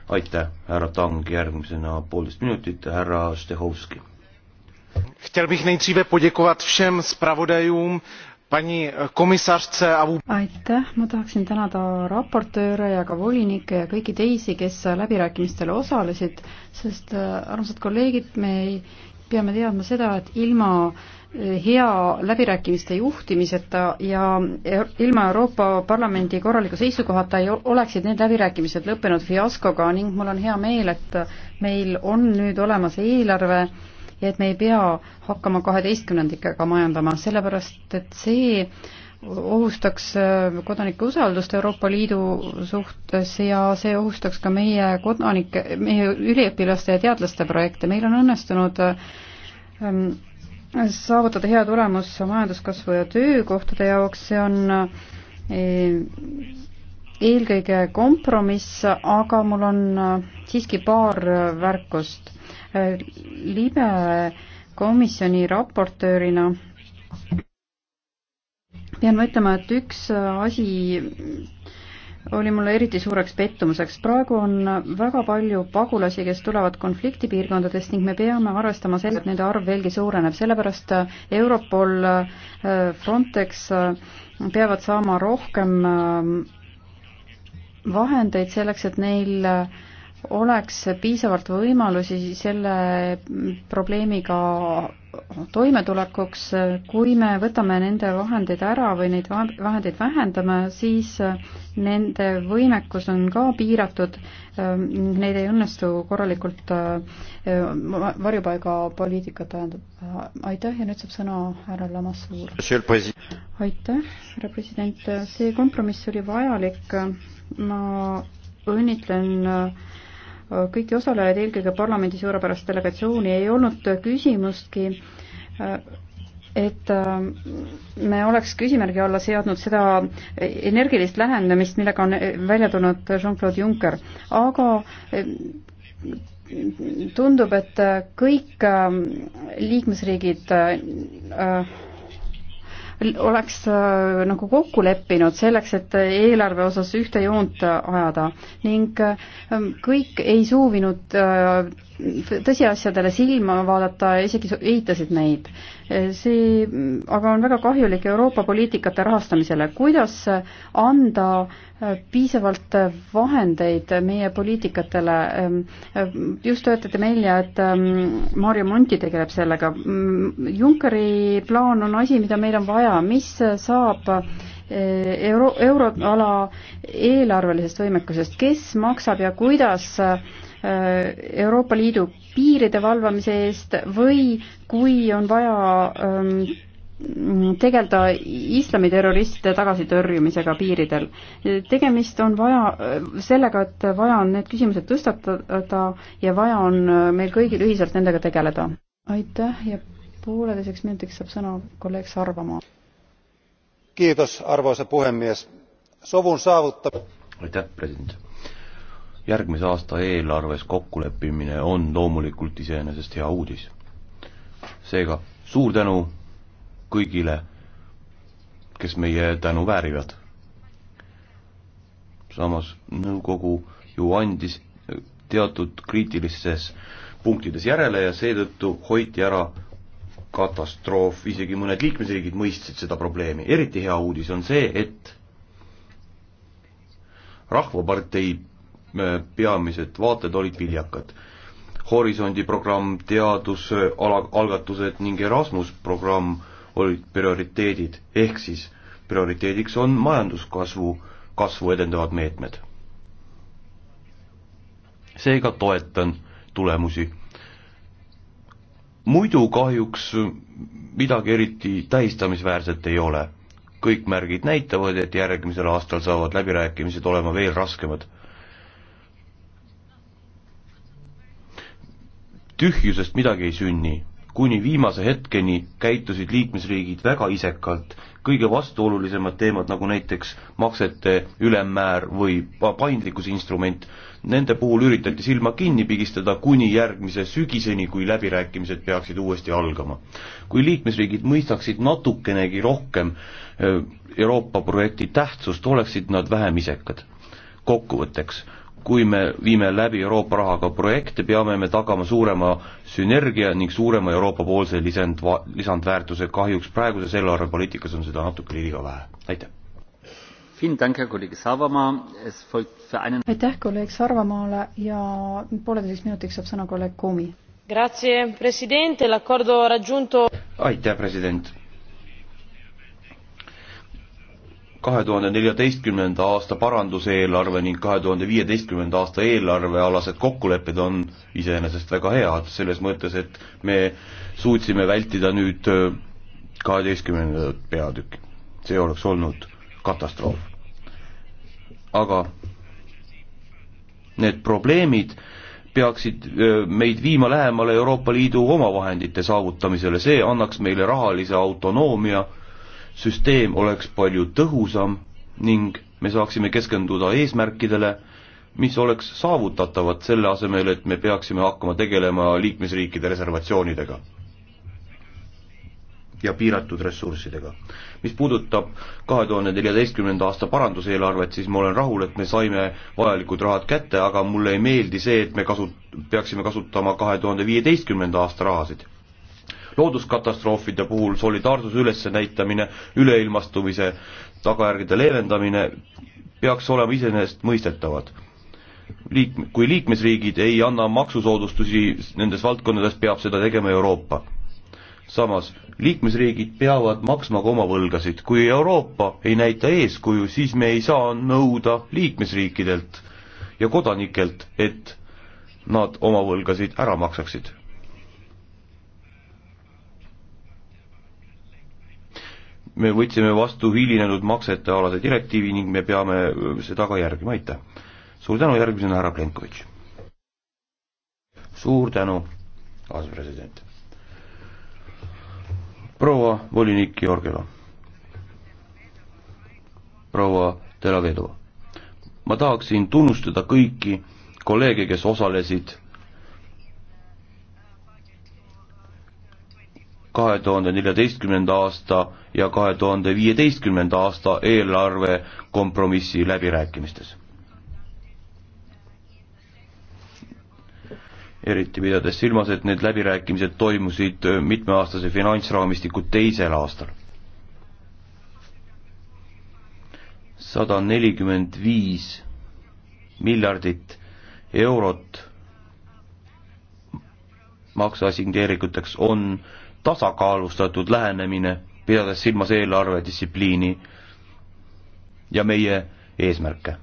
aitäh, härra Tang, järgmisena poolteist minutit, härra Stehovski chtěl bych nejdříve poděkovat všem zpravodajům paní komisařce a aitäh, ma tahaksin tänada raportööre ja ka volinikke ja kõiki teisi, kes läbirääkimistel osalesid, sest äh, armsad kolleegid, me ei, peame teadma seda, et ilma äh, hea läbirääkimiste juhtimiseta ja ilma Euroopa Parlamendi korraliku seisukohata ei oleksid need läbirääkimised lõppenud fiaskoga ning mul on hea meel, et meil on nüüd olemas eelarve, ja et me ei pea hakkama kaheteistkümnendikega majandama, sellepärast et see ohustaks äh, kodanike usaldust Euroopa Liidu suhtes ja see ohustaks ka meie kodanike, meie üliõpilaste ja teadlaste projekte, meil on õnnestunud ähm, saavutada hea tulemus majanduskasvu ja töökohtade jaoks, see on äh, eelkõige kompromiss, aga mul on äh, siiski paar äh, märkust. Äh, libe komisjoni raportöörina pean ma ütlema, et üks asi oli mulle eriti suureks pettumuseks. praegu on väga palju pagulasi, kes tulevad konfliktipiirkondadest ning me peame arvestama selle, et nende arv veelgi suureneb, sellepärast Europol, Frontex peavad saama rohkem vahendeid selleks, et neil oleks piisavalt võimalusi selle probleemiga toimetulekuks, kui me võtame nende vahendeid ära või neid vahendeid vähendame, siis nende võimekus on ka piiratud, neid ei õnnestu korralikult äh, varjupaigapoliitikat ajendada. aitäh ja nüüd saab sõna härra Lamassuur. aitäh, härra president, see kompromiss oli vajalik ma õnnitlen äh, kõiki osalejaid, eelkõige parlamendi suurepärast delegatsiooni, ei olnud küsimustki, äh, et äh, me oleks küsimärgi alla seadnud seda energilist lähenemist, millega on välja tulnud Jean-Claude Juncker, aga tundub, et kõik liikmesriigid oleks äh, nagu kokku leppinud selleks, et eelarve osas ühte joont ajada ning ähm, kõik ei soovinud äh, tõsiasjadele silma vaadata, isegi eitasid neid. see aga on väga kahjulik Euroopa poliitikate rahastamisele. kuidas anda piisavalt vahendeid meie poliitikatele. Ehm, just töötate välja, et ehm, Mario Monti tegeleb sellega. Mm, Junckeri plaan on asi, mida meil on vaja, mis saab e, euro, euroala eelarvelisest võimekusest, kes maksab ja kuidas Euroopa Liidu piiride valvamise eest või kui on vaja ähm, tegeleda islamiterroristide tagasitõrjumisega piiridel. tegemist on vaja sellega, et vaja on need küsimused tõstatada ja vaja on meil kõigil ühiselt nendega tegeleda. aitäh ja pooleteiseks minutiks saab sõna kolleeg Sarvamaa. kiitos, arvoisa puhemees. sovun saavutab-. aitäh, president järgmise aasta eelarves kokkuleppimine on loomulikult iseenesest hea uudis. seega suur tänu kõigile, kes meie tänu väärivad. samas nõukogu ju andis teatud kriitilistes punktides järele ja seetõttu hoiti ära katastroof, isegi mõned liikmesriigid mõistsid seda probleemi, eriti hea uudis on see, et rahvapartei peamised vaated olid viljakad. Horisondi programm, teadusala, algatused ning Erasmus programm olid prioriteedid, ehk siis prioriteediks on majanduskasvu, kasvu edendavad meetmed. seega toetan tulemusi. muidu kahjuks midagi eriti tähistamisväärset ei ole kõik märgid näitavad, et järgmisel aastal saavad läbirääkimised olema veel raskemad. tühjusest midagi ei sünni. kuni viimase hetkeni käitusid liikmesriigid väga isekalt, kõige vastuolulisemad teemad, nagu näiteks maksete ülemmäär või paindlikkuse instrument, nende puhul üritati silma kinni pigistada kuni järgmise sügiseni, kui läbirääkimised peaksid uuesti algama. kui liikmesriigid mõistaksid natukenegi rohkem eh, Euroopa projekti tähtsust, oleksid nad vähem isekad. kokkuvõtteks kui me viime läbi Euroopa rahaga projekte, peame me tagama suurema sünergia ning suurema Euroopa-poolse lisand, lisandväärtuse, kahjuks praeguses eelarvepoliitikas on seda natuke liiga vähe, aitäh. aitäh kolleeg Sarvamaale ja pooleteiseks minutiks saab sõna kolleeg Komi. aitäh, president kahe tuhande neljateistkümnenda aasta paranduseelarve ning kahe tuhande viieteistkümnenda aasta eelarvealased kokkulepped on iseenesest väga head, selles mõttes, et me suutsime vältida nüüd äh, kaheteistkümnendat peatükki. see oleks olnud katastroof. aga need probleemid peaksid äh, meid viima lähemale Euroopa Liidu omavahendite saavutamisele, see annaks meile rahalise autonoomia süsteem oleks palju tõhusam ning me saaksime keskenduda eesmärkidele, mis oleks saavutatavad, selle asemel, et me peaksime hakkama tegelema liikmesriikide reservatsioonidega ja piiratud ressurssidega. mis puudutab kahe tuhande neljateistkümnenda aasta paranduseelarvet, siis ma olen rahul, et me saime vajalikud rahad kätte, aga mulle ei meeldi see, et me kasu-, peaksime kasutama kahe tuhande viieteistkümnenda aasta rahasid looduskatastroofide puhul solidaarsuse ülesnäitamine, üleilmastumise tagajärgede leevendamine peaks olema iseenesestmõistetavad. liik-, kui liikmesriigid ei anna maksusoodustusi nendes valdkondades, peab seda tegema Euroopa. samas, liikmesriigid peavad maksma ka oma võlgasid, kui Euroopa ei näita eeskuju, siis me ei saa nõuda liikmesriikidelt ja kodanikelt, et nad oma võlgasid ära maksaksid me võtsime vastu hilinenud maksete alase direktiivi ning me peame seda ka järgima, aitäh. suur tänu, järgmisena härra Plenkovitš. suur tänu, asepresident. proua volinik Georgieva. proua Delavedova. ma tahaksin tunnustada kõiki kolleege, kes osalesid kahe tuhande neljateistkümnenda aasta ja kahe tuhande viieteistkümnenda aasta eelarve kompromissi läbirääkimistes. eriti pidades silmas, et need läbirääkimised toimusid mitmeaastase finantsraamistiku teisel aastal. sada nelikümmend viis miljardit eurot makseassigneeringuteks on tasakaalustatud lähenemine, pidades silmas eelarvedistsipliini ja meie eesmärke.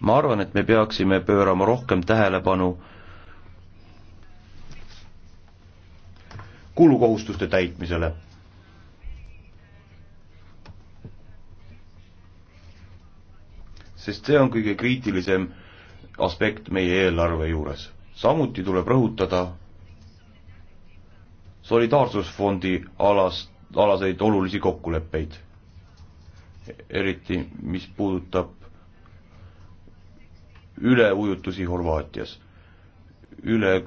ma arvan, et me peaksime pöörama rohkem tähelepanu kulukohustuste täitmisele. sest see on kõige kriitilisem aspekt meie eelarve juures. samuti tuleb rõhutada solidaarsusfondi alas, alaseid olulisi kokkuleppeid. eriti, mis puudutab üleujutusi Horvaatias. üle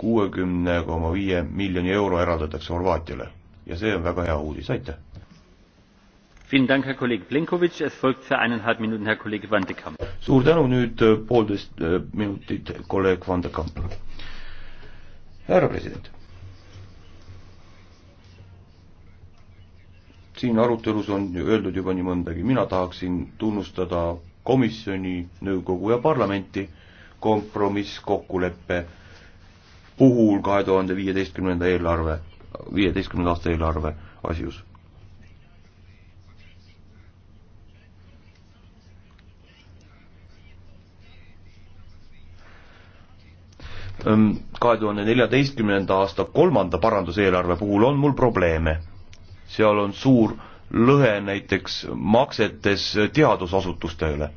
kuuekümne koma viie miljoni euro eraldatakse Horvaatiale ja see on väga hea uudis, aitäh! suur tänu, nüüd äh, poolteist äh, minutit kolleeg Van de Kamp. härra president siin arutelus on öeldud juba nii mõndagi, mina tahaksin tunnustada komisjoni, nõukogu ja parlamenti kompromisskokkuleppe puhul kahe tuhande viieteistkümnenda eelarve, viieteistkümnenda aasta eelarve asjus. kahe tuhande neljateistkümnenda aasta kolmanda paranduseelarve puhul on mul probleeme seal on suur lõhe näiteks maksetes teadusasutuste üle.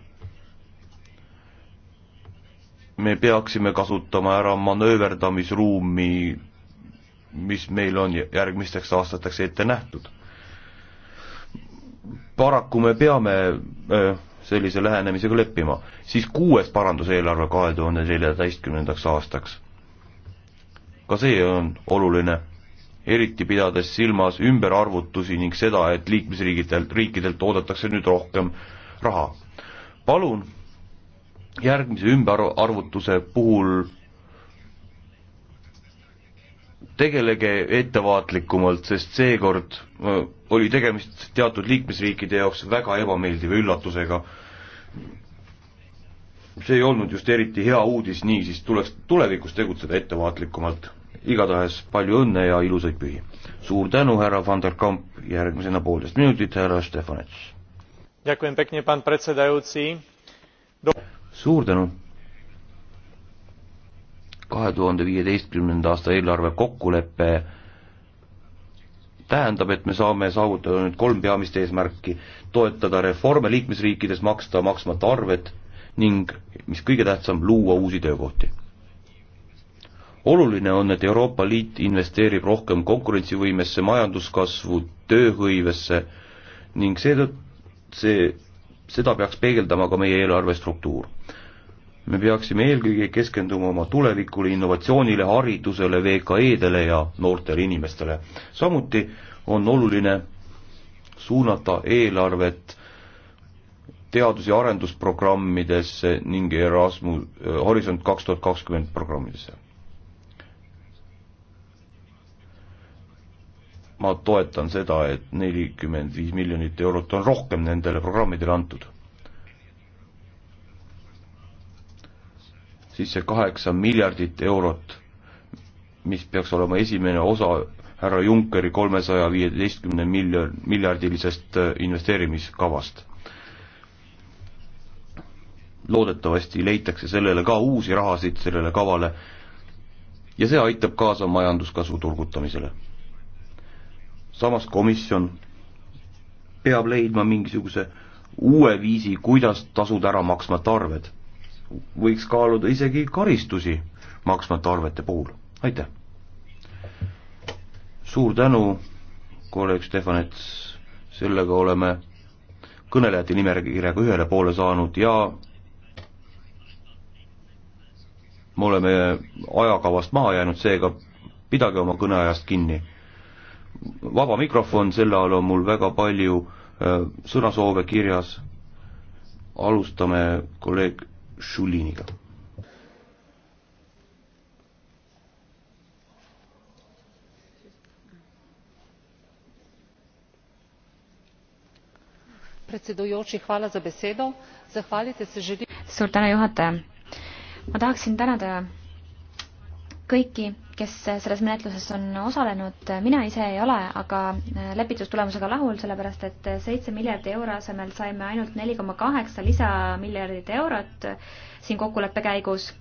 me peaksime kasutama ära manööverdamisruumi, mis meil on järgmisteks aastateks ette nähtud. paraku me peame äh, sellise lähenemisega leppima, siis kuues paranduseelarve kahe tuhande neljateistkümnendaks aastaks. ka see on oluline eriti pidades silmas ümberarvutusi ning seda, et liikmesriigidelt, riikidelt oodatakse nüüd rohkem raha. palun järgmise ümberarvutuse puhul tegelege ettevaatlikumalt, sest seekord äh, oli tegemist teatud liikmesriikide jaoks väga ebameeldiva üllatusega. see ei olnud just eriti hea uudis, niisiis tuleks tulevikus tegutseda ettevaatlikumalt igatahes palju õnne ja ilusaid pühi. suur tänu, härra Van der Kamp, järgmisena poolteist minutit, härra Stefanets. suur tänu. kahe tuhande viieteistkümnenda aasta eelarve kokkulepe tähendab, et me saame saavutada nüüd kolm peamist eesmärki, toetada reforme liikmesriikides, maksta maksmata arved ning mis kõige tähtsam, luua uusi töökohti oluline on, et Euroopa Liit investeerib rohkem konkurentsivõimesse, majanduskasvu, tööhõivesse ning seetõttu see, seda peaks peegeldama ka meie eelarve struktuur. me peaksime eelkõige keskenduma oma tulevikule, innovatsioonile, haridusele, VKE-dele ja noortele inimestele. samuti on oluline suunata eelarvet teadus- ja arendusprogrammidesse ning Erasmus, Horisont kaks tuhat kakskümmend programmidesse ma toetan seda, et nelikümmend viis miljonit eurot on rohkem nendele programmidele antud. siis see kaheksa miljardit eurot, mis peaks olema esimene osa härra Junckeri kolmesaja viieteistkümne miljon, miljardilisest äh, investeerimiskavast. loodetavasti leitakse sellele ka uusi rahasid, sellele kavale, ja see aitab kaasa majanduskasvu turgutamisele samas komisjon peab leidma mingisuguse uue viisi, kuidas tasuda ära maksmata arved. võiks kaaluda isegi karistusi maksmata arvete puhul, aitäh. suur tänu, kolleeg Stefanets, sellega oleme kõnelejate nimekirjaga ühele poole saanud ja me oleme ajakavast maha jäänud, seega pidage oma kõneajast kinni vaba mikrofon, selle all on mul väga palju äh, sõnasoove kirjas. alustame kolleeg Šuliniga. suur tänu, juhataja. ma tahaksin tänada kõiki, kes selles menetluses on osalenud, mina ise ei ole aga äh, lepitustulemusega rahul, sellepärast et seitse miljardi euro asemel saime ainult neli koma kaheksa lisamiljardit eurot siin kokkuleppe käigus.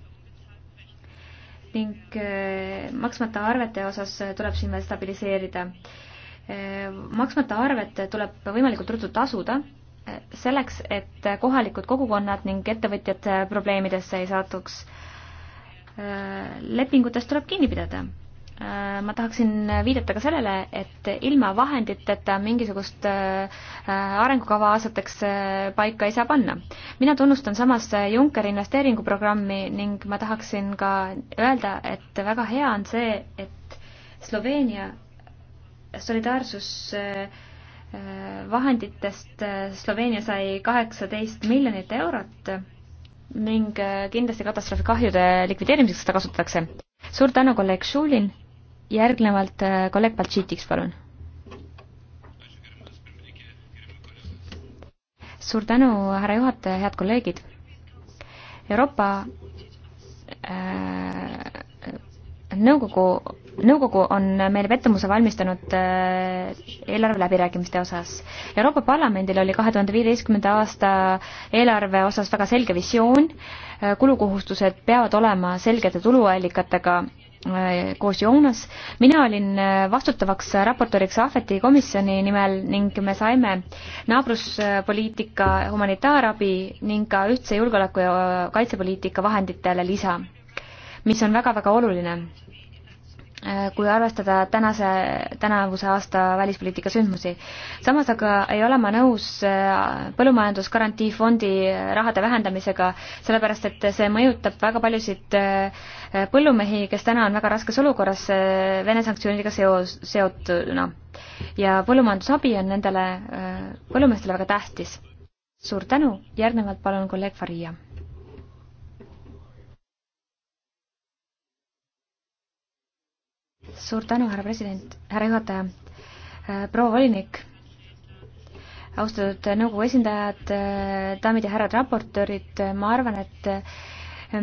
ning äh, maksmata arvete osas tuleb siin veel stabiliseerida. Äh, maksmata arved tuleb võimalikult ruttu tasuda, selleks et kohalikud kogukonnad ning ettevõtjad probleemidesse ei satuks lepingutest tuleb kinni pidada. Äh, ma tahaksin viidata ka sellele, et ilma vahenditeta mingisugust äh, arengukava aastateks äh, paika ei saa panna. mina tunnustan samas Junckeri investeeringuprogrammi ning ma tahaksin ka öelda, et väga hea on see, et Sloveenia solidaarsus vahenditest Sloveenia sai kaheksateist miljonit eurot ning äh, kindlasti katastroofikahjude likvideerimiseks seda kasutatakse. suur tänu, kolleeg Šulin, järgnevalt äh, kolleeg Baltšiitiks, palun. suur tänu, härra juhataja, head kolleegid. Euroopa äh, Nõukogu nõukogu on meile pettumuse valmistanud äh, eelarve läbirääkimiste osas. Euroopa Parlamendil oli kahe tuhande viieteistkümnenda aasta eelarve osas väga selge visioon, äh, kulukohustused peavad olema selgete tuluallikatega äh, koos Joonas. mina olin vastutavaks raportööriks Ahveti komisjoni nimel ning me saime naabruspoliitika, humanitaarabi ning ka ühtse julgeoleku ja kaitsepoliitika vahenditele lisa, mis on väga-väga oluline Äh, kui arvestada tänase, tänavuse aasta välispoliitika sündmusi. samas aga ei ole ma nõus äh, põllumajandusgarantii fondi äh, rahade vähendamisega, sellepärast et see mõjutab väga paljusid põllumehi, kes täna on väga raskes olukorras Vene sanktsioonidega seos, seotuna. ja põllumajandusabi on nendele põllumeestele väga tähtis. suur tänu, järgnevalt palun kolleeg Faria suur tänu, härra president, härra juhataja, äh, proua volinik, austatud nõukogu esindajad, äh, daamid ja härrad raportöörid, äh, ma arvan, et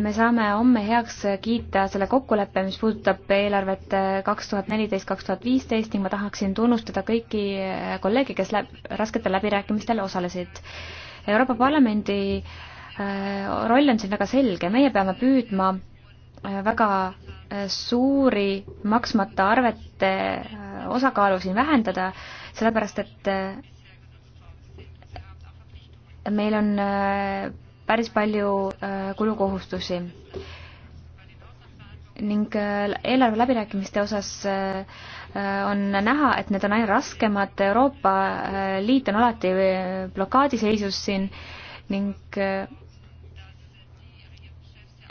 me saame homme heaks kiita selle kokkuleppe, mis puudutab eelarvet kaks tuhat neliteist, kaks tuhat viisteist ning ma tahaksin tunnustada kõiki kolleege, kes läb-, rasketel läbirääkimistel osalesid. Euroopa Parlamendi roll on siin väga selge, meie peame püüdma väga Äh, suuri maksmata arvete äh, osakaalu siin vähendada, sellepärast et äh, meil on päris palju kulukohustusi. ning eelarve läbirääkimiste osas on näha, et need on aina raskemad, Euroopa Liit on alati blokaadiseisus siin ning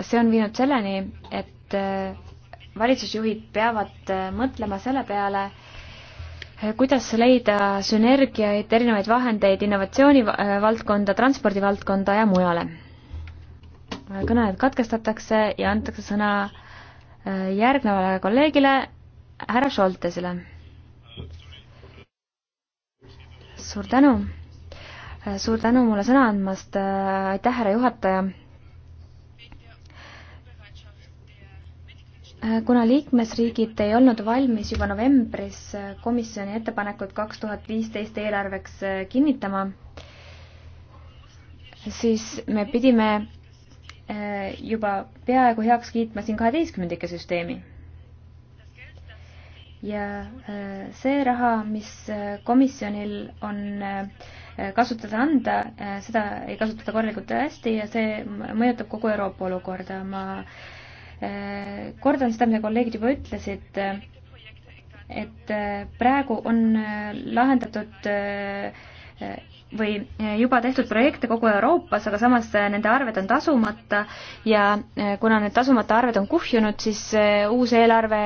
see on viinud selleni, et et äh, valitsusjuhid peavad äh, mõtlema selle peale, äh, kuidas leida sünergiaid, erinevaid vahendeid innovatsioonivaldkonda, transpordivaldkonda ja mujale. kõneled katkestatakse ja antakse sõna järgnevale kolleegile, härra Šoltesile. suur tänu, suur tänu mulle sõna andmast, aitäh, härra juhataja Äh, kuna liikmesriigid ei olnud valmis juba novembris äh, komisjoni ettepanekut kaks tuhat viisteist eelarveks äh, kinnitama, siis me pidime juba peaaegu heaks kiitma siin kaheteistkümnendike süsteemi. ja see raha, mis komisjonil on kasutada anda, seda ei kasutata korralikult hästi ja see mõjutab kogu Euroopa olukorda. ma äh, kordan seda, mida kolleegid juba ütlesid, et praegu on lahendatud või juba tehtud projekte kogu Euroopas, aga samas nende arved on tasumata ja kuna need tasumata arved on kuhjunud, siis uus eelarve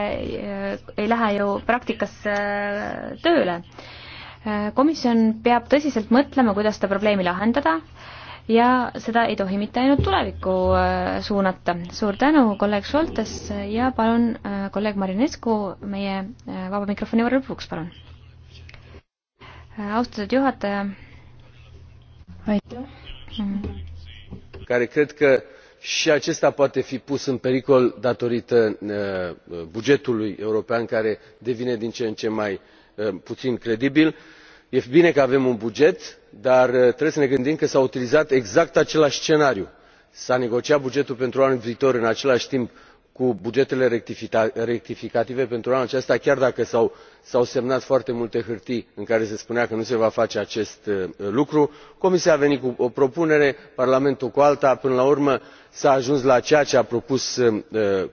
ei lähe ju praktikas tööle. komisjon peab tõsiselt mõtlema, kuidas seda probleemi lahendada ja seda ei tohi mitte ainult tulevikku äh, suunata. suur tänu, kolleeg Šoltes ja palun äh, kolleeg Marinescu meie äh, vaba mikrofoni võrra lõpuks, palun. austatud juhataja. aitäh care cred că și acesta poate fi pus în pericol datorită bugetului european care devine din ce în ce mai uh, puțin credibil e bine că avem un buget dar uh, trebuie să ne gândim că s a utilizat exact același scenariu s a negociat bugetul pentru anul viitor în același timp cu bugetele rectificative pentru anul acesta chiar dacă s au semnat foarte multe hârtii în care se spunea că nu se va face acest uh, lucru comisia a venit cu o propunere parlamentul cu alta până la urmă s a ajuns la ceea ce a propus uh,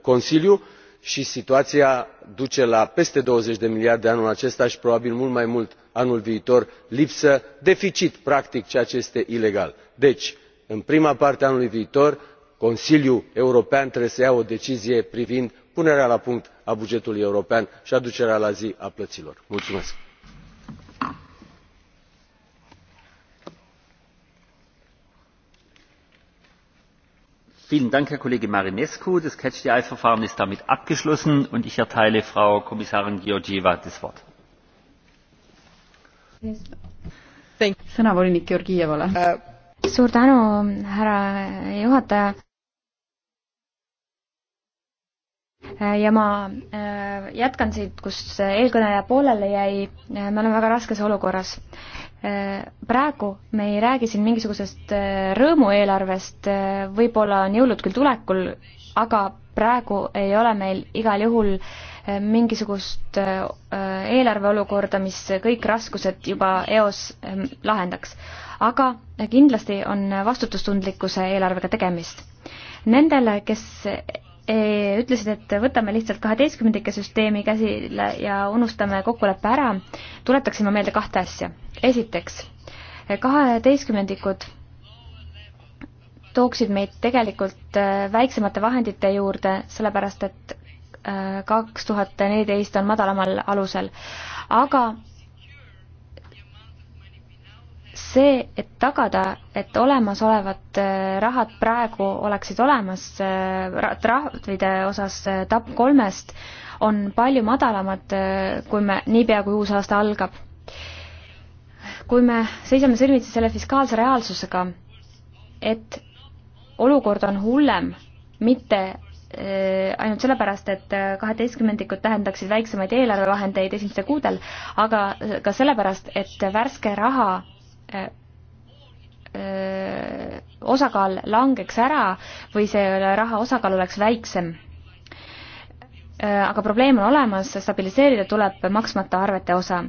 consiliul și situația duce la peste douăzeci de miliarde anul acesta și probabil mult mai mult anul viitor lipsă deficit practic ceea ce este ilegal. deci în prima parte a anului viitor consiliul european trebuie să ia o decizie privind punerea la punct a bugetului european și aducerea la zi a plăților. mulțumesc. vielen dank herr kollege marinescu. das catch the eye verfahren ist damit abgeschlossen und ich erteile frau kommissarin georgieva das wort. sõna volinik Georgievale. Uh, suur tänu, härra juhataja. Uh, ja ma uh, jätkan siit, kus eelkõneleja pooleli jäi. me oleme väga raskes olukorras Äh, praegu me ei räägi siin mingisugusest äh, rõõmueelarvest, äh, võib-olla on jõulud küll tulekul, aga praegu ei ole meil igal juhul mingisugust eelarveolukorda, mis kõik raskused juba eos ähm, lahendaks. aga kindlasti on vastutustundlikkuse eelarvega tegemist. Nendele, kes ütlesid, et võtame lihtsalt kaheteistkümnendike süsteemi käsile ja unustame kokkuleppe ära, tuletaksin ma meelde kahte asja. esiteks, kaheteistkümnendikud tooksid meid tegelikult äh, väiksemate vahendite juurde, sellepärast et äh, kaks tuhat neliteist on madalamal alusel. aga see, et tagada, et olemasolevad äh, rahad praegu oleksid olemas äh, trahvide osas äh, TAP kolmest, on palju madalamad, kui me, niipea kui uus aasta algab. kui me seisame silmitsi selle fiskaalse reaalsusega, et olukord on hullem, mitte ainult sellepärast, et kaheteistkümnendikud tähendaksid väiksemaid eelarvevahendeid esimestel kuudel, aga ka sellepärast, et värske raha Äh, äh, osakaal langeks ära või see raha osakaal oleks väiksem. Äh, aga probleem on olemas, stabiliseerida tuleb maksmata arvete osa.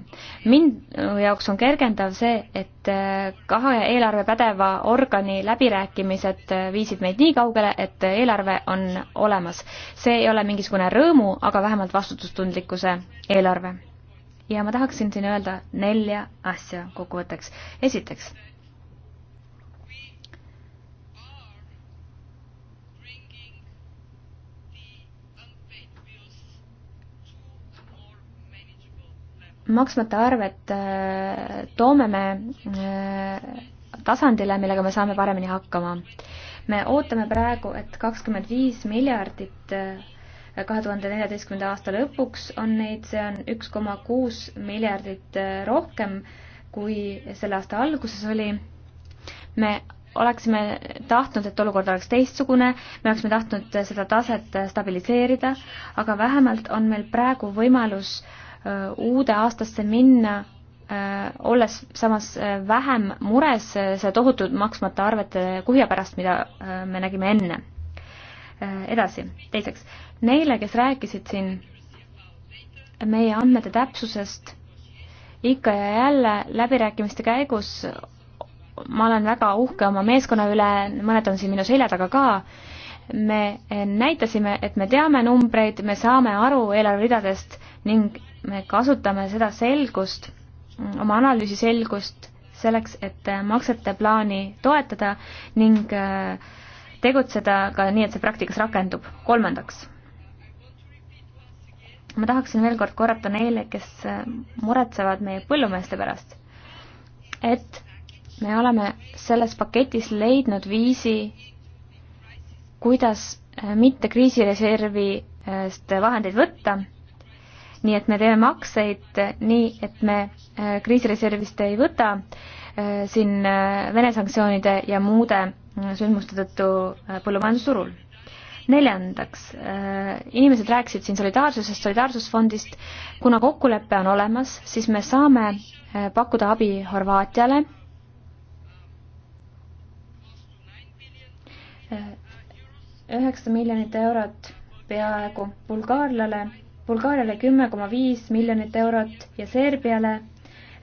minu jaoks on kergendav see, et kahe eelarvepädeva organi läbirääkimised viisid meid nii kaugele, et eelarve on olemas. see ei ole mingisugune rõõmu, aga vähemalt vastutustundlikkuse eelarve ja ma tahaksin siin öelda nelja asja kokkuvõtteks. esiteks, maksmata arved äh, toome me äh, tasandile, millega me saame paremini hakkama. me ootame praegu, et kakskümmend viis miljardit äh, kahe tuhande neljateistkümnenda aasta lõpuks on neid, see on üks koma kuus miljardit äh, rohkem, kui selle aasta alguses oli. me oleksime tahtnud, et olukord oleks teistsugune, me oleksime tahtnud äh, seda taset äh, stabiliseerida, aga vähemalt on meil praegu võimalus uude aastasse minna, olles samas vähem mures selle tohutu maksmata arvete kuhja pärast, mida me nägime enne Äh, edasi, teiseks, neile, kes rääkisid siin meie andmete täpsusest, ikka ja jälle läbirääkimiste käigus ma olen väga uhke oma meeskonna üle, mõned on siin minu selja taga ka, me näitasime, et me teame numbreid, me saame aru eelarveridadest ning me kasutame seda selgust, oma analüüsi selgust, selleks, et maksete plaani toetada ning äh, tegutseda ka nii, et see praktikas rakendub. kolmandaks, ma tahaksin veel kord korrata neile, kes äh, muretsevad meie põllumeeste pärast, et me oleme selles paketis leidnud viisi, kuidas äh, mitte kriisireservist äh, vahendeid võtta, nii et me teeme makseid nii, et me kriisireservist ei võta siin Vene sanktsioonide ja muude Äh, sündmuste tõttu äh, põllumajandusturul. neljandaks, äh, inimesed rääkisid siin solidaarsusest, solidaarsusfondist. kuna kokkulepe on olemas, siis me saame pakkuda abi Horvaatiale. üheksa miljonit eurot peaaegu Bulgaariale, Bulgaariale kümme koma viis miljonit eurot ja Serbiale,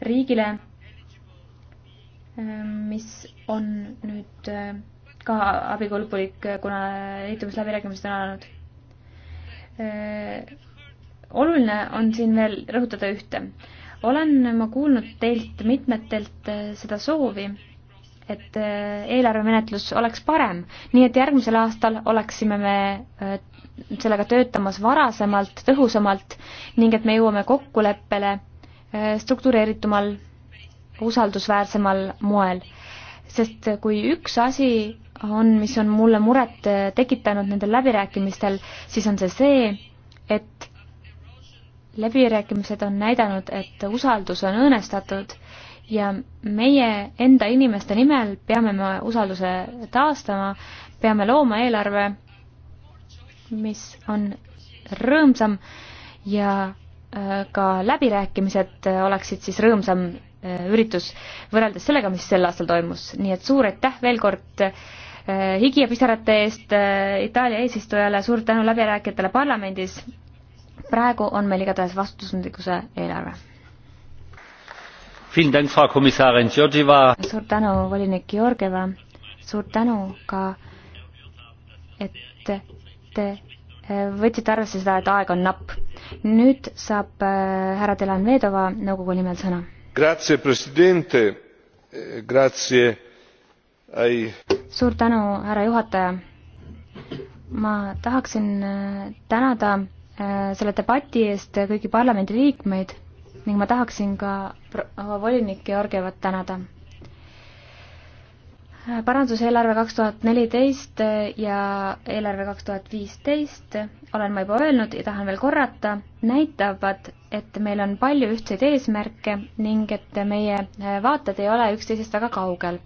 riigile mis on nüüd äh, ka abikõlbulik, äh, kuna liitumisläbirääkimised on alanud. Äh, oluline on siin veel rõhutada ühte. olen ma kuulnud teilt mitmetelt seda soovi, et eelarvemenetlus oleks parem, nii et järgmisel aastal oleksime me sellega töötamas varasemalt, tõhusamalt ning et me jõuame kokkuleppele struktureeritumal usaldusväärsemal moel. sest kui üks asi on, mis on mulle muret tekitanud nendel läbirääkimistel, siis on see see, et läbirääkimised on näidanud, et usaldus on õõnestatud ja meie enda inimeste nimel peame me usalduse taastama, peame looma eelarve, mis on rõõmsam ja äh, ka läbirääkimised oleksid siis rõõmsam Äh, üritus võrreldes sellega, mis sel aastal toimus, nii et suur aitäh veel kord äh, higi ja pisarate eest äh, Itaalia eesistujale, suur tänu läbirääkijatele parlamendis. praegu on meil igatahes vastutustundlikkuse eelarve. suur tänu, volinik Georgieva, suur tänu ka, et te võtsite arvesse seda, et aeg on napp. nüüd saab härra Delanvedova nõukogu nimel sõna grazie presidente eh, grazie ai. suur tänu härra juhataja ma tahaksin äh, tänada äh, selle debati eest kõiki parlamendiliikmeid ning ma tahaksin ka volinik Georgievat tänada. paranduseelarve kaks tuhat neliteist ja eelarve kaks tuhat viisteist, olen ma juba öelnud ja tahan veel korrata, näitavad, et meil on palju ühtseid eesmärke ning et meie äh, vaated ei ole üksteisest väga kaugel.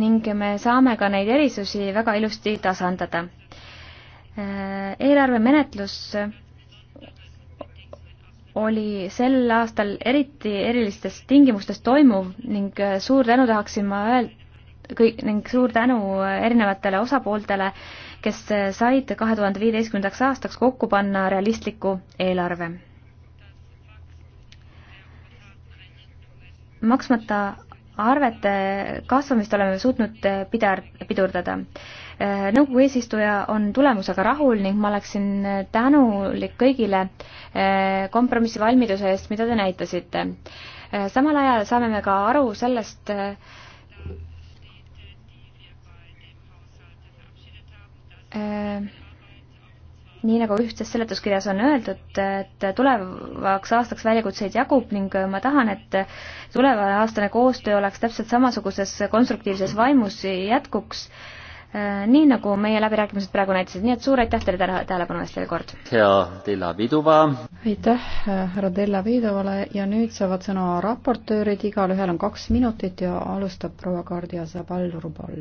ning me saame ka neid erisusi väga ilusti tasandada. Äh, eelarvemenetlus oli sel aastal eriti erilistes tingimustes toimuv ning äh, suur tänu tahaksin ma öelda, kõik ning suur tänu erinevatele osapooltele, kes said kahe tuhande viieteistkümnendaks aastaks kokku panna realistliku eelarve maksmata arvete kasvamist oleme suutnud eh, pidar, pidurdada. Eh, nõukogu eesistuja on tulemusega rahul ning ma oleksin eh, tänulik kõigile kompromissivalmiduse eest, mida te näitasite. samal ajal saame me ka aru sellest, nii nagu ühtses seletuskirjas on öeldud, et tulevaks aastaks väljakutseid jagub ning ma tahan, et tulevaastane koostöö oleks täpselt samasuguses konstruktiivses vaimus jätkuks, äh, nii nagu meie läbirääkimised praegu näitasid, nii et suur aitäh teile tähelepanu eest veel kord! hea Della Vidova! aitäh äh, härra Della Vidovale ja nüüd saavad sõna raportöörid, igalühel on kaks minutit ja alustab proua Kardia Zabal-Rubal.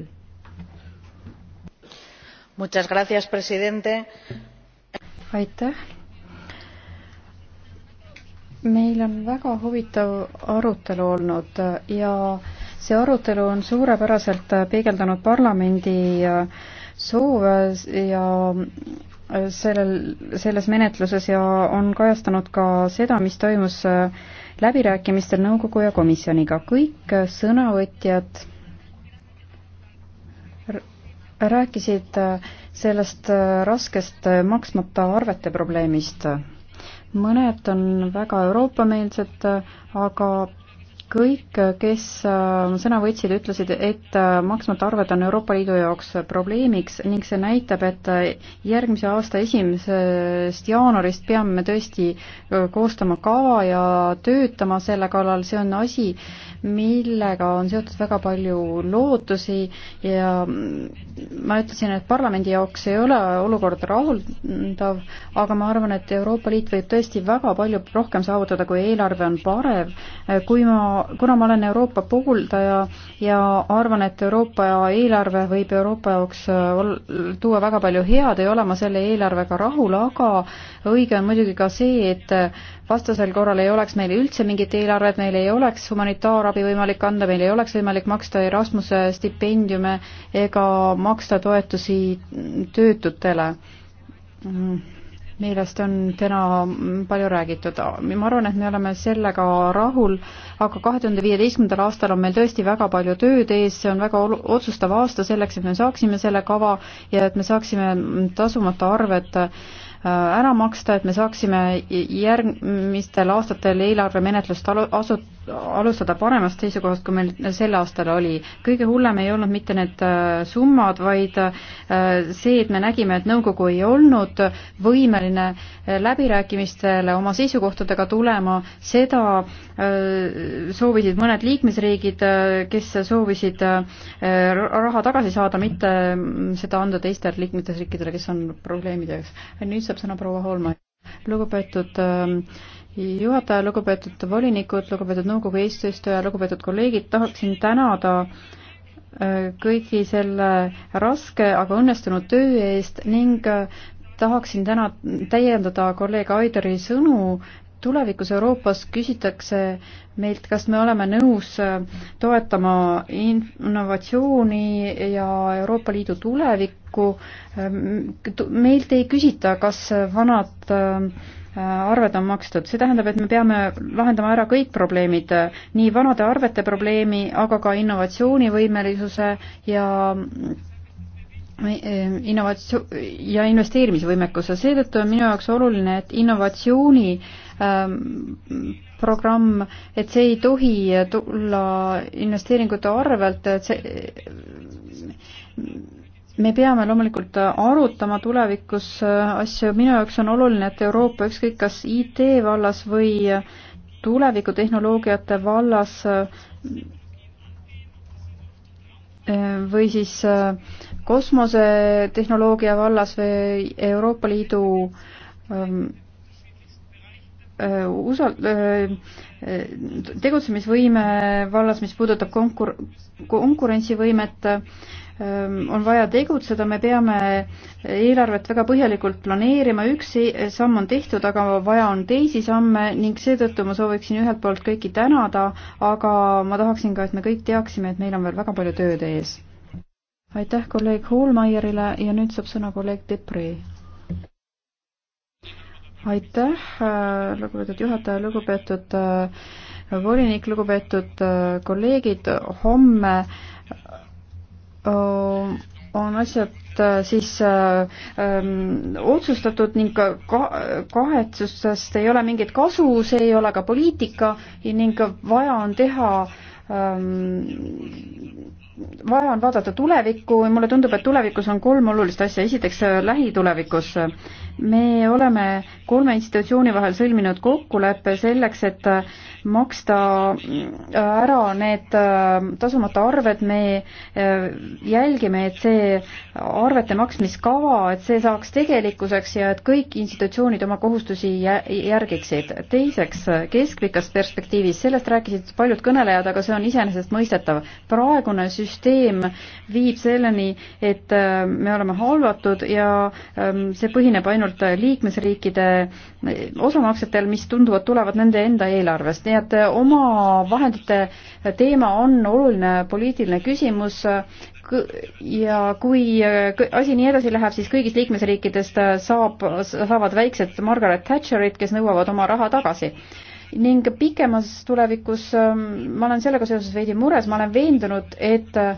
Muchas gracias, presidente aitäh! meil on väga huvitav arutelu olnud ja see arutelu on suurepäraselt peegeldanud parlamendi soove ja sellel, selles menetluses ja on kajastanud ka seda, mis toimus läbirääkimistel nõukogu ja komisjoniga. kõik sõnavõtjad rääkisid äh, sellest äh, raskest äh, maksmata arvete probleemist. mõned on väga Euroopa-meelsed, aga kõik, kes sõna võtsid, ütlesid, et maksmata arved on Euroopa Liidu jaoks probleemiks ning see näitab, et järgmise aasta esimesest jaanuarist peame me tõesti koostama kava ja töötama selle kallal, see on asi, millega on seotud väga palju lootusi ja ma ütlesin, et parlamendi jaoks ei ole olukord rahuldav, aga ma arvan, et Euroopa Liit võib tõesti väga palju rohkem saavutada, kui eelarve on parev. kui ma, kuna ma olen Euroopa pooldaja ja arvan, et Euroopa eelarve võib Euroopa jaoks tuua väga palju head, ei ole ma selle eelarvega rahul, aga õige on muidugi ka see, et vastasel korral ei oleks meil üldse mingit eelarvet, meil ei oleks humanitaarabi võimalik anda, meil ei oleks võimalik maksta Erasmuse stipendiume ega maksta toetusi töötutele. millest on täna palju räägitud. ma arvan, et me oleme sellega rahul, aga kahe tuhande viieteistkümnendal aastal on meil tõesti väga palju tööd ees, see on väga otsustav aasta selleks, et me saaksime selle kava ja et me saaksime tasumata arved äh, Äh, ära maksta, et me saaksime järgmistel aastatel eelarvemenetlust asu-, alustada paremast seisukohast, kui meil sel aastal oli. kõige hullem ei olnud mitte need äh, summad, vaid äh, see, et me nägime, et nõukogu ei olnud võimeline äh, läbirääkimistele oma seisukohtadega tulema, seda soovisid mõned liikmesriigid, kes soovisid raha tagasi saada, mitte mm, seda anda teistele liikmesriikidele, kes on probleemidega. nüüd saab sõna proua Holma. lugupeetud äh, juhataja, lugupeetud volinikud, lugupeetud nõukogu eesistuja, lugupeetud kolleegid, tahaksin tänada äh, kõigi selle raske, aga õnnestunud töö eest ning äh, tahaksin täna täiendada kolleeg Aidari sõnu, tulevikus Euroopas küsitakse meilt, kas me oleme nõus äh, toetama innovatsiooni ja Euroopa Liidu tulevikku. meilt ei küsita, kas vanad Äh, arved on makstud, see tähendab, et me peame lahendama ära kõik probleemid, äh, nii vanade arvete probleemi, aga ka innovatsioonivõimelisuse ja äh, innovatsio- ja investeerimisvõimekuse, seetõttu on minu jaoks oluline, et innovatsiooni ähm, programm, et see ei tohi tulla investeeringute arvelt, et see me peame loomulikult arutama tulevikus äh, asju, minu jaoks on oluline, et Euroopa ükskõik kas IT vallas või äh, tulevikutehnoloogiate vallas äh, või siis kosmosetehnoloogia vallas või Euroopa Liidu ähm, usal-, tegutsemisvõime vallas, mis puudutab konkur-, konkurentsivõimet, Ehm, on vaja tegutseda, me peame eelarvet väga põhjalikult planeerima, üks samm on tehtud, aga vaja on teisi samme ning seetõttu ma sooviksin ühelt poolt kõiki tänada, aga ma tahaksin ka, et me kõik teaksime, et meil on veel väga palju tööd ees. aitäh kolleeg Hoolmeierile ja nüüd saab sõna kolleeg Depree. aitäh, äh, lugupeetud juhataja, lugupeetud äh, volinik, lugupeetud äh, kolleegid, homme äh, on asjad äh, siis äh, ähm, otsustatud ning ka kahetsustest ei ole mingit kasu, see ei ole ka poliitika ning vaja on teha ähm, vaja on vaadata tulevikku ja mulle tundub, et tulevikus on kolm olulist asja, esiteks äh, lähitulevikus äh, me oleme kolme institutsiooni vahel sõlminud kokkuleppe selleks, et maksta ära need äh, tasumata arved, me äh, jälgime, et see arvete maksmiskava, et see saaks tegelikkuseks ja et kõik institutsioonid oma kohustusi järgiksid. teiseks, keskpikas perspektiivis, sellest rääkisid paljud kõnelejad, aga see on iseenesestmõistetav. praegune süsteem viib selleni, et äh, me oleme halvatud ja ähm, see põhineb ainult ainult liikmesriikide osamaksetel, mis tunduvad, tulevad nende enda eelarvest, nii et eh, oma vahendite teema on oluline poliitiline küsimus ja kui eh, asi nii edasi läheb, siis kõigist liikmesriikidest eh, saab, saavad väiksed Margaret Thatcherid, kes nõuavad oma raha tagasi ning pikemas tulevikus ma olen sellega seoses veidi mures, ma olen veendunud, et äh,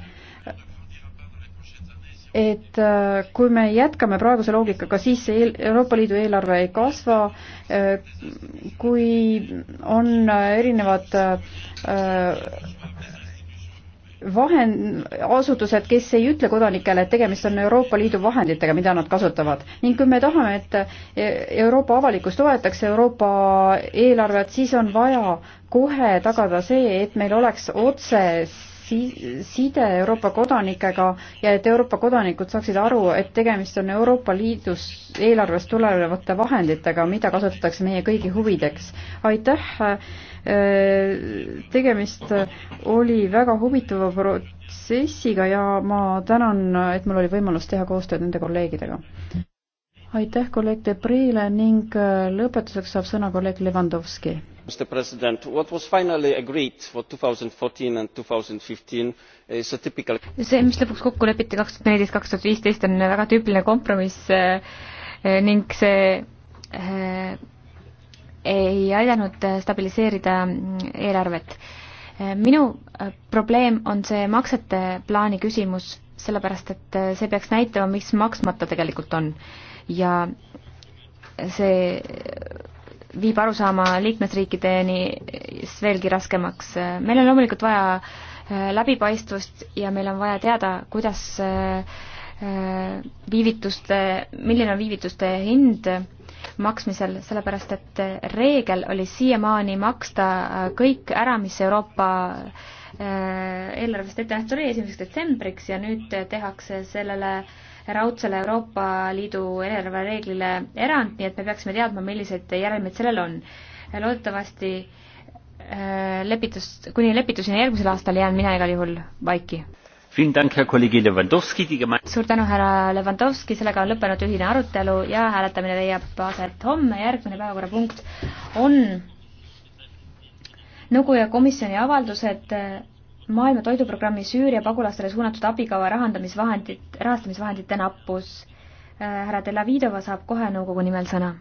et äh, kui me jätkame praeguse loogikaga, siis see Euroopa Liidu eelarve ei kasva, äh, kui on äh, erinevad vahend, asutused, kes ei ütle kodanikele, et tegemist on Euroopa Liidu vahenditega, mida nad kasutavad. ning kui me tahame, et e, Euroopa avalikkus toetaks Euroopa eelarvet, siis on vaja kohe tagada see, et meil oleks otses si-, side Euroopa kodanikega ja et Euroopa kodanikud saaksid aru, et tegemist on Euroopa Liidus eelarvest tulevate vahenditega, mida kasutatakse meie kõigi huvideks. aitäh, tegemist oli väga huvitava protsessiga ja ma tänan, et mul oli võimalus teha koostööd nende kolleegidega. aitäh kolleeg Debriile ning lõpetuseks saab sõna kolleeg Levandovski mr president what was finally agreed for two thousand and fourteen and two thousand and fifteen is a typical. see mis lõpuks kokku lepiti kaks tuhat neliteist kaks tuhat viisteist on väga tüüpiline kompromiss eh, ning see eh, ei aidanud stabiliseerida mm, eelarvet. Eh, minu probleem on see maksete plaani küsimus, sellepärast et see peaks näitama, mis maksmata tegelikult on ja see viib arusaama liikmesriikideni veelgi raskemaks. meil on loomulikult vaja äh, läbipaistvust ja meil on vaja teada, kuidas äh, äh, viivituste, milline on viivituste hind maksmisel, sellepärast et reegel oli siiamaani maksta kõik ära, mis Euroopa eelarvest ette nähtud oli esimeseks detsembriks ja nüüd tehakse sellele äh, raudsele Euroopa Liidu eelarvereeglile erand, nii et me peaksime teadma, millised järelmid sellel on. loodetavasti äh, lepitust, kuni lepituseni järgmisel aastal jään mina igal juhul vaiki. suur tänu, härra Levandovski, sellega on lõppenud ühine arutelu ja hääletamine leiab aset homme, järgmine päevakorrapunkt on nõukogu ja komisjoni avaldused maailma toiduprogrammi Süüria pagulastele suunatud abikava rahandamisvahendid, rahastamisvahendite nappus. Äh, härra Delavidova saab kohe nõukogu nimel sõna.